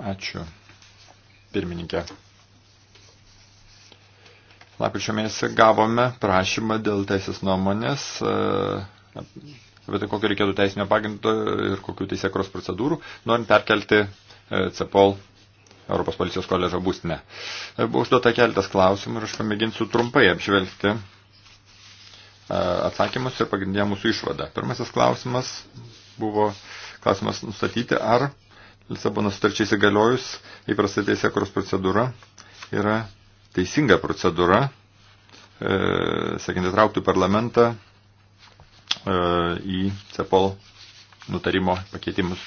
Ačiū, pirmininkė. Lapkričio mėnesį gavome prašymą dėl teisės nuomonės e, apie tai, kokio reikėtų teisinio pagrindo ir kokių teisėkros procedūrų, norint perkelti e, CEPOL Europos policijos koledžo būstinę. E, buvo užduota keletas klausimų ir aš pamėginsiu trumpai apžvelgti atsakymus ir pagrindinę mūsų išvadą. Pirmasis klausimas buvo klausimas nustatyti, ar Lisabono sutarčiai įsigaliojus, įprasta teisėkuros procedūra yra teisinga procedūra, e, sakant, įtraukti parlamentą e, į CEPOL nutarimo pakeitimus.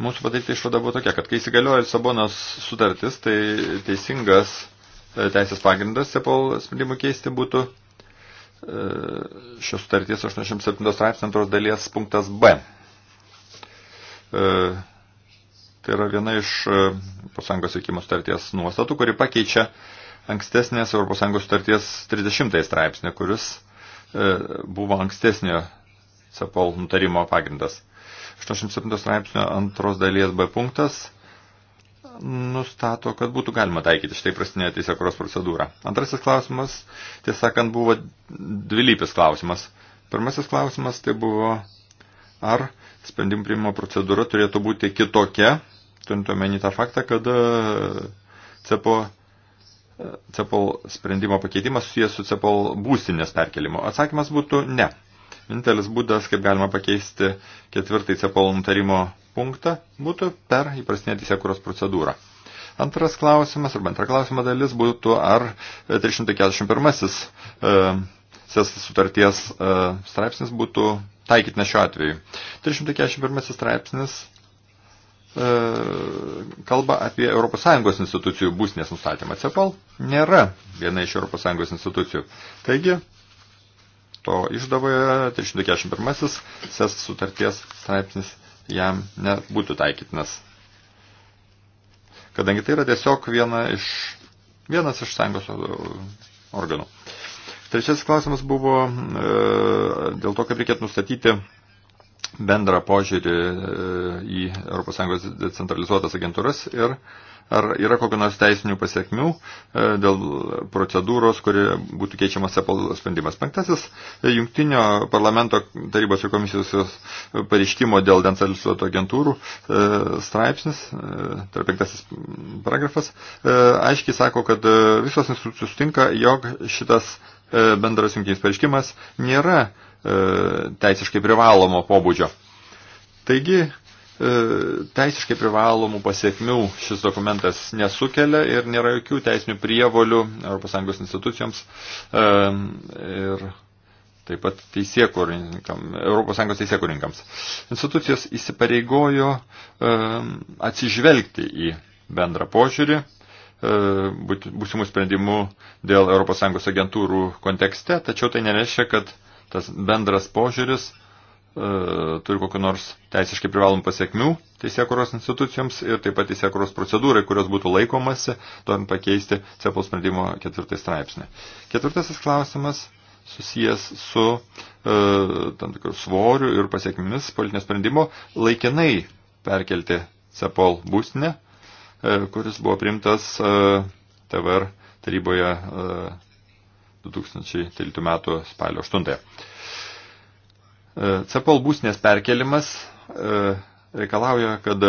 Mūsų padaryta išvada buvo tokia, kad kai įsigaliojo Lisabonos sutartis, tai teisingas e, teisės pagrindas CEPOL sprendimų keisti būtų e, šios sutarties 87 straipsnio antros dalies punktas B. E, tai yra viena iš pasangos e, veikimo starties nuostatų, kuri pakeičia ankstesnės ES starties 30 straipsnį, kuris e, buvo ankstesnio CEPOL nutarimo pagrindas. 87 straipsnio antros dalies B punktas nustato, kad būtų galima taikyti štai prasinę teisėkuros procedūrą. Antrasis klausimas, tiesą sakant, buvo dvilypis klausimas. Pirmasis klausimas tai buvo, ar sprendimų priimimo procedūra turėtų būti kitokia, turint omeny tą faktą, kad e, CEPO, e, CEPOL sprendimo pakeitimas susijęs su CEPOL būstinės perkelimo. Atsakymas būtų ne. Vienintelis būdas, kaip galima pakeisti ketvirtąjį CEPOL nutarimo punktą, būtų per įprastinę teisėkuros procedūrą. Antras klausimas, arba antra klausimo dalis būtų, ar 341 e, sutarties e, straipsnis būtų taikytina šiuo atveju. 341 straipsnis e, kalba apie ES institucijų būsnės nustatymą. CEPAL nėra viena iš ES institucijų. Taigi, to išdavoje 341 SES sutarties straipsnis jam nebūtų taikytinas. Kadangi tai yra tiesiog viena iš, vienas iš sąjungos organų. Trečiasis klausimas buvo e, dėl to, kad reikėtų nustatyti bendrą požiūrį e, į ES decentralizuotas agentūras ir ar yra kokio nors teisinių pasiekmių e, dėl procedūros, kuri būtų keičiamas Apple sprendimas. Penktasis jungtinio parlamento tarybos ir komisijos pareiškimo dėl decentralizuotų agentūrų straipsnis, tai penktasis paragrafas, aiškiai sako, kad visos institucijos sutinka, jog šitas E, bendras jungtinis pareiškimas nėra e, teisiškai privalomo pobūdžio. Taigi, e, teisiškai privalomų pasiekmių šis dokumentas nesukelia ir nėra jokių teisinių prievolių ES institucijoms ir taip pat ES teisėkurinkams. Institucijos įsipareigojo atsižvelgti į bendrą požiūrį E, būsimų sprendimų dėl ES agentūrų kontekste, tačiau tai nereiškia, kad tas bendras požiūris e, turi kokiu nors teisiškai privalomų pasiekmių teisėkuros institucijoms ir taip pat teisėkuros procedūrai, kurios būtų laikomasi, norint pakeisti CEPL sprendimo ketvirtąjį straipsnį. Ketvirtasis klausimas susijęs su e, tam tikrų svoriu ir pasiekmėmis politinio sprendimo laikinai perkelti CEPOL būstinę. E, E, kuris buvo priimtas e, TVR taryboje 2013 e, metų spalio 8. CEPOL būsnės perkelimas reikalauja, kad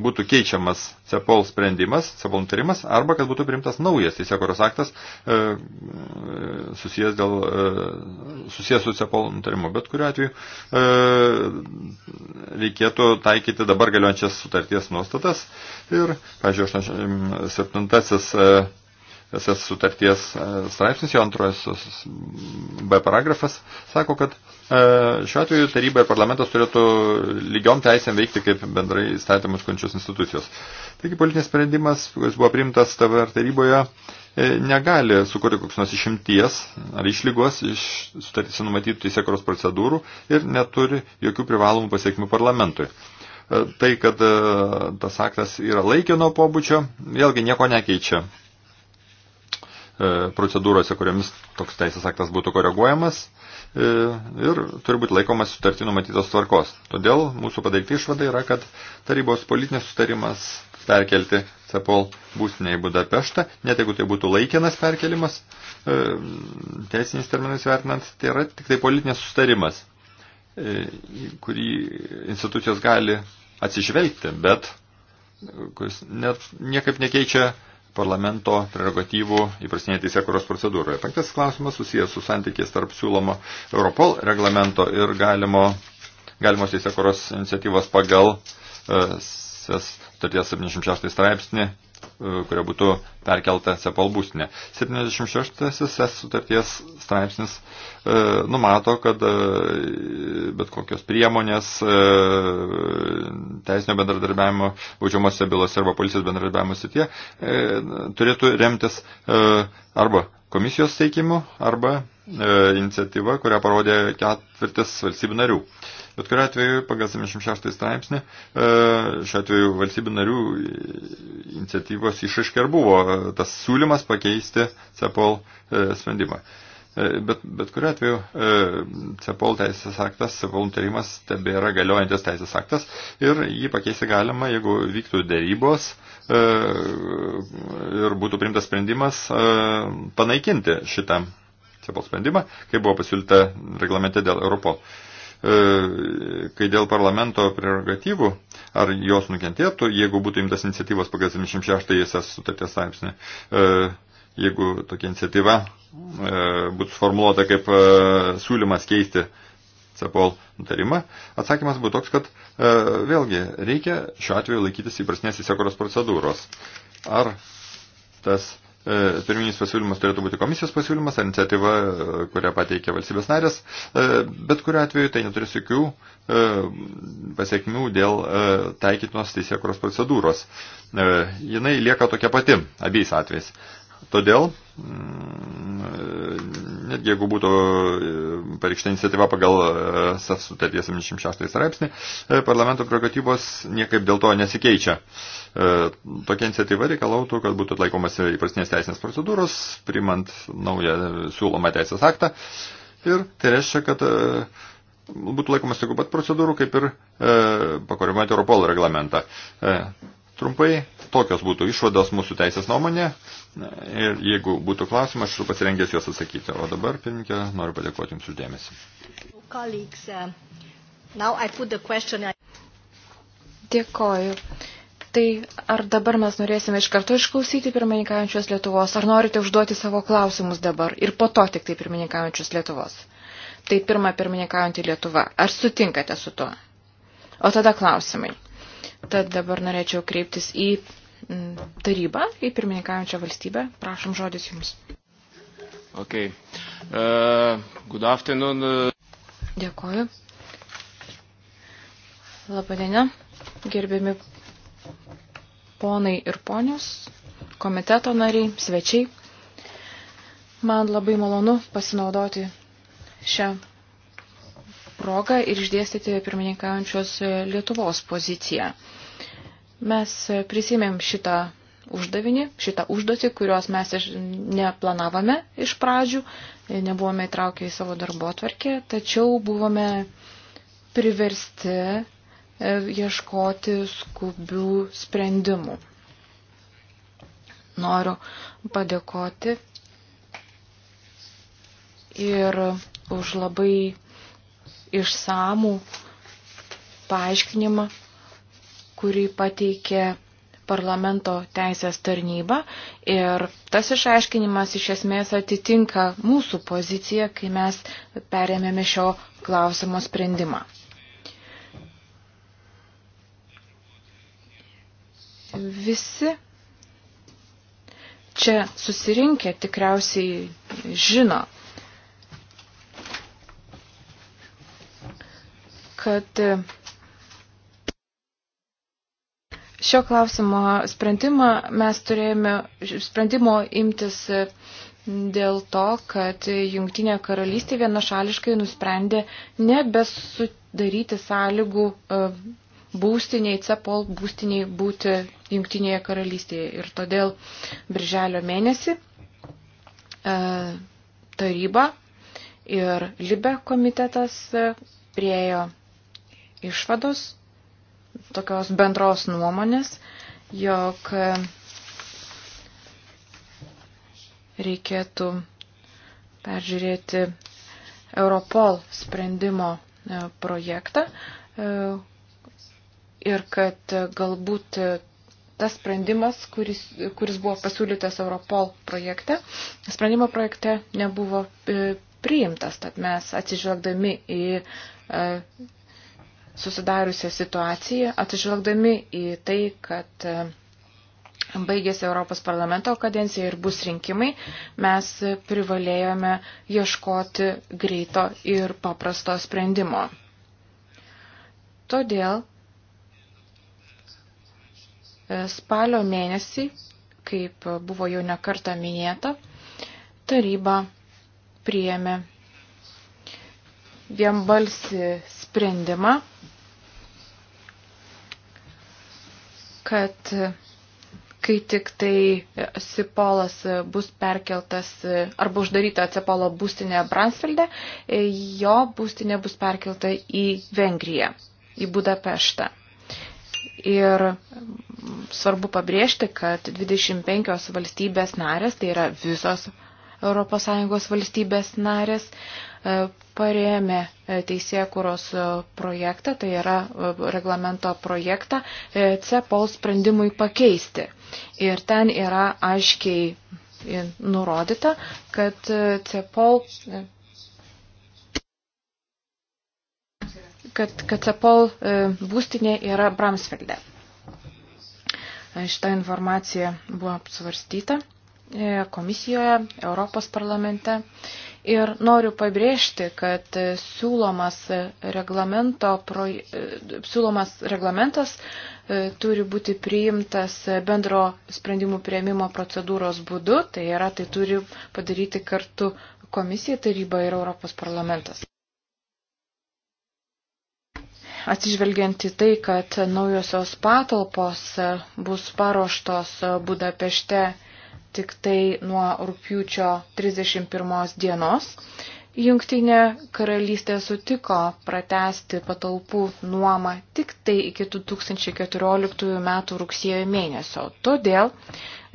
būtų keičiamas CEPOL sprendimas, CEPOL nutarimas, arba kad būtų priimtas naujas teisėkoros aktas e, e, susijęs, dėl, e, susijęs su CEPOL nutarimu. Bet kuriuo atveju e, reikėtų taikyti dabar galiojančias sutarties nuostatas ir, pažiūrėjau, 87 SS sutarties e, straipsnis, jo antrojas B paragrafas, sako, kad e, šiuo atveju taryba ir parlamentas turėtų lygiom teisėm veikti kaip bendrai įstatymus končios institucijos. Taigi politinis sprendimas, kuris buvo priimtas TVR taryboje, e, negali sukurti koks nors išimties ar išlygos iš sutartyse numatytų teisėkuros procedūrų ir neturi jokių privalomų pasiekmių parlamentui tai, kad tas aktas yra laikino pobūdžio, vėlgi nieko nekeičia E, procedūrose, kuriomis toks teisės aktas būtų koreguojamas e, ir turi būti laikomas sutartį numatytos tvarkos. Todėl mūsų padaryti išvada yra, kad tarybos politinės sutarimas perkelti CEPOL būstinę į Budapeštą, net jeigu tai būtų laikinas perkelimas, e, teisiniais terminais vertinant, tai yra tik tai politinės sutarimas, kurį institucijos gali atsižvelgti, bet kuris net niekaip nekeičia parlamento prerogatyvų įprastinėje teisėkuros procedūroje. Penktas klausimas susijęs su santykiais tarp siūlomo Europol reglamento ir galimo, galimos teisėkuros iniciatyvos pagal uh, sutarties 76 straipsnį E, kurie būtų perkelta Cepol būstinė. 76 S sutarties straipsnis e, numato, kad e, bet kokios priemonės e, teisinio bendradarbiavimo baudžiamose bylose arba policijos bendradarbiavimo sitie e, turėtų remtis e, arba komisijos teikimu arba iniciatyva, kurią parodė ketvirtis valstybių narių. Bet kuriu atveju, pagal 76 straipsnį, e, šiuo atveju valstybių narių iniciatyvos išaiškė ir buvo e, tas siūlymas pakeisti CEPOL e, sprendimą. Bet, bet kuriu atveju, CEPOL teisės aktas, CEPOL nutarimas tebėra galiojantis teisės aktas ir jį pakeisti galima, jeigu vyktų dėrybos ir būtų priimtas sprendimas panaikinti šitą CEPOL sprendimą, kai buvo pasiūlyta reglamente dėl Europol. E, kai dėl parlamento prerogatyvų, ar jos nukentėtų, jeigu būtų imtas iniciatyvos pagal 76 SS sutarties straipsnį, e, jeigu tokia iniciatyva e, būtų sformuoluota kaip siūlymas keisti CEPOL nutarimą, atsakymas būtų toks, kad e, vėlgi reikia šiuo atveju laikytis įprasnės įsiekoros procedūros. Ar tas E, pirminis pasiūlymas turėtų būti komisijos pasiūlymas ar iniciatyva, e, kurią pateikė valstybės narės, e, bet kuriuo atveju tai neturės jokių pasiekmių dėl taikytinos teisėkuros procedūros. Jinai lieka tokia pati abiejais atvejais. Todėl, mm, netgi jeigu būtų e, pareikšta iniciatyva pagal SAS sutarties 76 straipsnį, e, parlamento prerogatybos niekaip dėl to nesikeičia. E, tokia iniciatyva reikalautų, kad būtų atlaikomas įprastinės teisinės procedūros, primant naują siūlomą teisės aktą. Ir tai reiškia, kad būtų laikomas tokių pat procedūrų, kaip ir e, pakoreguojant Europolo reglamentą. E, trumpai, tokios būtų išvados mūsų teisės nuomonė. Ir jeigu būtų klausimas, aš esu pasirengęs juos atsakyti. O dabar, pirmininkė, noriu padėkoti Jums uždėmesį. Uh, Dėkoju. Tai ar dabar mes norėsime iš karto išklausyti pirmininkaujančios Lietuvos, ar norite užduoti savo klausimus dabar ir po to tik tai pirmininkaujančios Lietuvos? Tai pirma pirmininkaujantį Lietuvą. Ar sutinkate su tuo? O tada klausimai. Tad dabar norėčiau kreiptis į tarybą, kaip pirmininkaujančią valstybę. Prašom žodis jums. Okay. Uh, good afternoon. Uh. Dėkuoju. Labadiena, gerbiami ponai ir ponios, komiteto nariai, svečiai. Man labai malonu pasinaudoti šią progą ir išdėstyti pirmininkaujančios Lietuvos poziciją. Uh, Mes prisimėm šitą uždavinį, šitą užduotį, kurios mes iš, neplanavome iš pradžių, nebuvome įtraukę į savo darbo atvarkę, tačiau buvome priversti e, ieškoti skubių sprendimų. Noriu padėkoti ir už labai išsamų paaiškinimą kurį pateikė parlamento teisės tarnyba ir tas išaiškinimas iš esmės atitinka mūsų poziciją, kai mes perėmėme šio klausimo sprendimą. Visi čia susirinkę tikriausiai žino, kad Šio klausimo sprendimą mes turėjome, sprendimo imtis dėl to, kad Jungtinė karalystė vienašališkai nusprendė nebesudaryti sąlygų e, būstiniai, CEPOL būstiniai būti Jungtinėje karalystėje. Ir todėl birželio mėnesį e, taryba ir Libe komitetas e, priejo išvados tokios bendros nuomonės, jog reikėtų peržiūrėti Europol sprendimo e, projektą e, ir kad galbūt tas sprendimas, kuris, kuris buvo pasiūlytas Europol projekte, sprendimo projekte nebuvo e, priimtas, tad mes atsižvelgdami į susidariusią situaciją, atsižvelgdami į tai, kad e, baigėsi Europos parlamento kadencija ir bus rinkimai, mes privalėjome ieškoti greito ir paprasto sprendimo. Todėl e, spalio mėnesį, kaip buvo jau nekarta minėta, taryba priėmė vienbalsį sprendimą kad kai tik tai Sipolas bus perkeltas arba uždaryta Sipolo būstinė Bransfelde, jo būstinė bus perkelta į Vengriją, į Budapeštą. Ir svarbu pabrėžti, kad 25 valstybės narės, tai yra visos ES valstybės narės, E, parėmė e, teisėkuros e, projektą, tai yra reglamento projektą CEPOL sprendimui pakeisti. Ir ten yra aiškiai nurodyta, kad CEPOL kad, kad CEPOL būstinė yra Bramsfelde. Šitą informaciją buvo apsvarstyta komisijoje, Europos parlamente Ir noriu pabrėžti, kad siūlomas, proj... siūlomas reglamentas e, turi būti priimtas bendro sprendimų prieimimo procedūros būdu, tai yra, tai turi padaryti kartu komisija, taryba ir Europos parlamentas. Atsižvelgiant į tai, kad naujosios patalpos bus paruoštos Budapešte tik tai nuo rūpjūčio 31 dienos. Jungtinė karalystė sutiko pratesti patalpų nuomą tik tai iki 2014 m. rugsėjo mėnesio. Todėl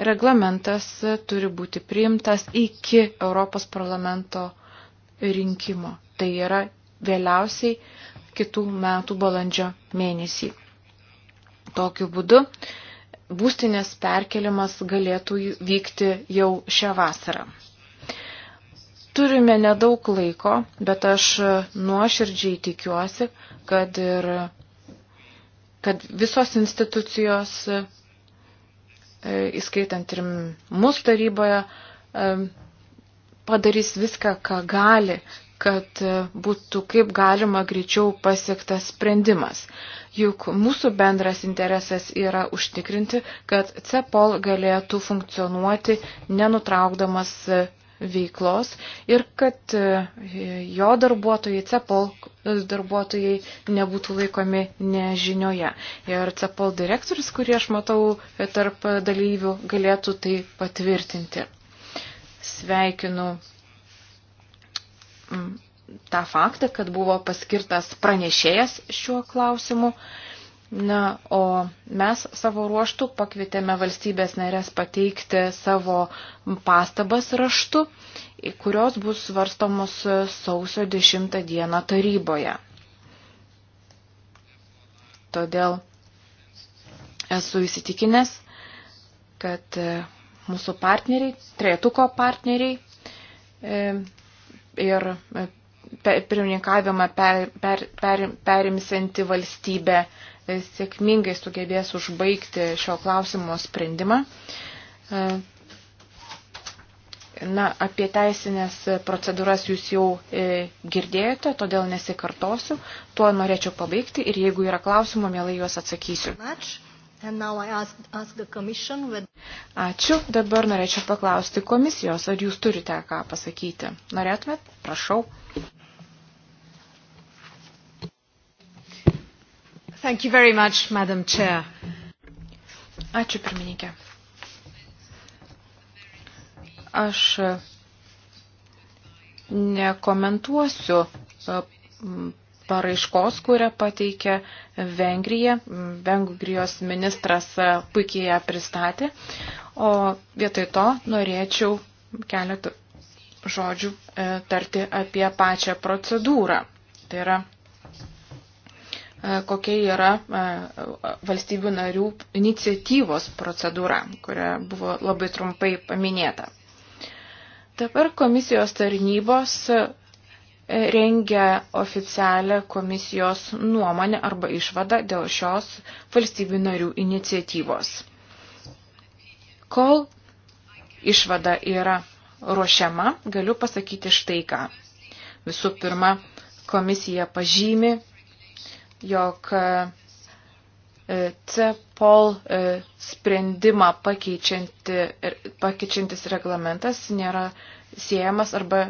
reglamentas turi būti priimtas iki Europos parlamento rinkimo. Tai yra vėliausiai kitų metų balandžio mėnesį. Tokiu būdu būstinės perkelimas galėtų vykti jau šią vasarą. Turime nedaug laiko, bet aš nuoširdžiai tikiuosi, kad, ir, kad visos institucijos, e, įskaitant ir mūsų taryboje, e, padarys viską, ką gali, kad būtų kaip galima greičiau pasiektas sprendimas. Juk mūsų bendras interesas yra užtikrinti, kad CEPOL galėtų funkcionuoti nenutraukdamas e, veiklos ir kad e, jo darbuotojai, CEPOL e, darbuotojai nebūtų laikomi nežinioje. Ir CEPOL direktorius, kurį aš matau tarp dalyvių, galėtų tai patvirtinti. Sveikinu tą faktą, kad buvo paskirtas pranešėjas šiuo klausimu. Na, o mes savo ruoštų pakvietėme valstybės narės pateikti savo pastabas raštu, kurios bus svarstomos sausio 10 dieną taryboje. Todėl esu įsitikinęs, kad e, mūsų partneriai, trejetuko partneriai e, ir e, pirmininkavimą per, per, per, perimsianti valstybė e, sėkmingai sugebės užbaigti šio klausimo sprendimą. E, na, apie teisinės procedūras jūs jau e, girdėjote, todėl nesikartosiu. Tuo norėčiau pabaigti ir jeigu yra klausimų, mielai juos atsakysiu. Ačiū. Dabar norėčiau paklausti komisijos, ar jūs turite ką pasakyti. Norėtumėt? Prašau. Thank you very much, Madam Chair. Ačiū pirmininkė. Aš e, nekomentuosiu e, paraiškos, kurią pateikė Vengrija. Vengrijos ministras e, puikiai ją pristatė. O vietoj to norėčiau keletą žodžių tarti apie pačią procedūrą. Tai yra E, kokia yra e, valstybių narių iniciatyvos procedūra, kuria buvo labai trumpai paminėta. Dabar komisijos tarnybos e, rengia oficialią komisijos nuomonę arba išvadą dėl šios valstybių narių iniciatyvos. Kol išvada yra ruošiama, galiu pasakyti štai ką. Visų pirma, komisija pažymi jog e, CEPOL e, sprendimą pakeičianti, e, pakeičiantis reglamentas nėra siejamas arba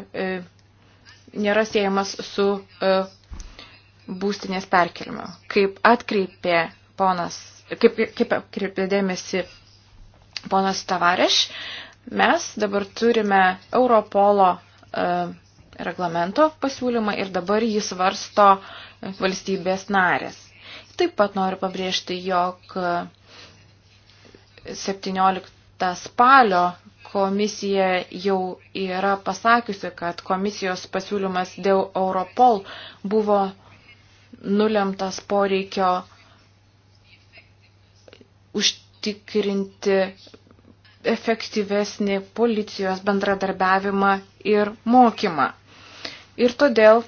nėra siejamas su būstinės perkelimu. Kaip atkreipė ponas, kaip, kaip atkreipė dėmesį ponas Tavareš, mes dabar turime Europolo reglamento pasiūlymą ir dabar jis varsto uh, valstybės narės. Taip pat noriu pabrėžti, jog 17 spalio komisija jau yra pasakiusi, kad komisijos pasiūlymas dėl Europol buvo nulemtas poreikio užtikrinti efektyvesnį policijos bendradarbiavimą ir mokymą. Ir todėl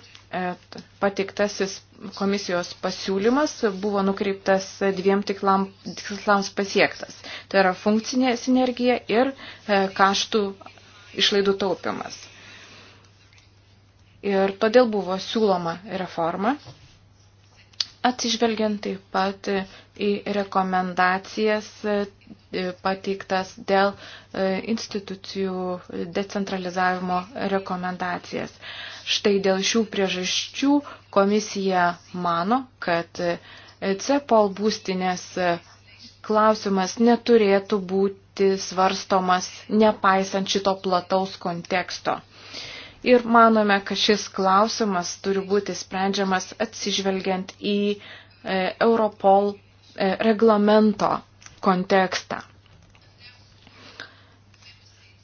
pateiktasis komisijos pasiūlymas buvo nukreiptas dviem tiklam, tikslams pasiektas. Tai yra funkcinė sinergija ir e, kaštų išlaidų taupimas. Ir todėl buvo siūloma reforma, atsižvelgiant taip pat į rekomendacijas e, pateiktas dėl e, institucijų decentralizavimo rekomendacijas. Štai dėl šių priežasčių komisija mano, kad CEPOL būstinės klausimas neturėtų būti svarstomas nepaisant šito plataus konteksto. Ir manome, kad šis klausimas turi būti sprendžiamas atsižvelgiant į e, Europol e, reglamento kontekstą.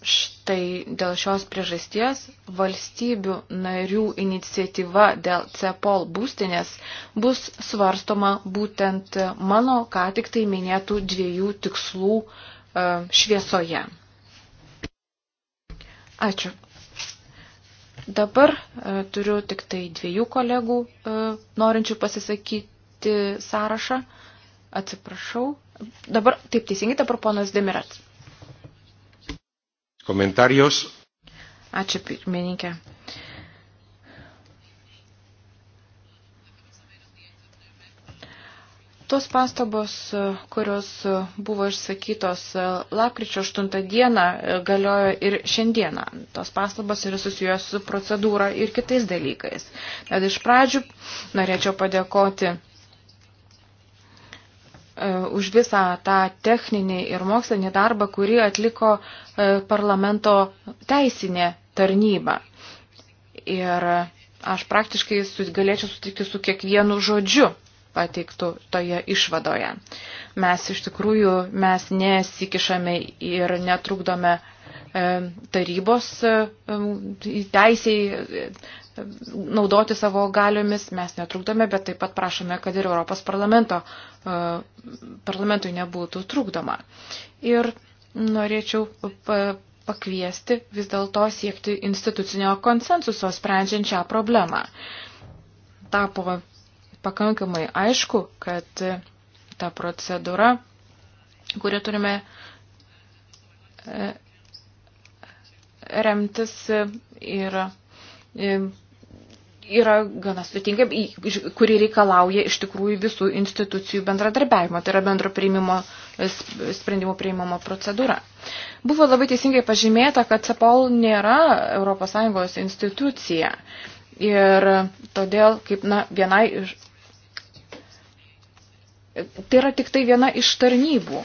Št Tai dėl šios priežasties valstybių narių iniciatyva dėl CEPOL būstinės bus svarstoma būtent mano ką tik tai minėtų dviejų tikslų e, šviesoje. Ačiū. Dabar e, turiu tik tai dviejų kolegų e, norinčių pasisakyti sąrašą. Atsiprašau. Dabar taip teisingai, dabar ponas Demirats. Komentarijos. Ačiū pirmininkė. Tos pastabos, kurios buvo išsakytos lapkričio 8 dieną, galiojo ir šiandieną. Tos pastabos yra susijęs su procedūra ir kitais dalykais. Tad iš pradžių norėčiau padėkoti E, už visą tą techninį ir mokslinį darbą, kurį atliko e, parlamento teisinė tarnyba. Ir aš praktiškai galėčiau sutikti su kiekvienu žodžiu pateiktų toje išvadoje. Mes iš tikrųjų mes nesikišame ir netrukdome e, tarybos teisiai naudoti savo galiomis, mes netrukdome, bet taip pat prašome, kad ir Europos parlamento, e, parlamentui nebūtų trukdoma. Ir norėčiau pakviesti vis dėlto siekti institucinio konsensuso sprendžiant šią problemą. Tapo pakankamai aišku, kad ta procedūra, kurią turime e, remtis, yra e, yra gana sudėtinga, kuri reikalauja iš tikrųjų visų institucijų bendradarbiavimo, tai yra bendro priimimo, sprendimų priimimo procedūra. Buvo labai teisingai pažymėta, kad CEPOL nėra ES institucija ir todėl kaip na, viena iš. Tai yra tik tai viena iš tarnybų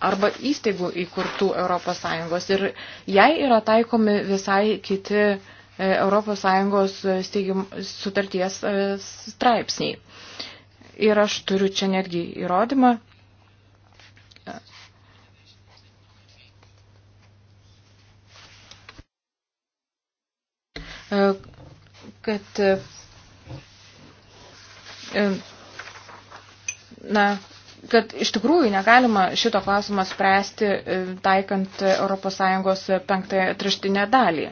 arba įstaigų įkurtų ES ir jai yra taikomi visai kiti uh, ES e, sutarties e, straipsniai. Ir aš turiu čia netgi įrodymą. E, kad na, kad iš tikrųjų negalima šito klausimo spręsti taikant ES penktąją traštinę dalį.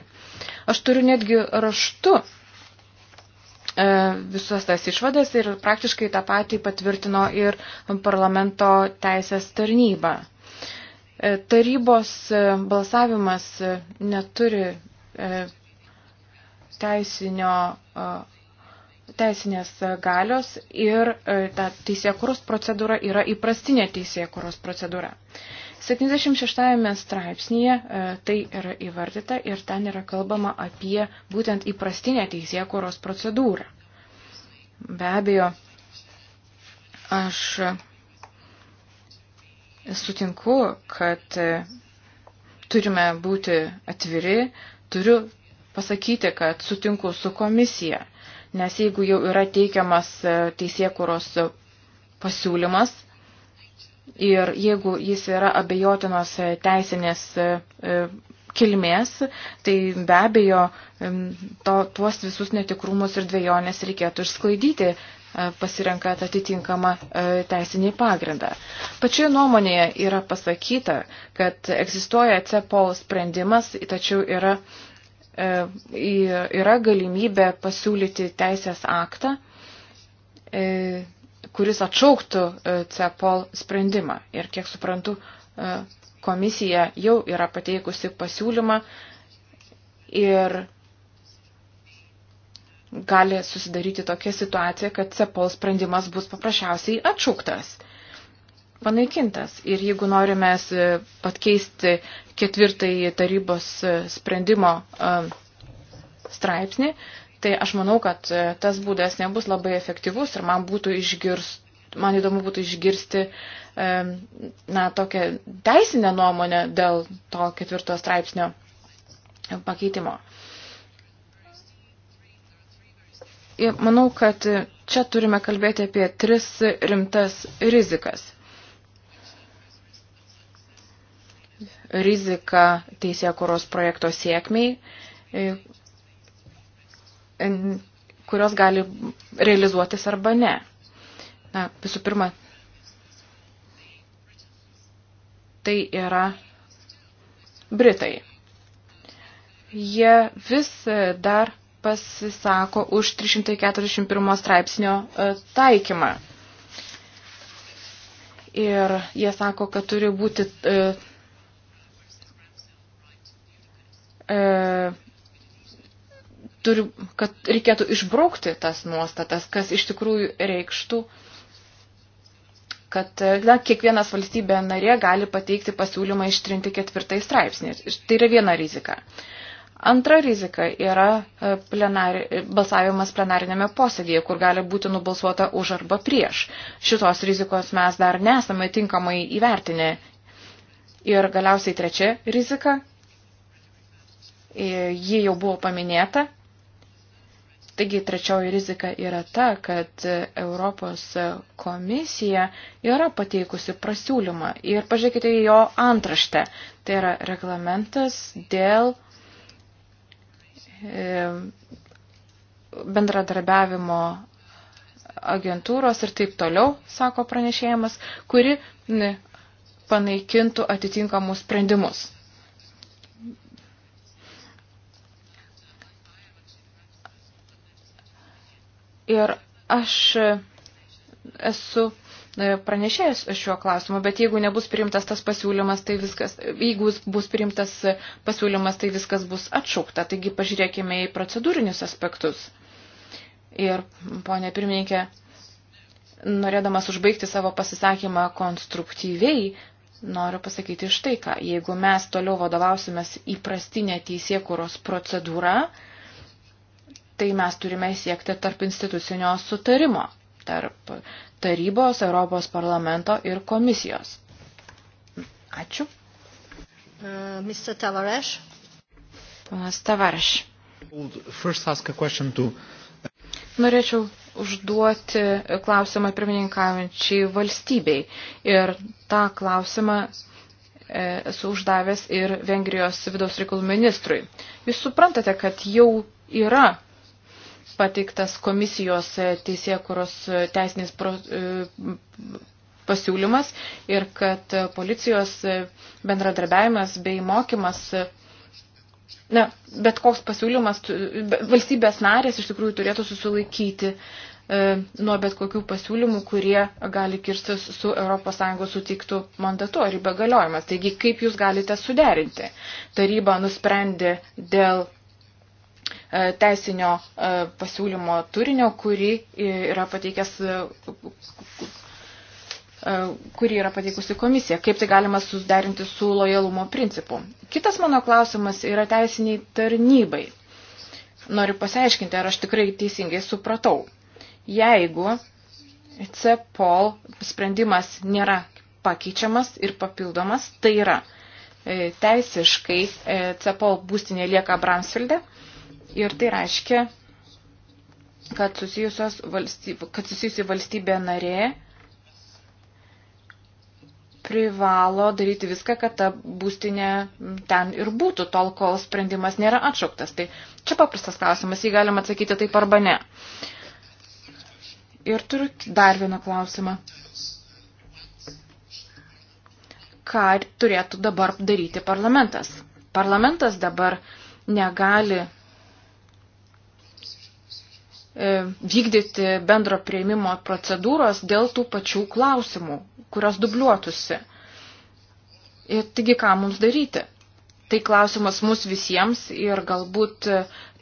Aš turiu netgi raštu e, visas tas išvadas ir praktiškai tą patį patvirtino ir parlamento teisės tarnyba. E, tarybos e, balsavimas neturi teisinio, teisinės galios ir ta teisėkuros procedūra yra įprastinė teisėkuros procedūra. procedūra. 76 straipsnėje e, tai yra įvardyta ir ten yra kalbama apie būtent įprastinę teisėkuros procedūrą. Be abejo, aš sutinku, kad e, turime būti atviri, turiu pasakyti, kad sutinku su komisija, nes jeigu jau yra teikiamas e, teisėkuros pasiūlymas, ir jeigu jis yra abejotinos e, teisinės e, e, kilmės, tai be abejo to, tuos visus netikrumus ir dviejonės reikėtų išsklaidyti pasirenkant atitinkamą teisinį pagrindą. Pačioje nuomonėje yra pasakyta, kad egzistuoja CEPOL sprendimas, tačiau yra, yra galimybė pasiūlyti teisės aktą kuris atšauktų e, CEPOL sprendimą. Ir kiek suprantu, e, komisija jau yra pateikusi pasiūlymą ir gali susidaryti tokia situacija, kad CEPOL sprendimas bus paprasčiausiai atšauktas, panaikintas. Ir jeigu norime e, pakeisti ketvirtąjį tarybos sprendimo straipsnį, Tai aš manau, kad e, tas būdas nebus labai efektyvus ir man būtų išgirst, man įdomu būtų išgirsti e, na, tokią teisinę nuomonę dėl to ketvirto straipsnio pakeitimo. Ir manau, kad e, čia turime kalbėti apie tris rimtas rizikas. Rizika teisėkuros projekto sėkmiai, kurios gali realizuotis arba ne. Na, visų pirma, tai yra Britai. Jie vis dar pasisako už 341 straipsnio e, taikymą. Ir jie sako, kad turi būti e, e, turi, kad reikėtų išbraukti tas nuostatas, kas iš tikrųjų reikštų, kad na, kiekvienas valstybė narė gali pateikti pasiūlymą ištrinti ketvirtai straipsnį. Tai yra viena rizika. Antra rizika yra e, plenari, balsavimas plenarinėme posėdėje, kur gali būti nubalsuota už arba prieš. Šitos rizikos mes dar nesame tinkamai įvertinę. Ir galiausiai trečia rizika e, ji jau buvo paminėta, Taigi trečioji rizika yra ta, kad Europos komisija yra pateikusi pasiūlymą ir pažiūrėkite į jo antraštę. Tai yra reglamentas dėl e, bendradarbiavimo agentūros ir taip toliau, sako pranešėjimas, kuri panaikintų atitinkamus sprendimus. Ir aš esu e, pranešėjęs šiuo klausimu, bet jeigu nebus priimtas tas pasiūlymas, tai viskas, jeigu bus priimtas pasiūlymas, tai viskas bus atšaukta. Taigi pažiūrėkime į procedūrinius aspektus. Ir, ponė pirmininkė, norėdamas užbaigti savo pasisakymą konstruktyviai, noriu pasakyti štai ką. Jeigu mes toliau vadovausimės įprastinę teisėkuros procedūrą, tai mes turime siekti tarp institucinio sutarimo, tarp tarybos, Europos parlamento ir komisijos. Ačiū. Uh, Mr. Tavareš. Panas Tavareš. To... Norėčiau užduoti klausimą pirmininkaujančiai valstybei. Ir tą klausimą e, esu uždavęs ir Vengrijos vidaus reikalų ministrui. Jūs suprantate, kad jau yra pateiktas komisijos e, teisėkuros e, teisinis e, pasiūlymas ir kad policijos bendradarbiavimas bei mokymas, na, bet koks pasiūlymas, valstybės narės iš tikrųjų turėtų susilaikyti nuo bet kokių pasiūlymų, kurie gali kirstis su ES suteiktų mandatu ar įbegaliojimas. Taigi, kaip jūs galite suderinti? Taryba nusprendė dėl E, teisinio e, pasiūlymo turinio, kurį yra pateikęs e, kurį yra pateikusi komisija, kaip tai galima susiderinti su lojalumo principu. Kitas mano klausimas yra teisiniai tarnybai. Noriu pasiaiškinti, ar aš tikrai teisingai supratau. Jeigu CEPOL sprendimas nėra pakeičiamas ir papildomas, tai yra teisiškai CEPOL būstinė lieka Bramsfilde, Ir tai reiškia, kad, valstybė, kad susijusi valstybė narė privalo daryti viską, kad ta būstinė ten ir būtų, tol kol sprendimas nėra atšauktas. Tai čia paprastas klausimas, jį galima atsakyti taip arba ne. Ir turiu dar vieną klausimą. Ką turėtų dabar daryti parlamentas? Parlamentas dabar negali E, vykdyti bendro prieimimo procedūros dėl tų pačių klausimų, kurios dubliuotųsi. Ir taigi, ką mums daryti? Tai klausimas mus visiems ir galbūt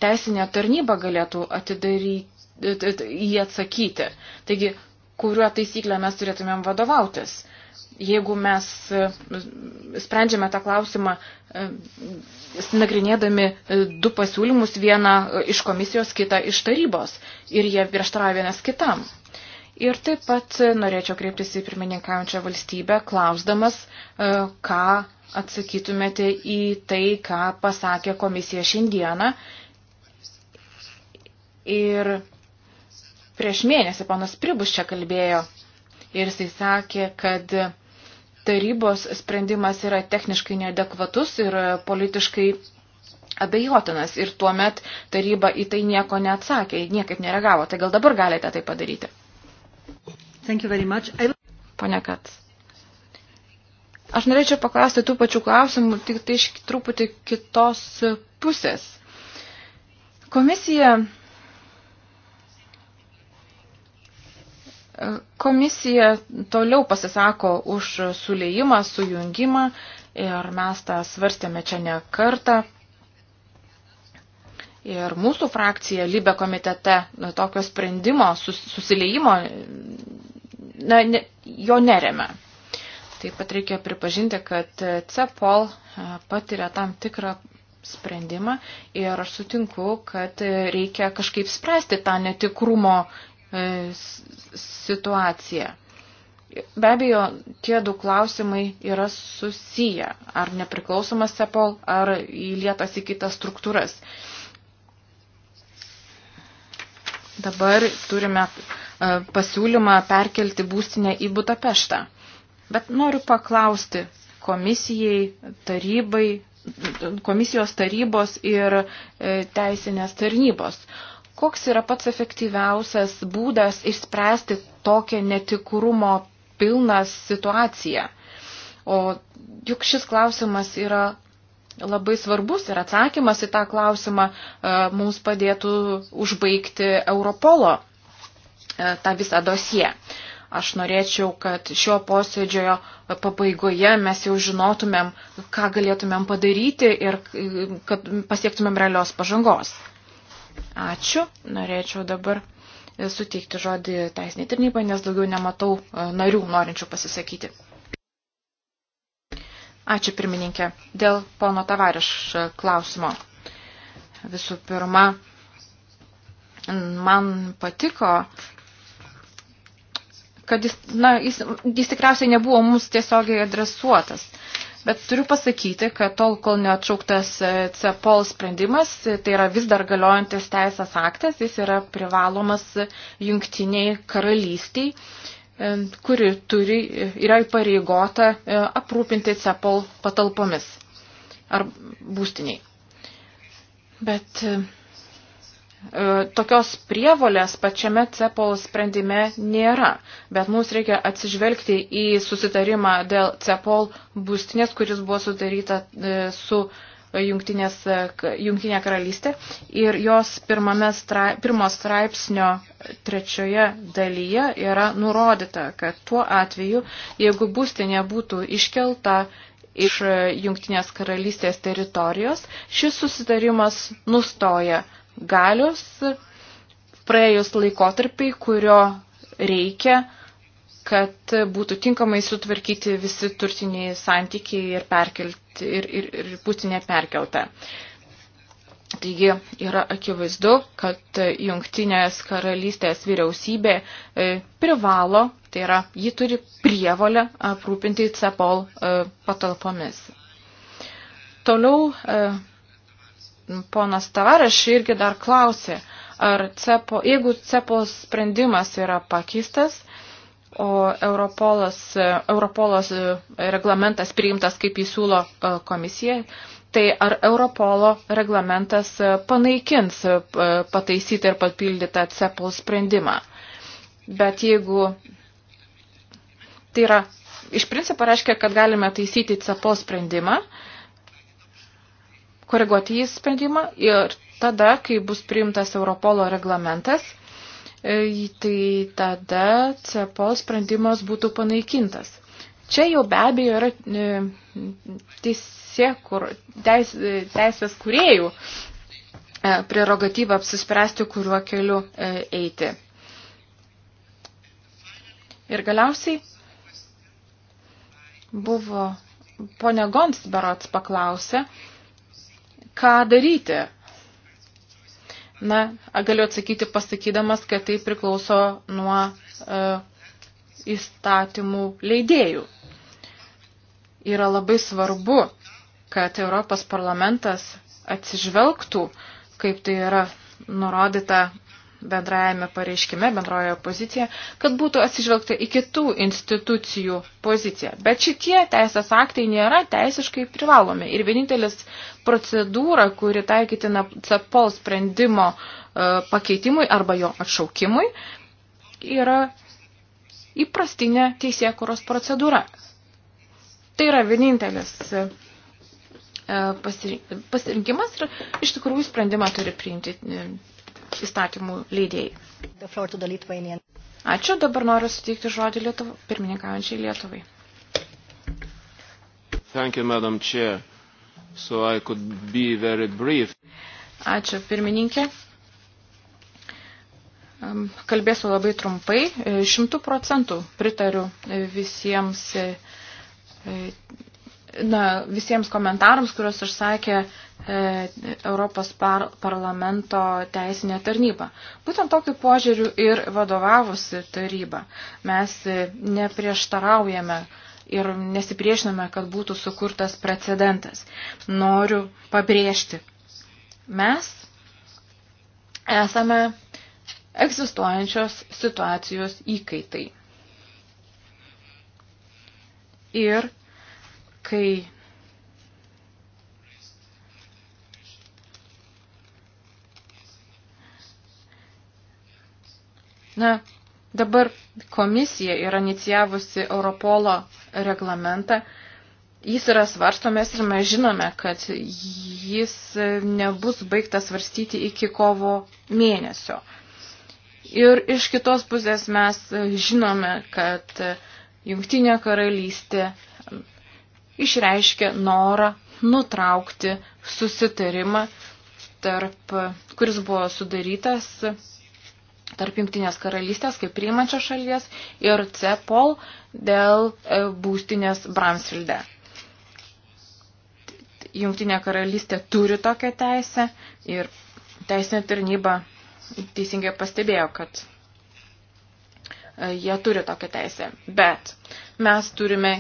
teisinė tarnyba galėtų atidaryti, jį atsakyti. Taigi, kuriuo taisyklę mes turėtumėm vadovautis? jeigu mes e, sprendžiame tą klausimą e, nagrinėdami e, du pasiūlymus, vieną iš komisijos, kitą iš tarybos, ir jie prieštarauja vienas kitam. Ir taip pat norėčiau kreiptis į pirmininkaujančią valstybę, klausdamas, ką atsakytumėte į tai, ką pasakė komisija šiandieną. Ir prieš mėnesį panas Pribus čia kalbėjo ir jisai sakė, kad tarybos sprendimas yra techniškai neadekvatus ir politiškai abejotinas ir tuomet taryba į tai nieko neatsakė, niekaip neregavo. Tai gal dabar galite tai padaryti? I... Pone Kats. Aš norėčiau paklausti tų pačių klausimų, tik tai iš truputį kitos pusės. Komisija Komisija toliau pasisako už sulėjimą, sujungimą ir mes tą svarstėme čia ne kartą. Ir mūsų frakcija Libe komitete tokio sprendimo, sus, susilėjimo, na, ne, jo neremia. Taip pat reikia pripažinti, kad CEPOL patiria tam tikrą sprendimą ir aš sutinku, kad reikia kažkaip spręsti tą netikrumo E, situaciją. Be abejo, tie du klausimai yra susiję, ar nepriklausomas CEPOL, ar įlietas į kitas struktūras. Dabar turime e, pasiūlymą perkelti būstinę į Budapeštą. Bet noriu paklausti komisijai, tarybai, komisijos tarybos ir e, teisinės tarnybos. Koks yra pats efektyviausias būdas išspręsti tokią netikrumo pilną situaciją? O juk šis klausimas yra labai svarbus ir atsakymas į tą klausimą e, mums padėtų užbaigti Europolo e, tą visą dosiją. Aš norėčiau, kad šio posėdžiojo pabaigoje mes jau žinotumėm, ką galėtumėm padaryti ir e, kad pasiektumėm realios pažangos. Ačiū. Norėčiau dabar suteikti žodį teisiniai tarnybai, nes daugiau nematau e, narių norinčių pasisakyti. Ačiū pirmininkė. Dėl pono Tavariš e, klausimo. Visų pirma, man patiko, kad jis, na, jis, jis tikriausiai nebuvo mums tiesiogiai adresuotas. Uh, Bet turiu pasakyti, kad tol, kol neatšauktas e, CEPOL sprendimas, tai yra vis dar galiojantis teisės aktas, jis yra privalomas jungtiniai karalystiai, e, kuri turi, yra įpareigota e, aprūpinti CEPOL patalpomis ar būstiniai. Bet E, tokios prievolės pačiame CEPOL sprendime nėra, bet mums reikia atsižvelgti į susitarimą dėl CEPOL būstinės, kuris buvo sudaryta e, su Jungtinės, Jungtinė karalystė ir jos straip, pirmo straipsnio trečioje dalyje yra nurodyta, kad tuo atveju, jeigu būstinė būtų iškelta iš Jungtinės karalystės teritorijos, šis susitarimas nustoja galios praėjus laikotarpiai, kurio reikia, kad būtų tinkamai sutvarkyti visi turtiniai santykiai ir, perkelti, ir, ir, ir būti neperkelta. Taigi yra akivaizdu, kad jungtinės karalystės vyriausybė e, privalo, tai yra, ji turi prievolę aprūpinti CEPOL e, patalpomis. Toliau e, ponas Tavaraš irgi dar klausė, ar CEPO, jeigu CEPO sprendimas yra pakistas, o Europolas, Europolos e, reglamentas priimtas, kaip jį siūlo e, komisija, tai ar Europolo reglamentas e, panaikins pataisytą ir papildytą CEPO sprendimą. Bet jeigu tai yra, iš principo reiškia, kad galime taisyti CEPO sprendimą, uh, koreguoti jį sprendimą ir tada, kai bus priimtas Europolo reglamentas, e, tai tada CEPOL sprendimas būtų panaikintas. Čia jau be abejo yra e, teisė, kur, teis, e, teisės kuriejų prerogatyva apsispręsti, kuriuo keliu eiti. Ir galiausiai buvo ponegons berots paklausė, ką daryti? Na, galiu atsakyti pasakydamas, kad tai priklauso nuo e, įstatymų leidėjų. Yra labai svarbu, kad Europos parlamentas atsižvelgtų, kaip tai yra nurodyta bendrajame pareiškime, bendrojoje pozicijoje, kad būtų atsižvelgta į kitų institucijų poziciją. Bet šitie teisės aktai nėra teisiškai privalomi. Ir vienintelis procedūra, kuri taikytina CEPOL sprendimo e, pakeitimui arba jo atšaukimui, yra įprastinė teisėkuros procedūra. Tai yra vienintelis e, pasirinkimas ir iš tikrųjų sprendimą turi priimti e, įstatymų leidėjai. Ačiū, dabar noriu suteikti žodį Lietuvą, pirmininkaujančiai Lietuvai. Thank you, Madam Chair. So I could be very brief. Ačiū, pirmininkė. Kalbėsiu labai trumpai. Šimtų procentų pritariu visiems e, na, visiems komentarams, kuriuos išsakė e, Europos par parlamento teisinė tarnyba. Būtent tokiu požiūriu ir vadovavusi taryba. Mes e, neprieštaraujame ir nesipriešiname, kad būtų sukurtas precedentas. Noriu pabrėžti. Mes esame egzistuojančios situacijos įkaitai. Ir kai Na, dabar komisija yra inicijavusi Europolo reglamentą. Jis yra svarstomės ir mes žinome, kad jis nebus baigtas svarstyti iki kovo mėnesio. Ir iš kitos pusės mes žinome, kad Jungtinė karalystė išreiškė norą nutraukti susitarimą, tarp, kuris buvo sudarytas tarp Junktinės karalystės kaip priimančios šalies ir CEPOL dėl e, būstinės Bramsvilde. Junktinė karalystė turi tokią teisę ir teisinė tarnyba teisingai pastebėjo, kad e, jie turi tokią teisę. Bet mes turime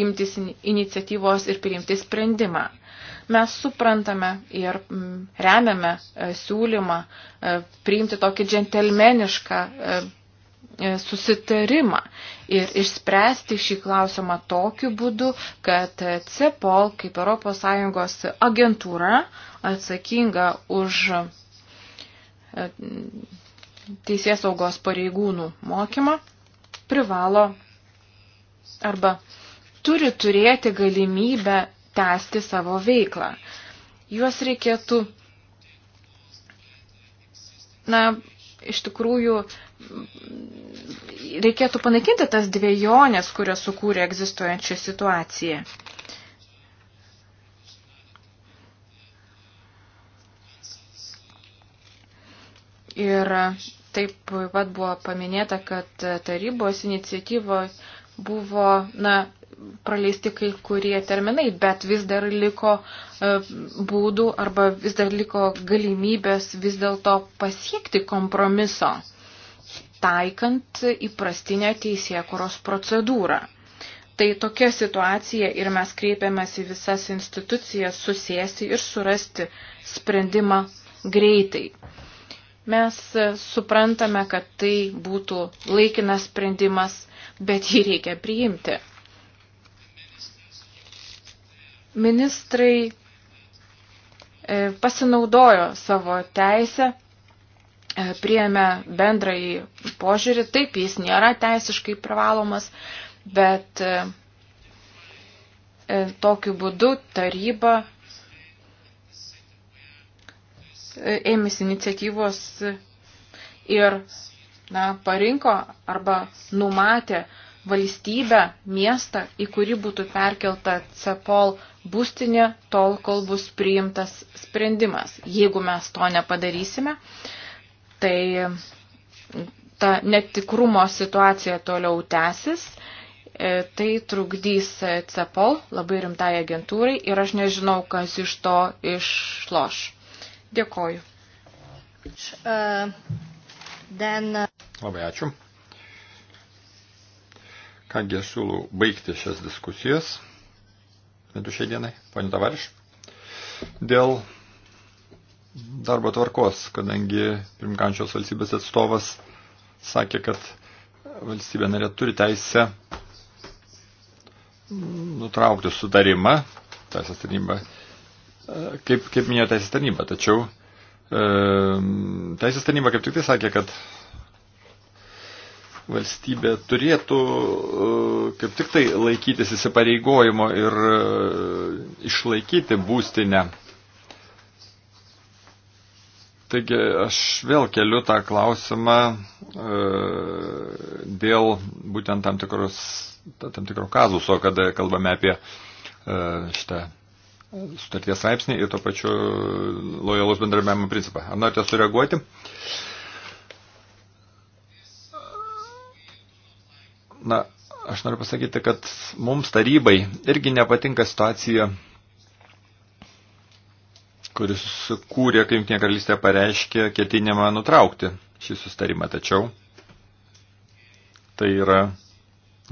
imtis iniciatyvos ir priimti sprendimą. Mes suprantame ir mm, remiame e, siūlymą e, priimti tokį džentelmenišką e, susitarimą ir išspręsti šį klausimą tokiu būdu, kad CEPOL kaip ES agentūra atsakinga už teisės saugos pareigūnų mokymą privalo arba turi turėti galimybę tęsti savo veiklą. Juos reikėtų, na, iš tikrųjų, reikėtų panaikinti tas dviejonės, kurios sukūrė egzistuojančią situaciją. Ir taip pat buvo paminėta, kad tarybos iniciatyvos buvo, na, praleisti kai kurie terminai, bet vis dar liko e, būdų arba vis dar liko galimybės vis dėlto pasiekti kompromiso, taikant įprastinę teisėkuros procedūrą. Tai tokia situacija ir mes kreipiamės į visas institucijas susėsti ir surasti sprendimą greitai. Mes suprantame, kad tai būtų laikinas sprendimas, bet jį reikia priimti ministrai e, pasinaudojo savo teisę, e, priėmė bendrąjį požiūrį. Taip, jis nėra teisiškai privalomas, bet e, tokiu būdu taryba ėmėsi iniciatyvos ir na, parinko arba numatė uh, valstybę, miestą, į kurį būtų perkelta CEPOL būstinė tol, kol bus priimtas sprendimas. Jeigu mes to nepadarysime, tai ta netikrumo situacija toliau tęsis, e, tai trukdys CEPOL labai rimtai agentūrai ir aš nežinau, kas iš to išloš. Dėkoju. Uh, then, uh... Labai ačiū. Kągi aš siūlau baigti šias diskusijas, bent šiai dienai, ponė Tavariš, dėl darbo tvarkos, kadangi primkančios valstybės atstovas sakė, kad valstybė narė turi teisę nutraukti sutarimą, teisės tarnybą, kaip, kaip minėjo teisės tarnyba, tačiau e, teisės tarnyba kaip tik tai sakė, kad valstybė turėtų e, kaip tik tai laikytis įsipareigojimo ir e, išlaikyti būstinę. Taigi aš vėl keliu tą klausimą e, dėl būtent tam, tikros, tam tikro kazuso, kada kalbame apie šitą sutarties straipsnį ir to pačiu lojalus bendradarbiavimo principą. Ar norite sureaguoti? Uh, Na, aš noriu pasakyti, kad mums tarybai irgi nepatinka situacija, kuris kūrė, kaip jungtinė karalystė pareiškė, ketinimą nutraukti šį sustarimą. Tačiau tai yra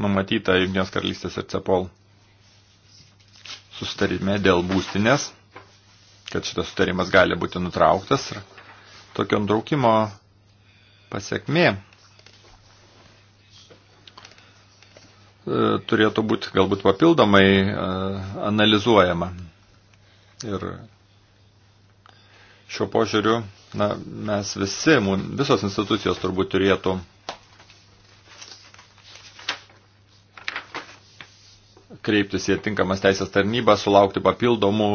numatyta jungtinės karalystės ir CEPOL sustarime dėl būstinės, kad šitas sustarimas gali būti nutrauktas ir tokio nutraukimo pasiekmė E, turėtų būti galbūt papildomai e, analizuojama. Ir šiuo požiūriu na, mes visi, visos institucijos turbūt turėtų kreiptis į tinkamas teisės tarnybą, sulaukti papildomų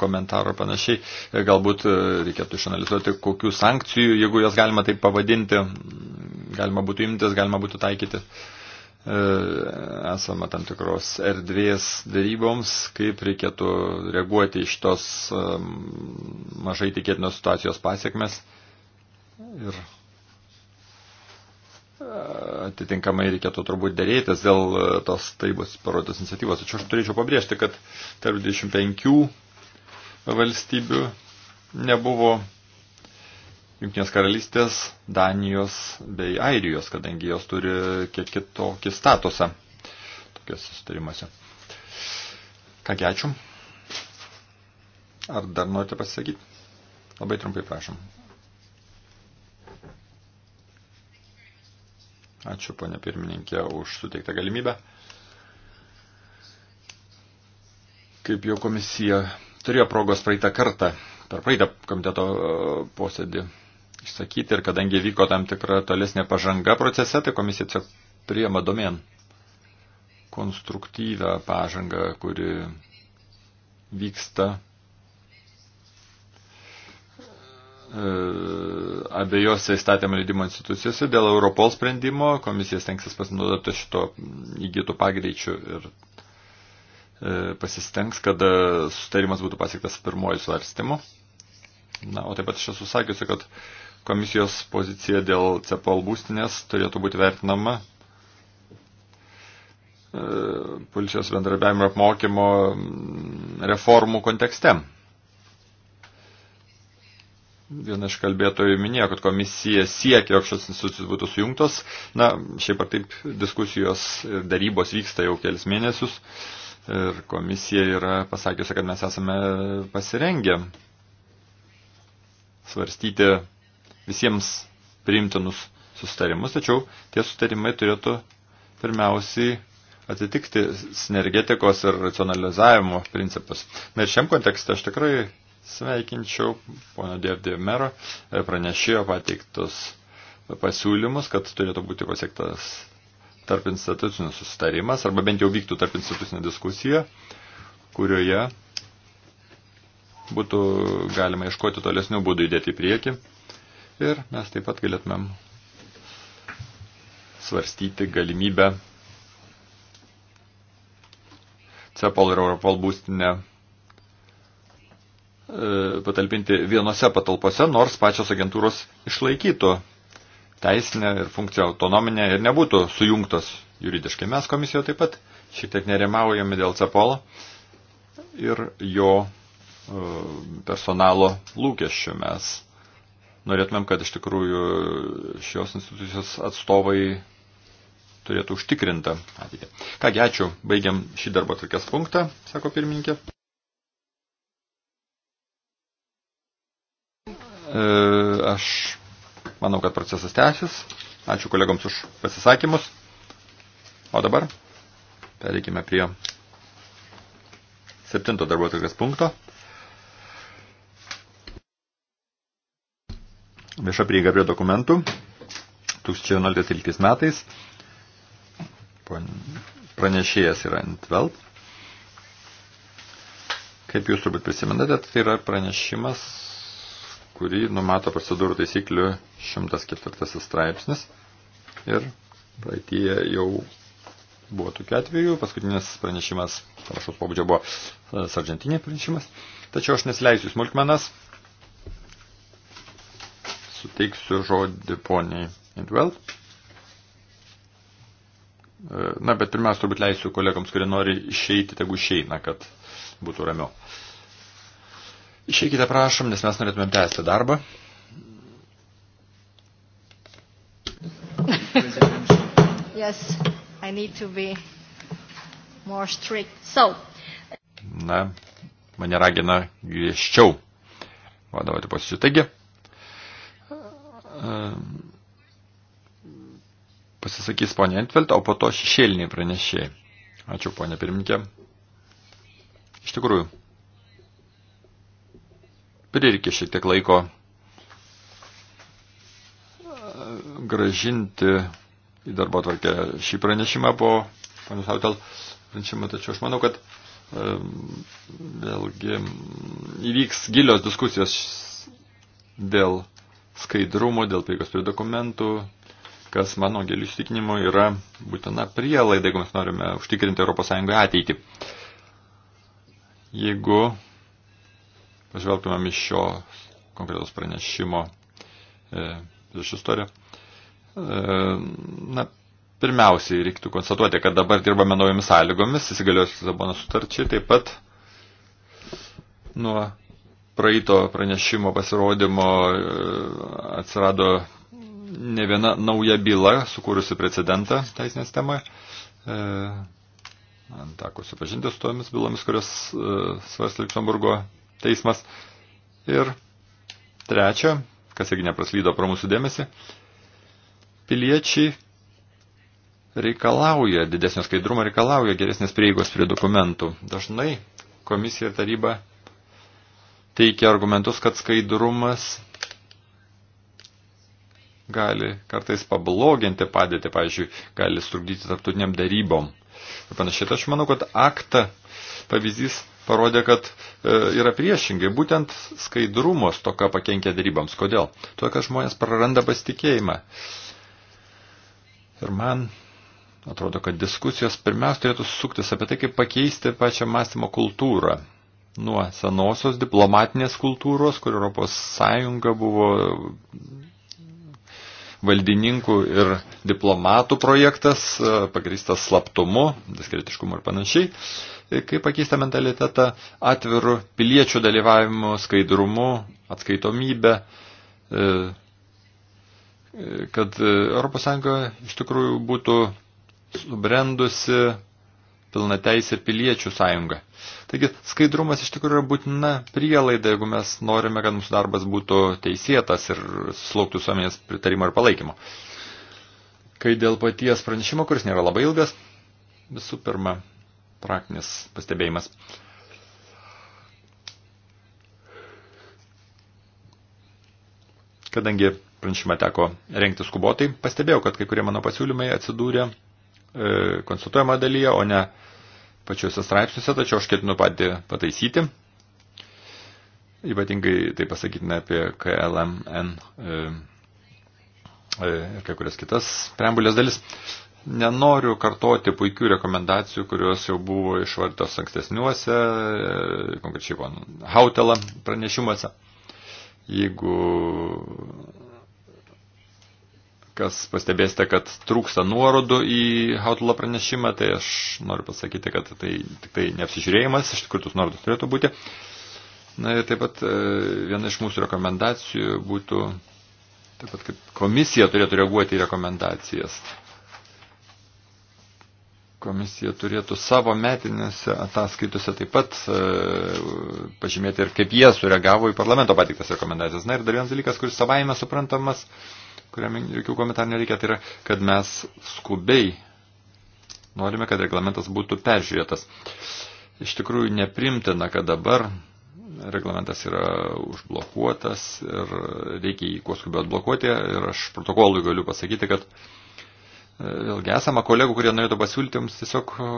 komentarų ir panašiai. E, galbūt reikėtų išanalizuoti, kokių sankcijų, jeigu jas galima taip pavadinti, galima būtų imtis, galima būtų taikyti. Uh, E, esame tam tikros erdvės daryboms, kaip reikėtų reaguoti iš tos e, mažai tikėtinos situacijos pasiekmes ir e, atitinkamai reikėtų turbūt dėrėtis dėl tos taibos parodos iniciatyvos. Tačiau aš turėčiau pabrėžti, kad tarp 25 valstybių nebuvo Junktinės karalystės, Danijos bei Airijos, kadangi jos turi kiek kitokį statusą tokiuose sustarimuose. Kągi, ačiū. Ar dar norite pasisakyti? Labai trumpai prašom. Ačiū, ponė pirmininkė, už suteiktą galimybę. Kaip jau komisija turėjo progos praeitą kartą, per praeitą komiteto e, posėdį išsakyti ir kadangi vyko tam tikra tolesnė pažanga procese, tai komisija tiesiog priema domen konstruktyvę pažangą, kuri vyksta e, abiejose įstatymų leidimo institucijose dėl Europol sprendimo. Komisija stengsis pasinaudoti šito įgytų pagreičių ir e, pasistengs, kad e, sustarimas būtų pasiektas pirmojų svarstymu. Na, o taip pat aš esu sakiusi, kad Komisijos pozicija dėl CEPOL būstinės turėtų būti vertinama e, policijos bendrabiavimo apmokymo mm, reformų kontekste. Viena iš kalbėtojų minėjo, kad komisija siekia, jog šios institucijos būtų sujungtos. Na, šiaip ar taip, diskusijos ir darybos vyksta jau kelis mėnesius. Ir komisija yra pasakiusi, kad mes esame pasirengę svarstyti visiems priimtinus sustarimus, tačiau tie sustarimai turėtų pirmiausiai atitikti sinergetikos ir racionalizavimo principus. Na ir šiam kontekste aš tikrai sveikinčiau pono Dievdė mero e, pranešėjo pateiktus pasiūlymus, kad turėtų būti pasiektas tarp institucinių susitarimas, arba bent jau vyktų tarp institucinė diskusija, kurioje būtų galima iškoti tolesnių būdų įdėti į priekį. Ir mes taip pat galėtumėm svarstyti galimybę CEPOL ir Europol būstinę e, patalpinti vienose patalpose, nors pačios agentūros išlaikytų teisinę ir funkciją autonominę ir nebūtų sujungtos juridiškai. Mes komisijoje taip pat šiek tiek nerimaujame dėl CEPOL ir jo e, personalo lūkesčių. Mes norėtumėm, kad iš tikrųjų šios institucijos atstovai turėtų užtikrintą ateitį. Kągi, ačiū, baigiam šį darbo atvarkės punktą, sako pirmininkė. E, aš manau, kad procesas tęsis. Ačiū kolegoms už pasisakymus. O dabar pereikime prie septinto darbo atvarkės punkto. Vieša prieiga prie dokumentų 2011 metais. Pranešėjas yra Antvelt. Kaip jūs turbūt prisimenate, tai yra pranešimas, kurį numato procedūrų taisyklių 104 straipsnis. Ir praeitie jau buvo tokių atvejų, paskutinis pranešimas, panašaus pobūdžio buvo e, sargentinė pranešimas. Tačiau aš nesileisiu smulkmenas, suteiksiu žodį poniai Indwell. E, na, bet pirmiausia, turbūt leisiu kolegams, kurie nori išeiti, tegu išeina, kad būtų ramiau. Išeikite, prašom, nes mes norėtume tęsti darbą. yes, I need to be more strict. So. Na, mane ragina griežčiau vadovauti posėdžiu. Taigi, Ehm, pasisakys ponė Entvelt, o po to šešėliniai pranešėjai. Ačiū, ponė pirmininkė. Iš tikrųjų, prireikė šiek tiek laiko ehm, gražinti į darbo tvarkę šį pranešimą po ponios Autel pranešimą, tačiau aš manau, kad ehm, vėlgi įvyks gilios diskusijos dėl skaidrumo, dėl prieigos tai, prie dokumentų, kas mano gėlių įstikinimu yra būtina prielaida, jeigu mes norime užtikrinti ES ateitį. Jeigu pažvelgtumėm iš šio konkretos pranešimo e, iš istoriją, e, na, pirmiausiai reiktų konstatuoti, kad dabar dirbame naujomis sąlygomis, įsigalios Lisabono sutarčiai, taip pat nuo praeito pranešimo pasirodymo e, atsirado ne viena nauja byla, sukūrusi precedentą teisinės temoje. E, man teko supažinti su tomis bylomis, kurias e, svarstė Luxemburgo teismas. Ir trečia, kas irgi nepraslydo pro mūsų dėmesį, piliečiai reikalauja didesnio skaidrumo, reikalauja geresnės prieigos prie dokumentų. Dažnai komisija ir taryba teikia argumentus, kad skaidrumas gali kartais pabloginti padėtį, pavyzdžiui, gali strukdyti tarptautiniam darybom. Ir panašiai, aš manau, kad aktą pavyzdys parodė, kad e, yra priešingai, būtent skaidrumo stoka pakenkia darybams. Kodėl? Tuo, kad žmonės praranda pasitikėjimą. Ir man atrodo, kad diskusijos pirmiausia turėtų suktis apie tai, kaip pakeisti pačią mąstymo kultūrą nuo senosios diplomatinės kultūros, kur Europos Sąjunga buvo valdininkų ir diplomatų projektas, e, pagristas slaptumu, diskretiškumu ir panašiai, e, kaip pakeisti mentalitetą atvirų piliečių dalyvavimu, skaidrumu, atskaitomybę, e, kad ES iš tikrųjų būtų subrendusi pilnateisė piliečių sąjunga. Taigi skaidrumas iš tikrųjų yra būtina prielaida, jeigu mes norime, kad mūsų darbas būtų teisėtas ir slauktų suomenės pritarimo ir palaikymo. Kai dėl paties pranešimo, kuris nėra labai ilgas, visų pirma, praktinis pastebėjimas. Kadangi pranešimą teko rengti skubotai, pastebėjau, kad kai kurie mano pasiūlymai atsidūrė E, konstatuojama dalyje, o ne pačiuose straipsniuose, tačiau aš ketinu patį pataisyti. Ypatingai tai pasakytume apie KLMN e, e, ir kai kurias kitas preambulės dalis. Nenoriu kartoti puikių rekomendacijų, kurios jau buvo išvartos ankstesniuose, konkrečiai von Hautela pranešimuose. Jeigu kas pastebėsite, kad trūksta nuorodų į Hautulo pranešimą, tai aš noriu pasakyti, kad tai tik tai neapsižiūrėjimas, iš tikrųjų tos nuorodos turėtų būti. Na ir taip pat e, viena iš mūsų rekomendacijų būtų, taip pat, kad komisija turėtų reaguoti į rekomendacijas. Komisija turėtų savo metinėse ataskaitose taip pat e, pažymėti ir kaip jie sureagavo į parlamento patiktas rekomendacijas. Na ir dar vienas dalykas, kuris savaime suprantamas, e, kuriam jokių komentarų nereikia, tai yra, kad mes skubiai norime, kad reglamentas būtų peržiūrėtas. Iš tikrųjų neprimtina, kad dabar reglamentas yra užblokuotas ir reikia jį kuo skubiau atblokuoti ir aš protokolui galiu pasakyti, kad e, vėlgi esama kolegų, kurie norėtų pasiūlyti jums tiesiog e,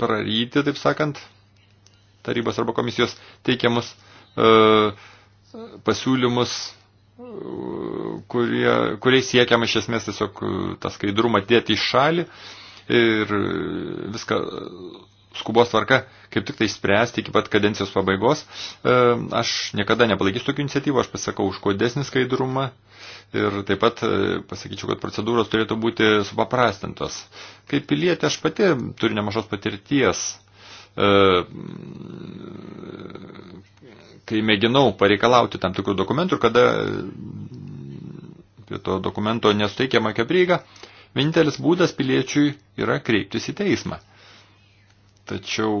praryti, taip sakant, tarybos arba komisijos teikiamus e, pasiūlymus kurie, kuriais siekiama iš esmės tiesiog e, tą skaidrumą dėti į šalį ir viską skubos tvarka, kaip tik tai spręsti iki pat kadencijos pabaigos. E, aš niekada nepalaikysiu tokių iniciatyvų, aš pasakau už kodesnį skaidrumą ir taip pat e, pasakyčiau, kad procedūros turėtų būti supaprastintos. Kaip pilietė aš pati turiu nemažos patirties E, kai mėginau pareikalauti tam tikrų dokumentų, kada prie to dokumento nesuteikiama kepriga, vienintelis būdas piliečiui yra kreiptis į teismą. Tačiau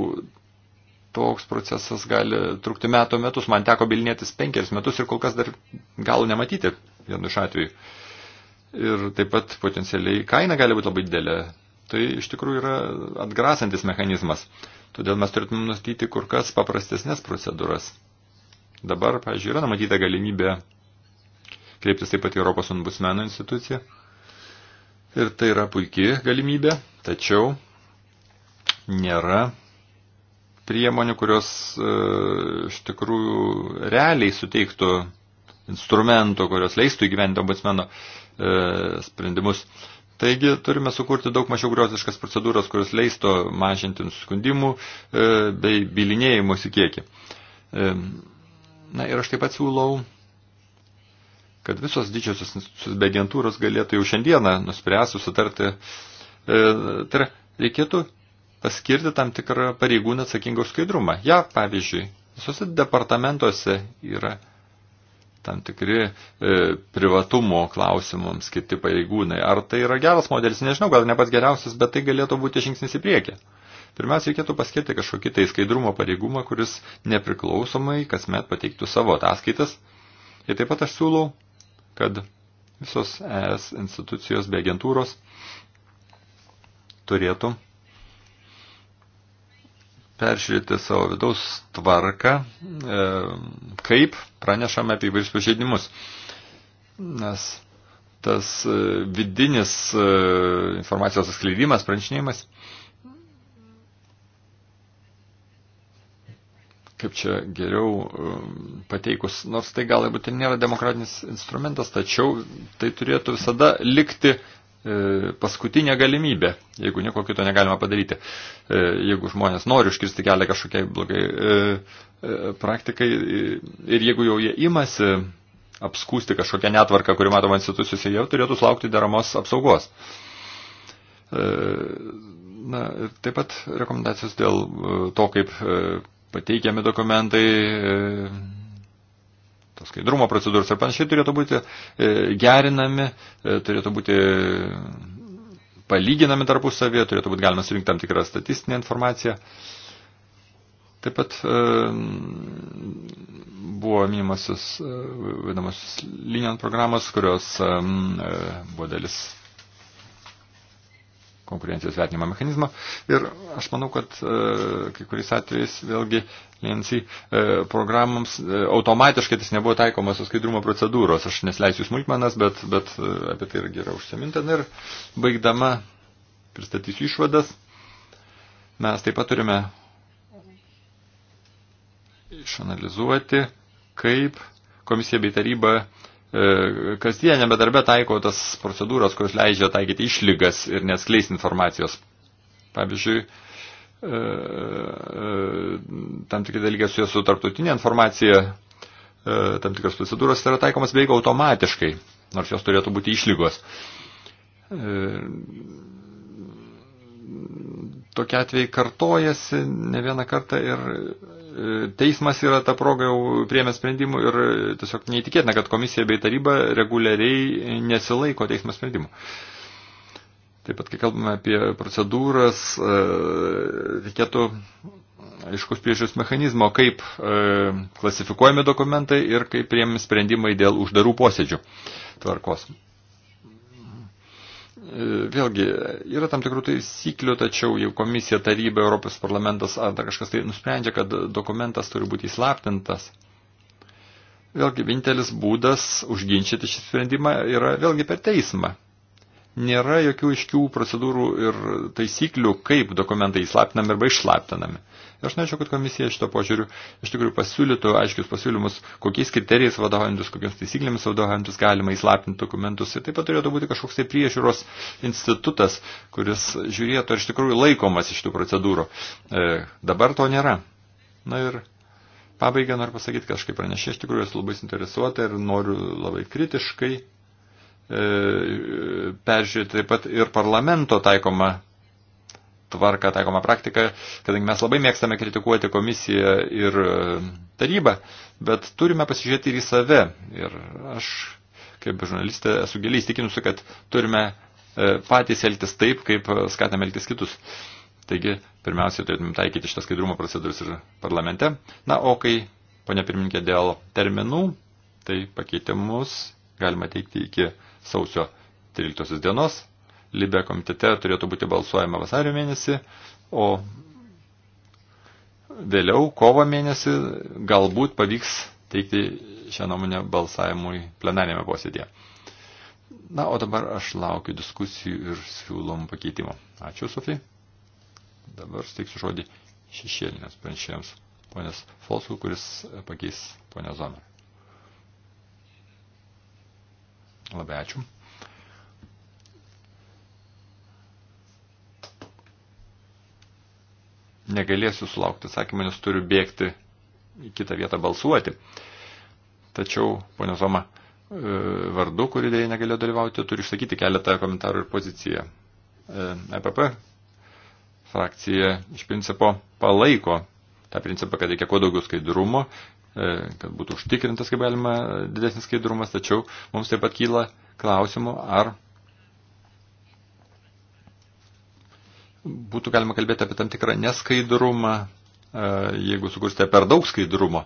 toks procesas gali trukti metų metus. Man teko bilinėtis penkerius metus ir kol kas dar galų nematyti vienu iš atveju. Ir taip pat potencialiai kaina gali būti labai didelė. Tai iš tikrųjų yra atgrasantis mechanizmas. Todėl mes turėtume nustatyti kur kas paprastesnės procedūras. Dabar, pažiūrėjau, yra numatyta galimybė kreiptis taip pat į Europos ombudsmeno instituciją. Ir tai yra puikiai galimybė, tačiau nėra priemonių, kurios e, iš e, tikrųjų realiai suteiktų instrumentų, kurios leistų įgyventi ombudsmeno e, sprendimus. E, Taigi turime sukurti daug mažiau grioziškas procedūras, kurios leisto mažinti nusiskundimų e, bei bilinėjimosi kiekį. E, na ir aš taip pat siūlau, kad visos didžiosios agentūros galėtų jau šiandieną nuspręsti sutarti. E, tai yra, reikėtų paskirti tam tikrą pareigūną atsakingą už skaidrumą. Ja, pavyzdžiui, visose departamentuose yra tam tikri e, privatumo klausimams kiti pareigūnai. Ar tai yra geras modelis, nežinau, gal ne pats geriausias, bet tai galėtų būti žingsnis į priekį. Pirmiausia, reikėtų paskirti kažkokį tai skaidrumo pareigumą, kuris nepriklausomai kasmet pateiktų savo ataskaitas. Ir taip pat aš siūlau, kad visos ES institucijos bei agentūros turėtų peržiūrėti savo vidaus tvarką, e, kaip pranešame apie įvairius pažeidimus. Nes tas e, vidinis e, informacijos atskleidimas, pranešinėjimas, kaip čia geriau pateikus, nors tai galbūt ir nėra demokratinis instrumentas, tačiau tai turėtų visada likti E, paskutinė galimybė, jeigu nieko kito negalima padaryti. E, jeigu žmonės nori užkirsti kelią kažkokiai blogai e, praktikai ir jeigu jau jie imasi apskūsti kažkokią netvarką, kuri matoma institucijose, jie turėtų sulaukti deramos apsaugos. Na, taip pat rekomendacijos dėl to, kaip pateikiami dokumentai, skaidrumo procedūros ir panašiai turėtų būti e, gerinami, e, turėtų būti e, palyginami tarpusavėje, turėtų būti galima surinkti tam tikrą statistinę informaciją. Taip pat e, buvo minimasis, vadinamasis Linian programos, kurios e, buvo dalis konkurencijos vertinimo mechanizmą. Ir aš manau, kad e, kai kuriais atvejais vėlgi Lency e, programoms e, automatiškai tas nebuvo taikomas skaidrumo procedūros. Aš nesleisiu smulkmenas, bet, bet apie tai irgi yra užsiminta. Ir baigdama pristatysiu išvadas. Mes taip pat turime išanalizuoti, kaip komisija bei taryba E, kasdienėme darbe taiko tas procedūras, kurios leidžia taikyti išlygas ir neskleisti informacijos. Pavyzdžiui, e, e, tam tikri dalykai su jūsų tarptautinė informacija, tam tikras procedūros yra taikomas beveik automatiškai, nors jos turėtų būti išlygos. Tokie atvejai kartojasi ne vieną kartą ir teismas yra tą progą jau priemė sprendimų ir tiesiog neįtikėtina, kad komisija bei taryba reguliariai nesilaiko teismo sprendimų. Taip pat, kai kalbame apie procedūras, e, reikėtų aiškus priežiūros mechanizmo, kaip e, klasifikuojami dokumentai ir kaip priemi sprendimai dėl uždarų posėdžių tvarkos vėlgi yra tam tikrų taisyklių, tačiau jau komisija, taryba, Europos parlamentas ar dar kažkas tai nusprendžia, kad dokumentas turi būti įslaptintas. Vėlgi, vienintelis būdas užginčyti šį sprendimą yra vėlgi per teismą nėra jokių iškių procedūrų ir taisyklių, kaip dokumentai įslaptinami arba išslaptinami. Ir aš norėčiau, kad komisija šito požiūriu iš tikrųjų pasiūlytų aiškius pasiūlymus, kokiais kriterijais vadovaujantis, kokiams taisyklėmis vadovaujantis galima įslaptinti dokumentus. Ir taip pat turėtų būti kažkoks tai priežiūros institutas, kuris žiūrėtų, ar iš tikrųjų laikomas iš tų procedūrų. E, dabar to nėra. Na ir pabaigą noriu pasakyti, kad aš kaip pranešė, iš tikrųjų esu labai suinteresuota ir noriu labai kritiškai E, peržiūrėti taip pat ir parlamento taikomą tvarką, taikomą praktiką, kadangi mes labai mėgstame kritikuoti komisiją ir e, tarybą, bet turime pasižiūrėti ir į save. Ir aš, kaip žurnalistė, esu giliai įstikinusi, kad turime e, patys elgtis taip, kaip skatame elgtis kitus. Taigi, pirmiausia, turėtume taikyti šitą skaidrumo procedūras ir parlamente. Na, o kai, ponia pirmininkė, dėl terminų, tai pakeitimus galima teikti iki sausio 13 dienos. Libė komitete turėtų būti balsuojama vasario mėnesį, o vėliau, kovo mėnesį, galbūt pavyks teikti šią nuomonę balsavimui plenarėme posėdėje. Na, o dabar aš laukiu diskusijų ir siūlom pakeitimo. Ačiū, Sofija. Dabar steiksiu žodį šešėlinės pranešėjams, ponės Folsų, kuris pakeis ponę Zomerą. Labai ačiū. Negalėsiu sulaukti atsakymą, nes turiu bėgti į kitą vietą balsuoti. Tačiau, ponio Zoma, e, vardu, kurį dėja negalėjo dalyvauti, turiu išsakyti keletą komentarų ir poziciją. EPP e frakcija iš principo palaiko tą principą, kad reikia kuo daugiau skaidrumo E, kad būtų užtikrintas, kaip galima, didesnis skaidrumas, tačiau mums taip pat kyla klausimų, ar būtų galima kalbėti apie tam tikrą neskaidrumą, e, jeigu sukursite per daug skaidrumo.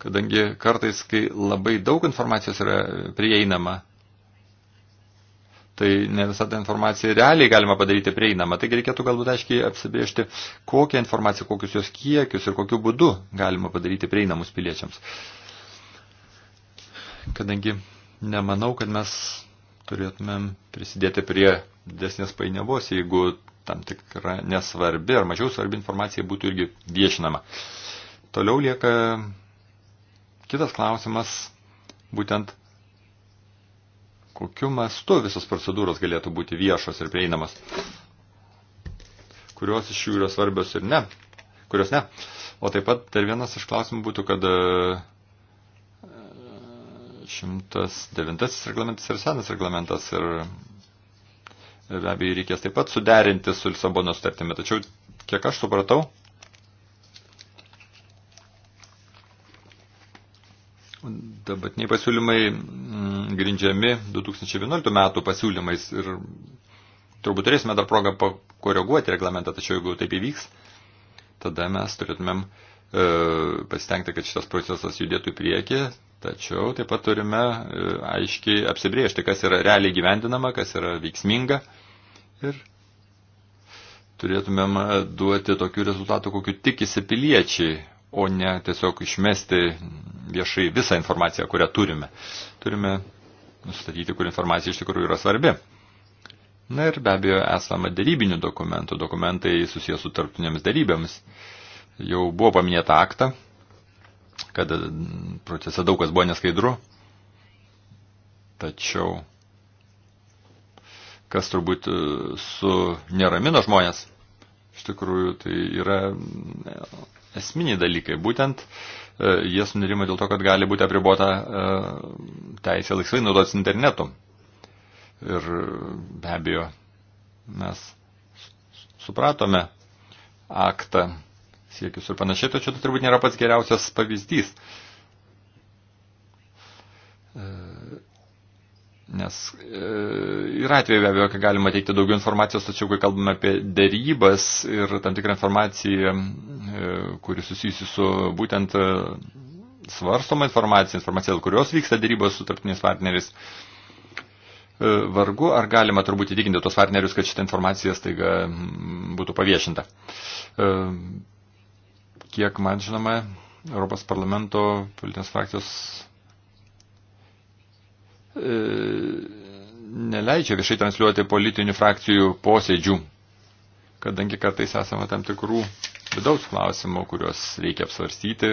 Kadangi kartais, kai labai daug informacijos yra prieinama, tai ne visą tą informaciją realiai galima padaryti prieinamą. Taigi reikėtų galbūt aiškiai apsibriežti, kokią informaciją, kokius jos kiekius ir kokiu būdu galima padaryti prieinamus piliečiams. Kadangi nemanau, kad mes turėtumėm prisidėti prie desnės painiavos, jeigu tam tikra nesvarbi ar mažiau svarbi informacija būtų irgi viešinama. Toliau lieka kitas klausimas, būtent kokiu mastu visos procedūros galėtų būti viešos ir prieinamas, kurios iš jų yra svarbios ir ne, kurios ne. O taip pat dar vienas iš klausimų būtų, kad 109 e, reglamentas ir senas reglamentas ir be abejo reikės taip pat suderinti su Lisabono sutartimi. Tačiau, kiek aš supratau, Dabartiniai pasiūlymai mm, grindžiami 2011 metų pasiūlymais ir turbūt turėsime dar progą pakoreguoti reglamentą, tačiau jeigu taip įvyks, tada mes turėtumėm e, pasitengti, kad šitas procesas judėtų į priekį, tačiau taip pat turime e, aiškiai apsibriežti, kas yra realiai gyvendinama, kas yra veiksminga ir turėtumėm e, duoti tokių rezultatų, kokiu tikisi piliečiai, o ne tiesiog išmesti viešai visą informaciją, kurią turime. Turime nustatyti, kur informacija iš tikrųjų yra svarbi. Na ir be abejo esama darybinių dokumentų, dokumentai susijęs su tarptinėmis darybėmis. Jau buvo paminėta aktą, kad procese daug kas buvo neskaidru, tačiau kas turbūt e, su neramino žmonės, iš tikrųjų tai yra esminiai dalykai, būtent uh, E, jie sunerima dėl to, kad gali būti apribota e, teisė laisvai naudotis internetu. Ir e, be abejo, mes supratome aktą siekius ir panašiai, tačiau tai turbūt nėra pats geriausias pavyzdys. E, Nes e, yra atveju be abejo, kai galima teikti daugiau informacijos, tačiau kai kalbame apie dėrybas ir tam tikrą informaciją, e, kuri susijusi su būtent e, svarstoma informacija, informacija, dėl kurios vyksta dėrybos su tarptiniais partneriais, e, vargu ar galima turbūt įtikinti tos partnerius, kad šitą informaciją staiga būtų paviešinta. E, kiek man žinoma, Europos parlamento politinės frakcijos E, neleidžia viešai transliuoti politinių frakcijų posėdžių, kadangi kartais esame tam tikrų vidaus klausimų, kuriuos reikia apsvarstyti,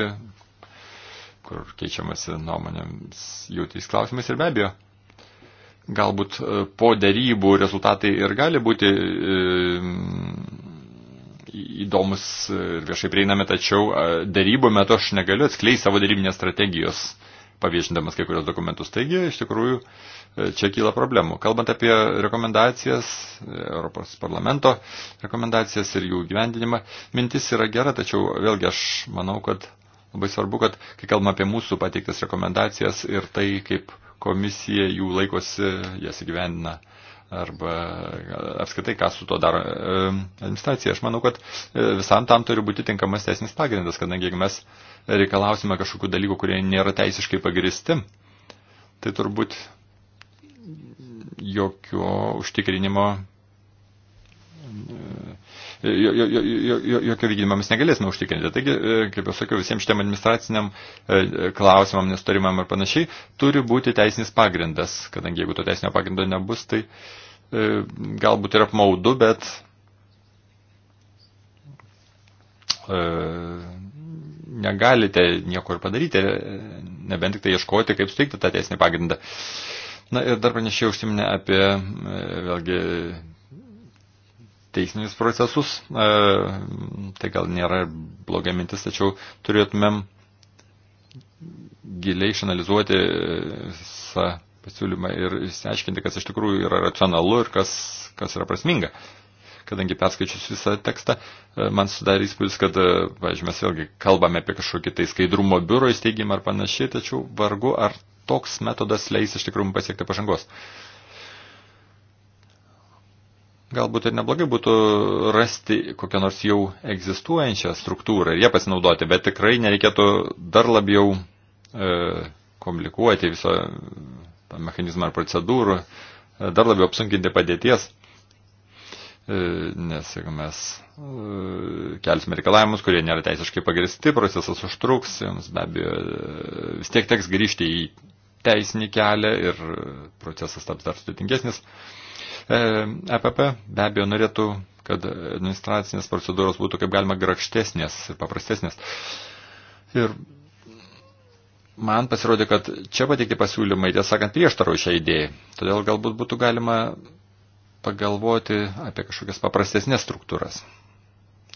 kur keičiamasi nuomonėms jautais klausimais ir be abejo. Galbūt e, po darybų rezultatai ir gali būti e, įdomus ir viešai prieinami, tačiau darybų metu aš negaliu atskleisti savo darybinės strategijos paviešindamas kai kurios dokumentus. Taigi, iš tikrųjų, e, čia kyla problemų. Kalbant apie rekomendacijas, e, Europos parlamento rekomendacijas ir jų gyvendinimą, mintis yra gera, tačiau vėlgi aš manau, kad labai svarbu, kad kai kalbame apie mūsų pateiktas rekomendacijas ir tai, kaip komisija jų laikosi, jas įgyvendina arba apskritai, ką su to daro e, administracija. Aš manau, kad e, visam tam turi būti tinkamas teisinis pagrindas, kadangi jeigu mes reikalausime kažkokių dalykų, kurie nėra teisiškai pagristi, tai turbūt jokio užtikrinimo jokio vykdymo mes negalėsime užtikrinti. Taigi, e, kaip jau sakiau, visiems šitiem administraciniam e, klausimam, nestorimam ir panašiai, turi būti teisinis pagrindas, kadangi jeigu to teisinio pagrindo nebus, tai e, galbūt ir apmaudu, bet negalite nieko ir padaryti, nebent tik tai ieškoti, kaip suteikti tą teisinį pagrindą. Na ir dar pranešėjau užsiminę apie vėlgi teisinius procesus. E, tai gal nėra bloga mintis, tačiau turėtumėm giliai išanalizuoti e, visą pasiūlymą ir išsiaiškinti, kas iš tikrųjų yra racionalu ir kas, kas yra prasminga. Kadangi perskaičius visą tekstą, e, man sudarė įspūdis, kad, važiuoju, mes vėlgi kalbame apie kažkokį tai skaidrumo biuro įsteigimą ar panašiai, tačiau vargu ar toks metodas leis iš tikrųjų pasiekti pažangos. Uh, Galbūt ir neblogai būtų rasti kokią nors jau egzistuojančią struktūrą ir ją pasinaudoti, bet tikrai nereikėtų dar labiau e, komplikuoti viso tą mechanizmą ar procedūrų, e, dar labiau apsunkinti padėties, e, nes jeigu mes e, kelsime reikalavimus, kurie nėra teisiškai pagristi, procesas užtruks, jums be abejo e, vis tiek teks grįžti į teisinį kelią ir procesas taps dar sudėtingesnis. E, EPP e be abejo norėtų, kad administracinės procedūros būtų kaip galima grakštesnės ir paprastesnės. Ir man pasirodė, kad čia pateikti pasiūlymai, tiesą sakant, prieštaro šią idėją. Todėl galbūt būtų galima pagalvoti apie kažkokias paprastesnės struktūras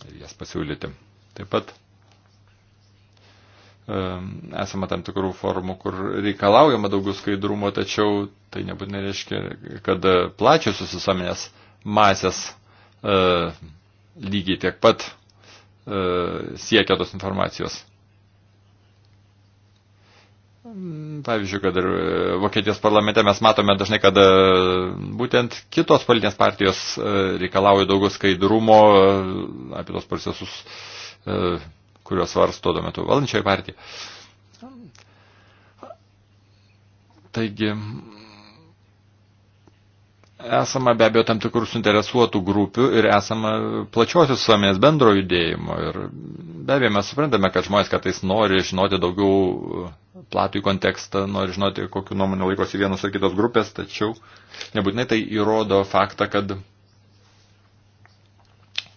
ir jas pasiūlyti. Taip pat esama tam tikrų formų, kur reikalaujama daugiau skaidrumo, tačiau tai nebūtinai reiškia, kad plačiosios visuomenės masės e, lygiai tiek pat e, siekia tos informacijos. Pavyzdžiui, kad ir e, Vokietijos parlamente mes matome dažnai, kad e, būtent kitos politinės partijos e, reikalauja daugiau skaidrumo apie tos procesus e, kuriuos varsto tuo metu valdančioji partija. Taigi, esama be abejo tam tikrų suinteresuotų grupių ir esama plačiosios visuomenės bendro judėjimo. Ir be abejo mes suprantame, kad žmonės kartais nori žinoti daugiau platųjų kontekstą, nori žinoti, kokiu nuomonė laikosi vienos ar kitos grupės, tačiau nebūtinai tai įrodo faktą, kad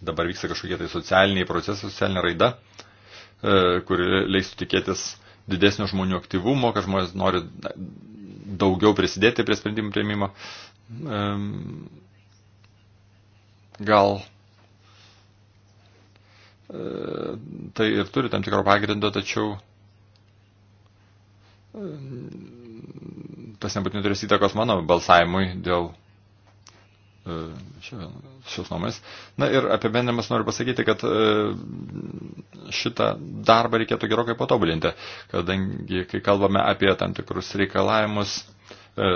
dabar vyksta kažkokie tai socialiniai procesai, socialinė raida. E, kuri leistų tikėtis didesnio žmonių aktyvumo, kad žmonės nori daugiau prisidėti prie sprendimų prieimimo. Gal e, tai ir turi tam tikro pagrindo, tačiau tas nebūtinai turės įtakos mano balsavimui dėl e, šio šios nuomonės. Na ir apibendrinimas noriu pasakyti, kad e, šitą darbą reikėtų gerokai patobulinti, kadangi kai kalbame apie tam tikrus reikalavimus, e,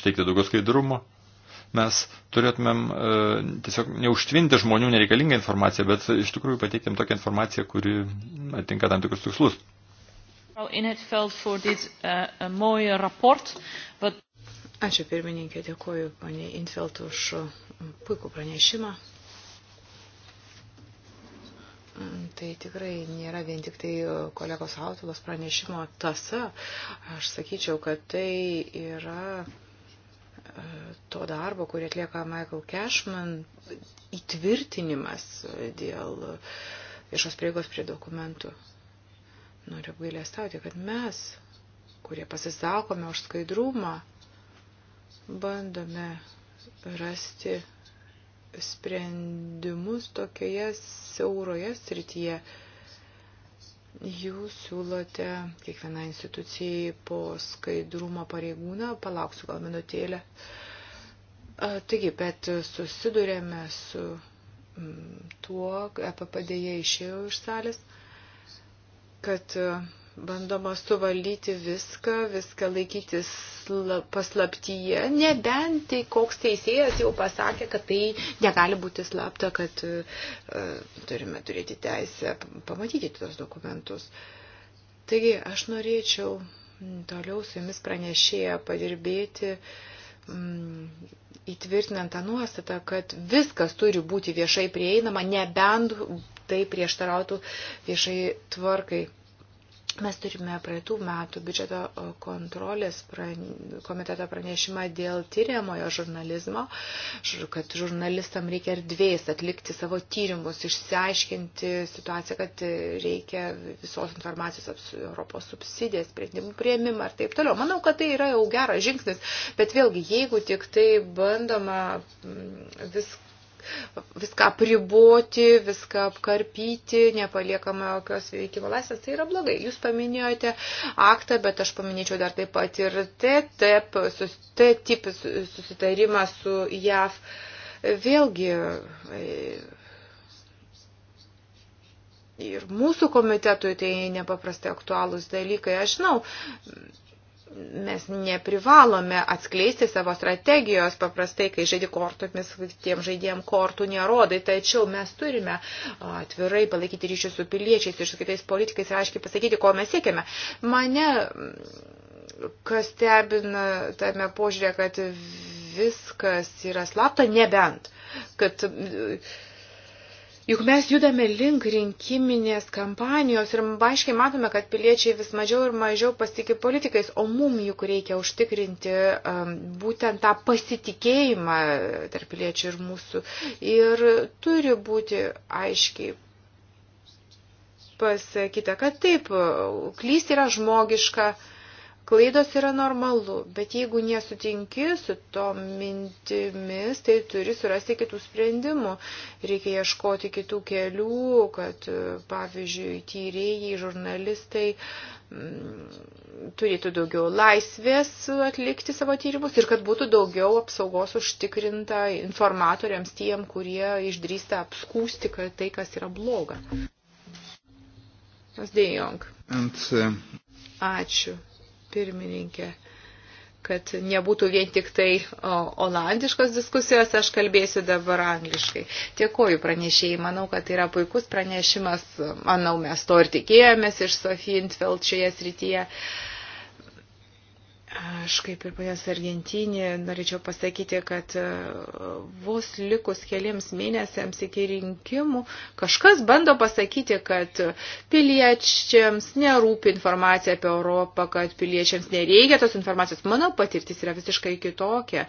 steigti daugiau skaidrumo, mes turėtumėm e, tiesiog neužtvinti žmonių nereikalingą informaciją, bet iš tikrųjų pateikėm tokią informaciją, kuri atinka tam tikrus tikslus. Well, in it felt for this uh, Moyer report, but Ačiū pirmininkė, dėkuoju poniai Infelt už puikų pranešimą. Tai tikrai nėra vien tik tai kolegos autolas pranešimo tasa. Aš sakyčiau, kad tai yra e, to darbo, kurį atlieka Michael Cashman, įtvirtinimas dėl viešos prieigos prie dokumentų. Noriu apgailę stauti, kad mes, kurie pasisakome už skaidrumą, bandome rasti sprendimus tokioje siauroje srityje. Jūs siūlote kiekvienai institucijai po skaidrumo pareigūną, palauksiu gal minutėlę. Taigi, bet susidurėme su mm, tuo, apie padėję išėjau iš salės, kad bandoma suvaldyti viską, viską laikytis paslaptyje, nebent tai koks teisėjas jau pasakė, kad tai negali būti slapta, kad uh, turime turėti teisę pamatyti tuos dokumentus. Taigi aš norėčiau toliau su jumis pranešėję padirbėti, mm, įtvirtinant tą nuostatą, kad viskas turi būti viešai prieinama, nebent tai prieštarautų viešai tvarkai. Mes turime praeitų metų biudžeto e, kontrolės pran... komiteto pranešimą dėl tyriamojo žurnalizmo, kad žurnalistam reikia erdvės atlikti savo tyrimus, išsiaiškinti situaciją, kad reikia visos informacijos Europos subsidijas, sprendimų prieimimą ir taip toliau. Manau, kad tai yra jau geras žingsnis, bet vėlgi, jeigu tik tai bandoma viską viską priboti, viską apkarpyti, nepaliekama jokios veikimo laisvės, tai yra blogai. Jūs paminėjote aktą, bet aš paminėčiau dar taip pat ir TTIP sus, susitarimą su JAV. Vėlgi ir mūsų komitetui tai nepaprastai aktualūs dalykai. Aš žinau, mes neprivalome atskleisti savo strategijos, paprastai, kai žaidi kortomis, tiem žaidėjim kortų nerodai, tačiau mes turime atvirai palaikyti ryšius su piliečiais ir su kitais politikais ir aiškiai pasakyti, ko mes siekiame. Mane, kas stebina tame požiūrė, kad viskas yra slapta, nebent, kad Juk mes judame link rinkiminės kampanijos ir aiškiai matome, kad piliečiai vis mažiau ir mažiau pasitikė politikais, o mum juk reikia užtikrinti um, būtent tą pasitikėjimą tarp piliečių ir mūsų. Ir turi būti aiškiai pasakyta, kad taip, klysti yra žmogiška. Uh, Klaidos yra normalu, bet jeigu nesutinki su to mintimis, tai turi surasti kitų sprendimų. Reikia ieškoti kitų kelių, kad, pavyzdžiui, tyrėjai, žurnalistai mm, turėtų daugiau laisvės atlikti savo tyrimus ir kad būtų daugiau apsaugos užtikrinta informatoriams tiem, kurie išdrįsta apskūsti tai, kas yra bloga. Dėjong. Uh, Ačiū pirmininkė kad nebūtų vien tik tai olandiškos diskusijos, aš kalbėsiu dabar angliškai. Dėkoju pranešėjai, manau, kad tai yra puikus pranešimas, manau, mes to ir tikėjomės iš Sofijintveld šioje srityje. Uh, Aš kaip ir ponios Argentinė norėčiau pasakyti, kad e, vos likus keliams mėnesiams iki rinkimų kažkas bando pasakyti, kad piliečiams nerūpi informacija apie Europą, kad piliečiams nereikia tos informacijos. Mano patirtis yra visiškai kitokia.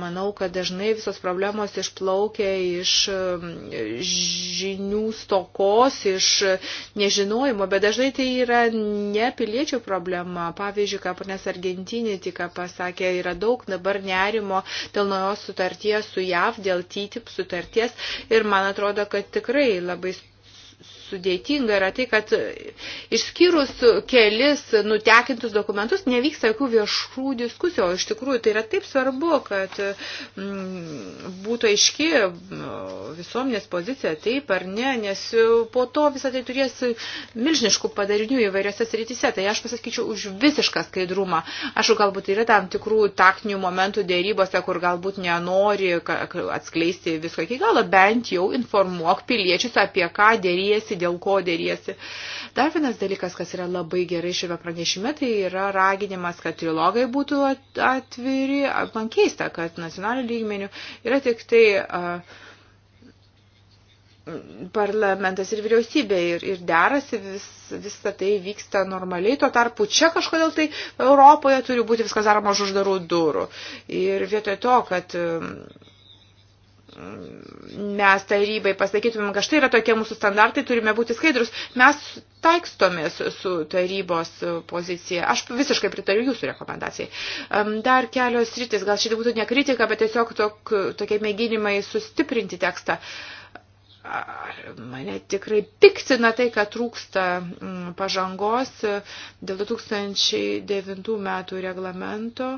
Manau, kad dažnai visos problemos išplaukia iš e, žinių stokos, iš nežinojimo, bet dažnai tai yra ne piliečių problema. Pavyzdžiui, ką ponės Argentinė Argentinį tik pasakė, yra daug dabar nerimo dėl naujos sutarties su JAV, dėl TTIP sutarties ir man atrodo, kad tikrai labai sudėtinga yra tai, kad išskyrus kelis nutekintus dokumentus nevyksta jokių viešų diskusijų. Iš tikrųjų, tai yra taip svarbu, kad mm, būtų aiški mm, visuomenės pozicija taip ar ne, nes po to visą tai turės milžiniškų padarinių įvairiose srityse. Tai aš pasakyčiau už visišką skaidrumą. Aš galbūt yra tam tikrų taktinių momentų dėrybose, kur galbūt nenori atskleisti visko iki galo, bent jau informuok piliečius apie ką dėrėsi dėl ko dėriesi. Dar vienas dalykas, kas yra labai gerai šiame pranešime, tai yra raginimas, kad trilogai būtų atviri. Man keista, kad nacionalinių lygmenių yra tik tai. Uh, parlamentas ir vyriausybė ir, ir derasi, vis, visą tai vyksta normaliai, tuo tarpu čia kažkodėl tai Europoje turi būti viskas daroma už uždarų durų. Ir vietoj to, kad mes tarybai pasakytumėm, kad štai yra tokie mūsų standartai, turime būti skaidrus. Mes taikstomės su tarybos pozicija. Aš visiškai pritariu jūsų rekomendacijai. Dar kelios rytis, gal šitai būtų ne kritika, bet tiesiog tok, tokie mėginimai sustiprinti tekstą. Mane tikrai piktina tai, kad trūksta pažangos dėl 2009 metų reglamento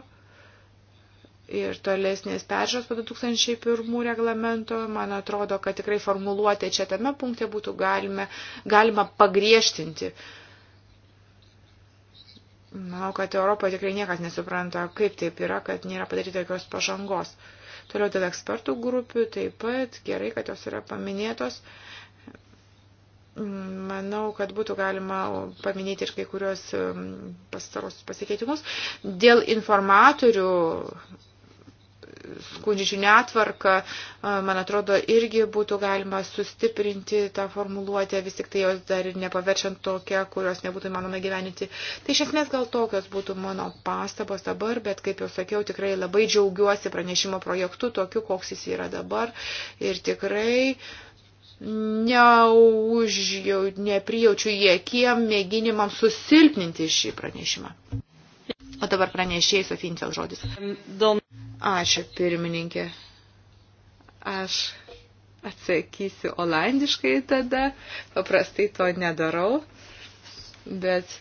ir tolesnės peržiūros po 2001 reglamento. Man atrodo, kad tikrai formuluotė čia tame punkte būtų galime, galima pagriežtinti. Manau, kad Europoje tikrai niekas nesupranta, kaip taip yra, kad nėra padaryta jokios pažangos. Toliau dėl ekspertų grupių taip pat gerai, kad jos yra paminėtos. Manau, kad būtų galima paminėti ir kai kurios um, pastarosius pasikeitimus. Dėl informatorių skundžiančių netvarką, man atrodo, irgi būtų galima sustiprinti tą formuluotę, vis tik tai jos dar ir nepaverčiant tokią, kurios nebūtų įmanoma gyveninti. Tai iš esmės gal tokios būtų mano pastabos dabar, bet kaip jau sakiau, tikrai labai džiaugiuosi pranešimo projektu tokiu, koks jis yra dabar. Ir tikrai neužjau, neprijaučiu jokiem mėginimam susilpninti šį pranešimą. O dabar pranešėjai Sofincijos žodis. Ačiū, pirmininkė. Aš atsakysiu olandiškai tada, paprastai to nedarau, bet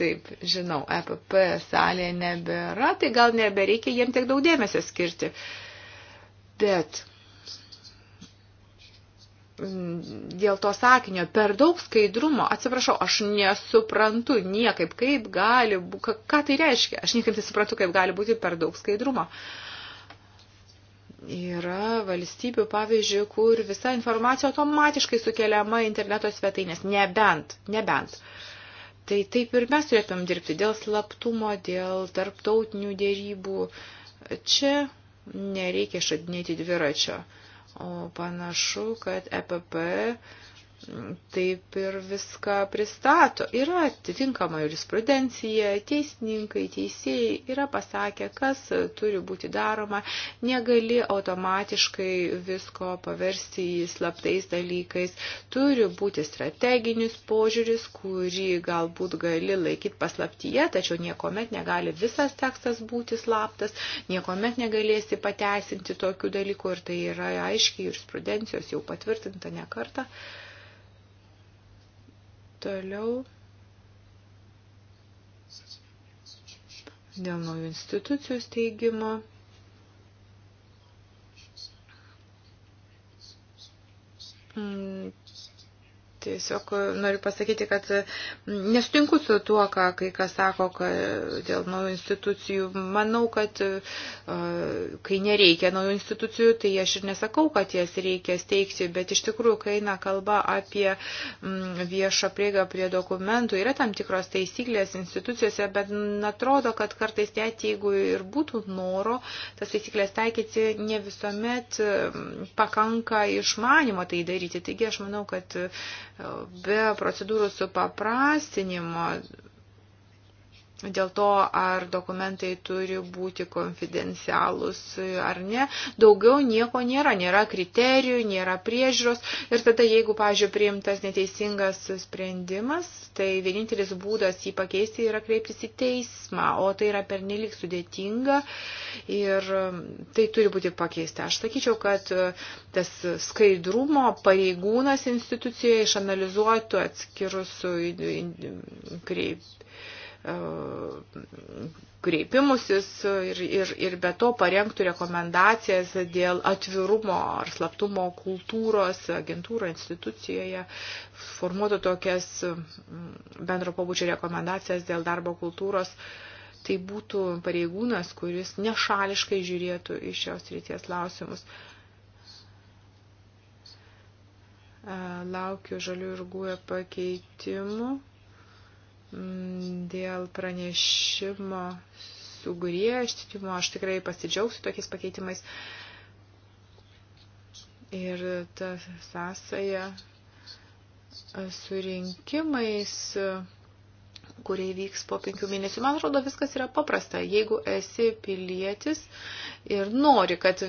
taip, žinau, EPP salėje nebėra, tai gal nebereikia jiem tiek daug dėmesio skirti. Bet dėl to sakinio per daug skaidrumo, atsiprašau, aš nesuprantu niekaip, kaip gali, ką, ką tai reiškia, aš niekaip nesuprantu, kaip gali būti per daug skaidrumo. Yra valstybių, pavyzdžiui, kur visa informacija automatiškai sukeliama interneto svetainės, nebent, nebent. Tai taip ir mes turėtumėm dirbti dėl slaptumo, dėl tarptautinių dėrybų. Čia nereikia šadinėti dviračio. Uh, O panašu, kad EPP taip ir viską pristato. Yra atitinkama jurisprudencija, teisininkai, teisėjai yra pasakę, kas turi būti daroma, negali automatiškai visko paversti į slaptais dalykais, turi būti strateginis požiūris, kurį galbūt gali laikyti paslaptyje, tačiau niekuomet negali visas tekstas būti slaptas, niekuomet negalėsi pateisinti tokių dalykų ir tai yra aiškiai jurisprudencijos jau patvirtinta ne kartą. Thank you. Toliau dėl naujų institucijų steigimo. Mm, Tiesiog noriu pasakyti, kad nesutinku su tuo, ką kai kas sako dėl naujų institucijų. Manau, kad kai nereikia naujų institucijų, tai aš ir nesakau, kad jas reikia steigti, bet iš tikrųjų, kai eina kalba apie viešą prieigą prie dokumentų, yra tam tikros taisyklės institucijose, bet atrodo, kad kartais net jeigu ir būtų noro, tas taisyklės taikyti ne visuomet pakanka išmanimo tai daryti. Taigi aš manau, kad be procedūrų supaprastinimo dėl to, ar dokumentai turi būti konfidencialūs ar ne. Daugiau nieko nėra, nėra kriterijų, nėra priežiūros. Ir tada, jeigu, pažiūrėjau, priimtas neteisingas sprendimas, tai vienintelis būdas jį pakeisti yra kreiptis į teismą, o tai yra pernelik sudėtinga ir um, tai turi būti pakeista. Aš sakyčiau, kad uh, tas skaidrumo pareigūnas institucijoje išanalizuotų atskirus uh, kreiptis kreipimusis ir, ir, ir be to parengtų rekomendacijas dėl atvirumo ar slaptumo kultūros agentūro institucijoje, formuotų tokias mm, bendro pobūdžio rekomendacijas dėl darbo kultūros. Tai būtų pareigūnas, kuris nešališkai žiūrėtų iš šios ryties klausimus. Laukiu žalių ir guoja pakeitimų. Mm, dėl pranešimo sugriežtinimo. Aš tikrai pasidžiaugsiu tokiais pakeitimais. Ir ta sąsaja e, su rinkimais, e, kurie vyks po penkių mėnesių. Man atrodo, viskas yra paprasta. Jeigu esi pilietis ir nori, kad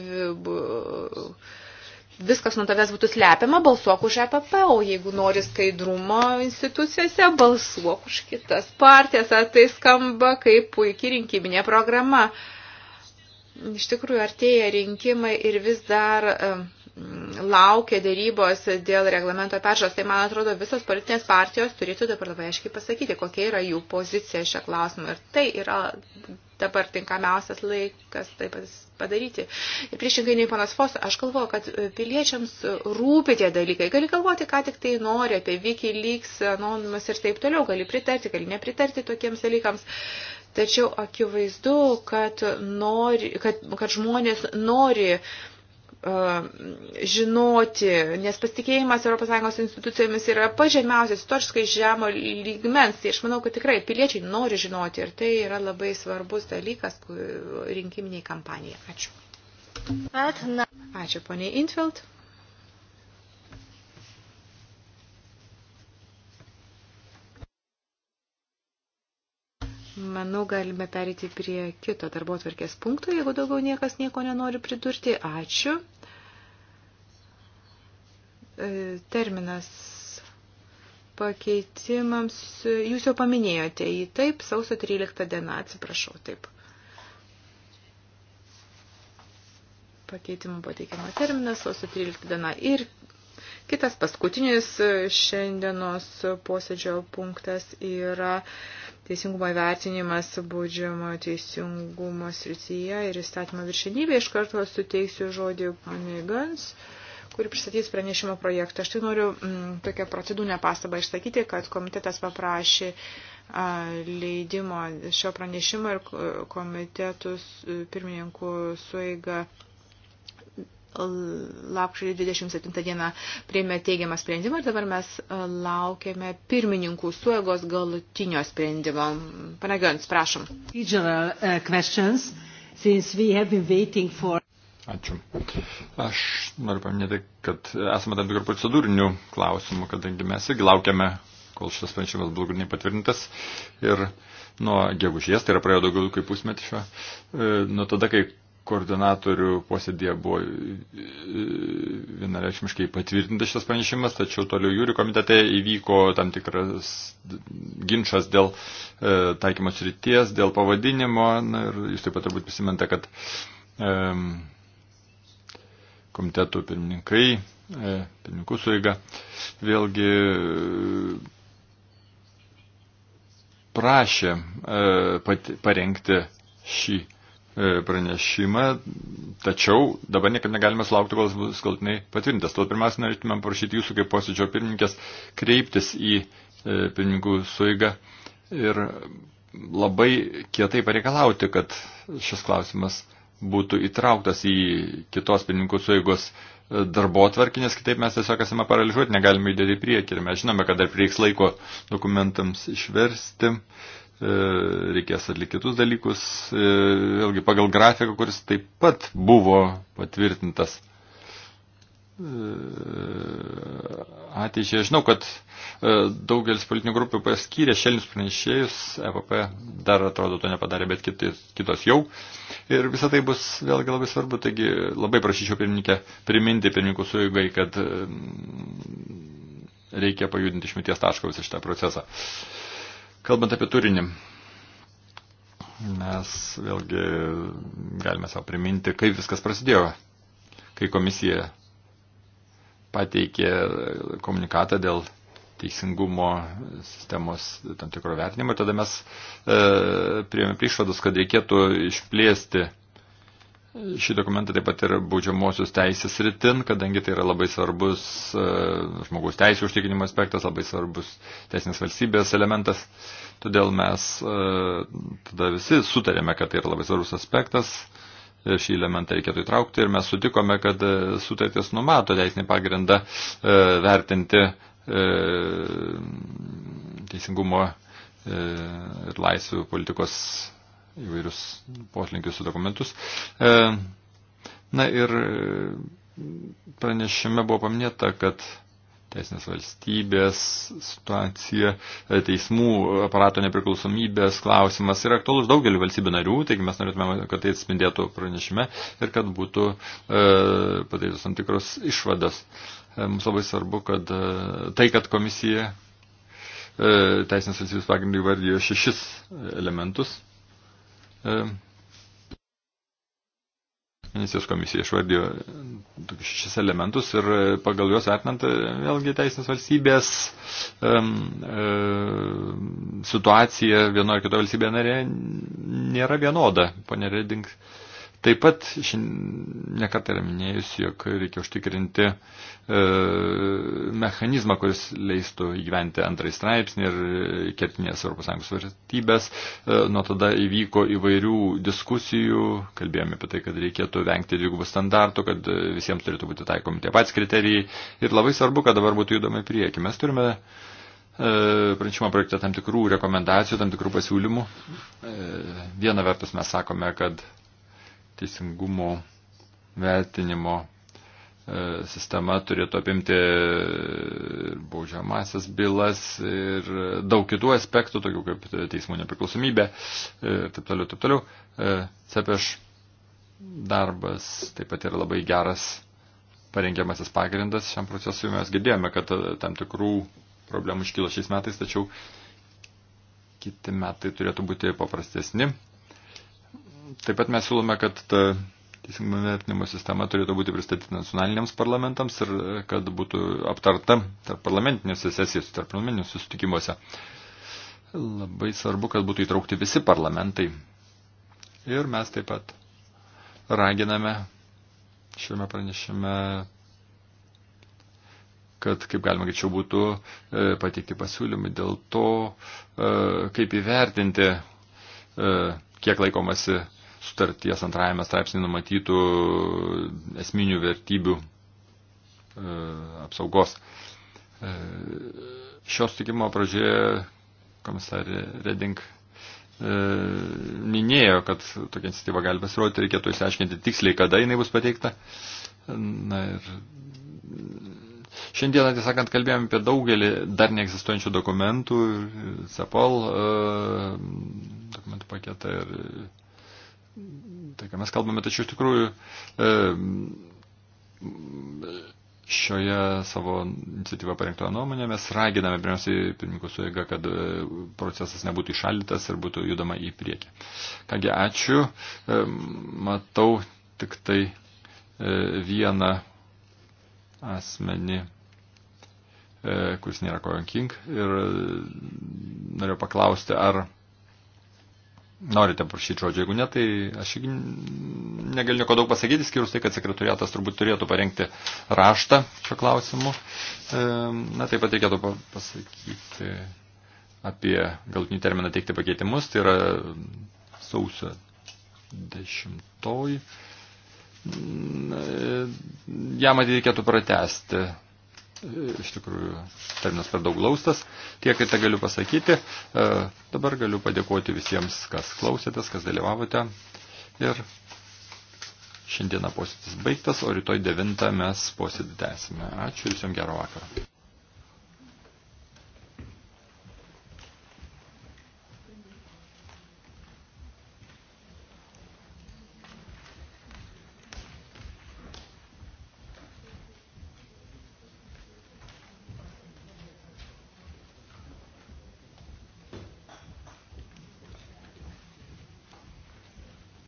viskas nuo tavęs būtų slepiama, balsuok už EPP, o jeigu nori skaidrumo institucijose, balsuok už kitas partijas, ar tai skamba kaip puikiai rinkiminė programa. Iš tikrųjų, artėja rinkimai ir vis dar laukia dėrybos dėl reglamento peržos. Tai, man atrodo, visos politinės partijos turėtų dabar labai aiškiai pasakyti, kokia yra jų pozicija šią klausimą. Ir tai yra dabar tinkamiausias laikas tai padaryti. Ir priešingai nei panas Fos, aš galvoju, kad e, piliečiams rūpi tie dalykai. Gali galvoti, ką tik tai nori apie Wikileaks, anonimas ir taip toliau. Gali pritarti, gali nepritarti tokiems dalykams. Tačiau akivaizdu, kad, nori, kad, kad žmonės nori uh, E, žinoti, nes pasitikėjimas ES institucijomis yra pažemiausias, istoriškai žemo lygmens. Tai aš manau, kad tikrai piliečiai nori žinoti ir tai yra labai svarbus dalykas rinkiminiai kampanijai. Ačiū. Ačiū, poniai Infield. Manau, galime perėti prie kito darbo tvarkės punkto, jeigu daugiau niekas nieko nenori pridurti. Ačiū. E, terminas pakeitimams, jūs jau paminėjote į taip, sausio 13 diena, atsiprašau, taip. Pakeitimų pateikimo terminas, sausio 13 diena ir kitas paskutinis šiandienos posėdžio punktas yra teisingumo įvertinimas būdžiamo teisingumo srityje ir įstatymo viršenybė. Iš karto suteiksiu žodį panigans. Gans kuri pristatys pranešimo projektą. Aš tai noriu m, mm, tokią procedūrinę pastabą išsakyti, kad komitetas paprašė a, leidimo šio pranešimo ir komitetus e, pirmininkų suiga lapkričio 27 dieną priėmė teigiamą sprendimą ir dabar mes e, laukiame pirmininkų suegos galutinio sprendimo. Pane Gönts, prašom. Regional, uh, since we have been waiting for Ačiū. Aš noriu paminėti, kad esame tam tikrų procedūrinių klausimų, kadangi mes irgi laukiame, kol šitas pranešimas bus galutinai patvirtintas. Ir nuo gegužės, tai yra praėjo daugiau kaip pusmetį šio, e, nuo tada, kai koordinatorių posėdėje buvo e, vienareikšmiškai patvirtintas šitas pranešimas, tačiau toliau jūrių komitete įvyko tam tikras ginčas dėl e, taikymos ryties, dėl pavadinimo. Na, ir jūs taip pat turbūt prisimenate, kad e, komitetų pirmininkai, e, pirmininkų suiga, vėlgi e, prašė e, parengti šį pranešimą, tačiau dabar niekada negalime sulaukti, kol bus galtinai patvirtintas. Todėl pirmiausia, norėtumėm prašyti jūsų kaip posėdžio pirmininkės kreiptis į pirmininkų suigą ir labai kietai pareikalauti, kad šis klausimas būtų įtrauktas į kitos pirmininkų sueigos e, darbo atvarkį, nes kitaip mes tiesiog esame paralyžuoti, negalime judėti į priekį. Ir mes žinome, kad dar prieks laiko dokumentams išversti, e, reikės atlikti kitus dalykus, e, vėlgi pagal grafiką, kuris taip pat buvo patvirtintas. E, ateičiai. Žinau, kad e, daugelis politinių grupių paskyrė šelnius pranešėjus, EPP dar atrodo to nepadarė, bet kiti, kitos jau. Ir visą tai bus vėlgi labai svarbu, taigi labai prašyčiau pirmininkę priminti pirmininkų suigai, kad e, reikia pajudinti išmities tašką visą šitą procesą. Kalbant apie turinį, mes vėlgi galime savo priminti, kaip viskas prasidėjo, kai komisija pateikė komunikatą dėl teisingumo sistemos tam tikro vertinimo ir tada mes e, priėmėm priešvadus, kad reikėtų išplėsti šį dokumentą taip pat ir baudžiamosios teisės rytin, kadangi tai yra labai svarbus e, žmogaus teisų užtikrinimo aspektas, labai svarbus teisinės valstybės elementas. Todėl mes e, tada visi sutarėme, kad tai yra labai svarbus aspektas. E, E, šį elementą reikėtų įtraukti ir mes sutikome, kad e, sutartis numato teisinį pagrindą e, vertinti teisingumo ir laisvių politikos įvairius poslinkius su dokumentus. Na ir pranešime buvo paminėta, kad teisinės valstybės situacija, e, teismų aparato nepriklausomybės klausimas yra aktuolus daugeliu valstybių narių, taigi mes norėtume, kad tai atspindėtų pranešime ir kad būtų e, padarytos tam tikros išvadas. E, mums labai svarbu, kad e, tai, kad komisija e, teisinės valstybės pagrindų įvardijo šešis elementus. E, Venecijos komisija išvardijo e, šešis elementus ir e, pagal juos vertinant e, vėlgi teisinės valstybės um, e, situacija vienoje ar kitoje valstybėje narėje nėra vienoda. Pane Reding Taip pat nekartą yra minėjusi, jog reikia užtikrinti e, mechanizmą, kuris leistų įgyventi antrąjį straipsnį ir kertinės ES vertybės. E, nuo tada įvyko įvairių diskusijų, kalbėjome apie tai, kad reikėtų vengti dvigubų standartų, kad e, visiems turėtų būti taikomi tie patys kriterijai. Ir labai svarbu, kad dabar būtų judama į priekį. Mes turime e, pranešimo projekte tam tikrų rekomendacijų, tam tikrų pasiūlymų. E, viena vertus mes sakome, kad teisingumo vertinimo e, sistema turėtų apimti baudžiamasias bylas ir daug kitų aspektų, tokių kaip teismų nepriklausomybė ir e, taip toliau, taip toliau. E, Cepeš darbas taip pat yra labai geras parengiamasis pagrindas šiam procesui. Mes girdėjome, kad tam tikrų problemų iškilo šiais metais, tačiau kiti metai turėtų būti paprastesni. Taip pat mes siūlome, kad ta teisingumo vertinimo sistema turėtų būti pristatyta nacionaliniams parlamentams ir e, kad būtų aptarta tarp parlamentinėse sesijose, tarp parlamentinių susitikimuose. Labai svarbu, kad būtų įtraukti visi parlamentai. Ir mes taip pat raginame šiame pranešime kad kaip galima greičiau būtų e, pateikti pasiūlymai dėl to, e, kaip įvertinti, e, kiek laikomasi sutarties antrajame straipsnį numatytų esminių vertybių e, apsaugos. E, Šios tikimo pradžioje komisarė Reding e, minėjo, kad tokia iniciatyva gali pasirodyti, reikėtų išsiaiškinti tiksliai, kada jinai bus pateikta. Na ir šiandieną, tiesąkant, kalbėjom apie daugelį dar neegzistuojančių dokumentų, CEPOL dokumentų paketą ir tai ką mes kalbame, tačiau iš tikrųjų e, šioje savo iniciatyvą parengtoje nuomonėje mes raginame pirmiausiai pirmininkų suėga, kad e, procesas nebūtų išaldytas ir būtų judama į priekį. Kągi, ačiū. E, matau tik tai vieną asmenį kuris nėra Kojon King ir norėjau paklausti, ar norite prašyti žodžio, jeigu ne, tai aš negaliu nieko daug pasakyti, skirus tai, kad sekretoriatas turbūt turėtų parengti raštą šio klausimu. E, na, taip pat reikėtų pasakyti apie galutinį terminą teikti pakeitimus, tai yra sausio dešimtoji. Ja, e, matyt, reikėtų pratesti iš tikrųjų terminas per daug glaustas. Tiek ir tai galiu pasakyti. E, dabar galiu padėkoti visiems, kas klausėtės, kas dalyvavote. Ir šiandieną posėdis baigtas, o rytoj 9 mes posėdį tęsime. Ačiū ir visiems gero vakaro.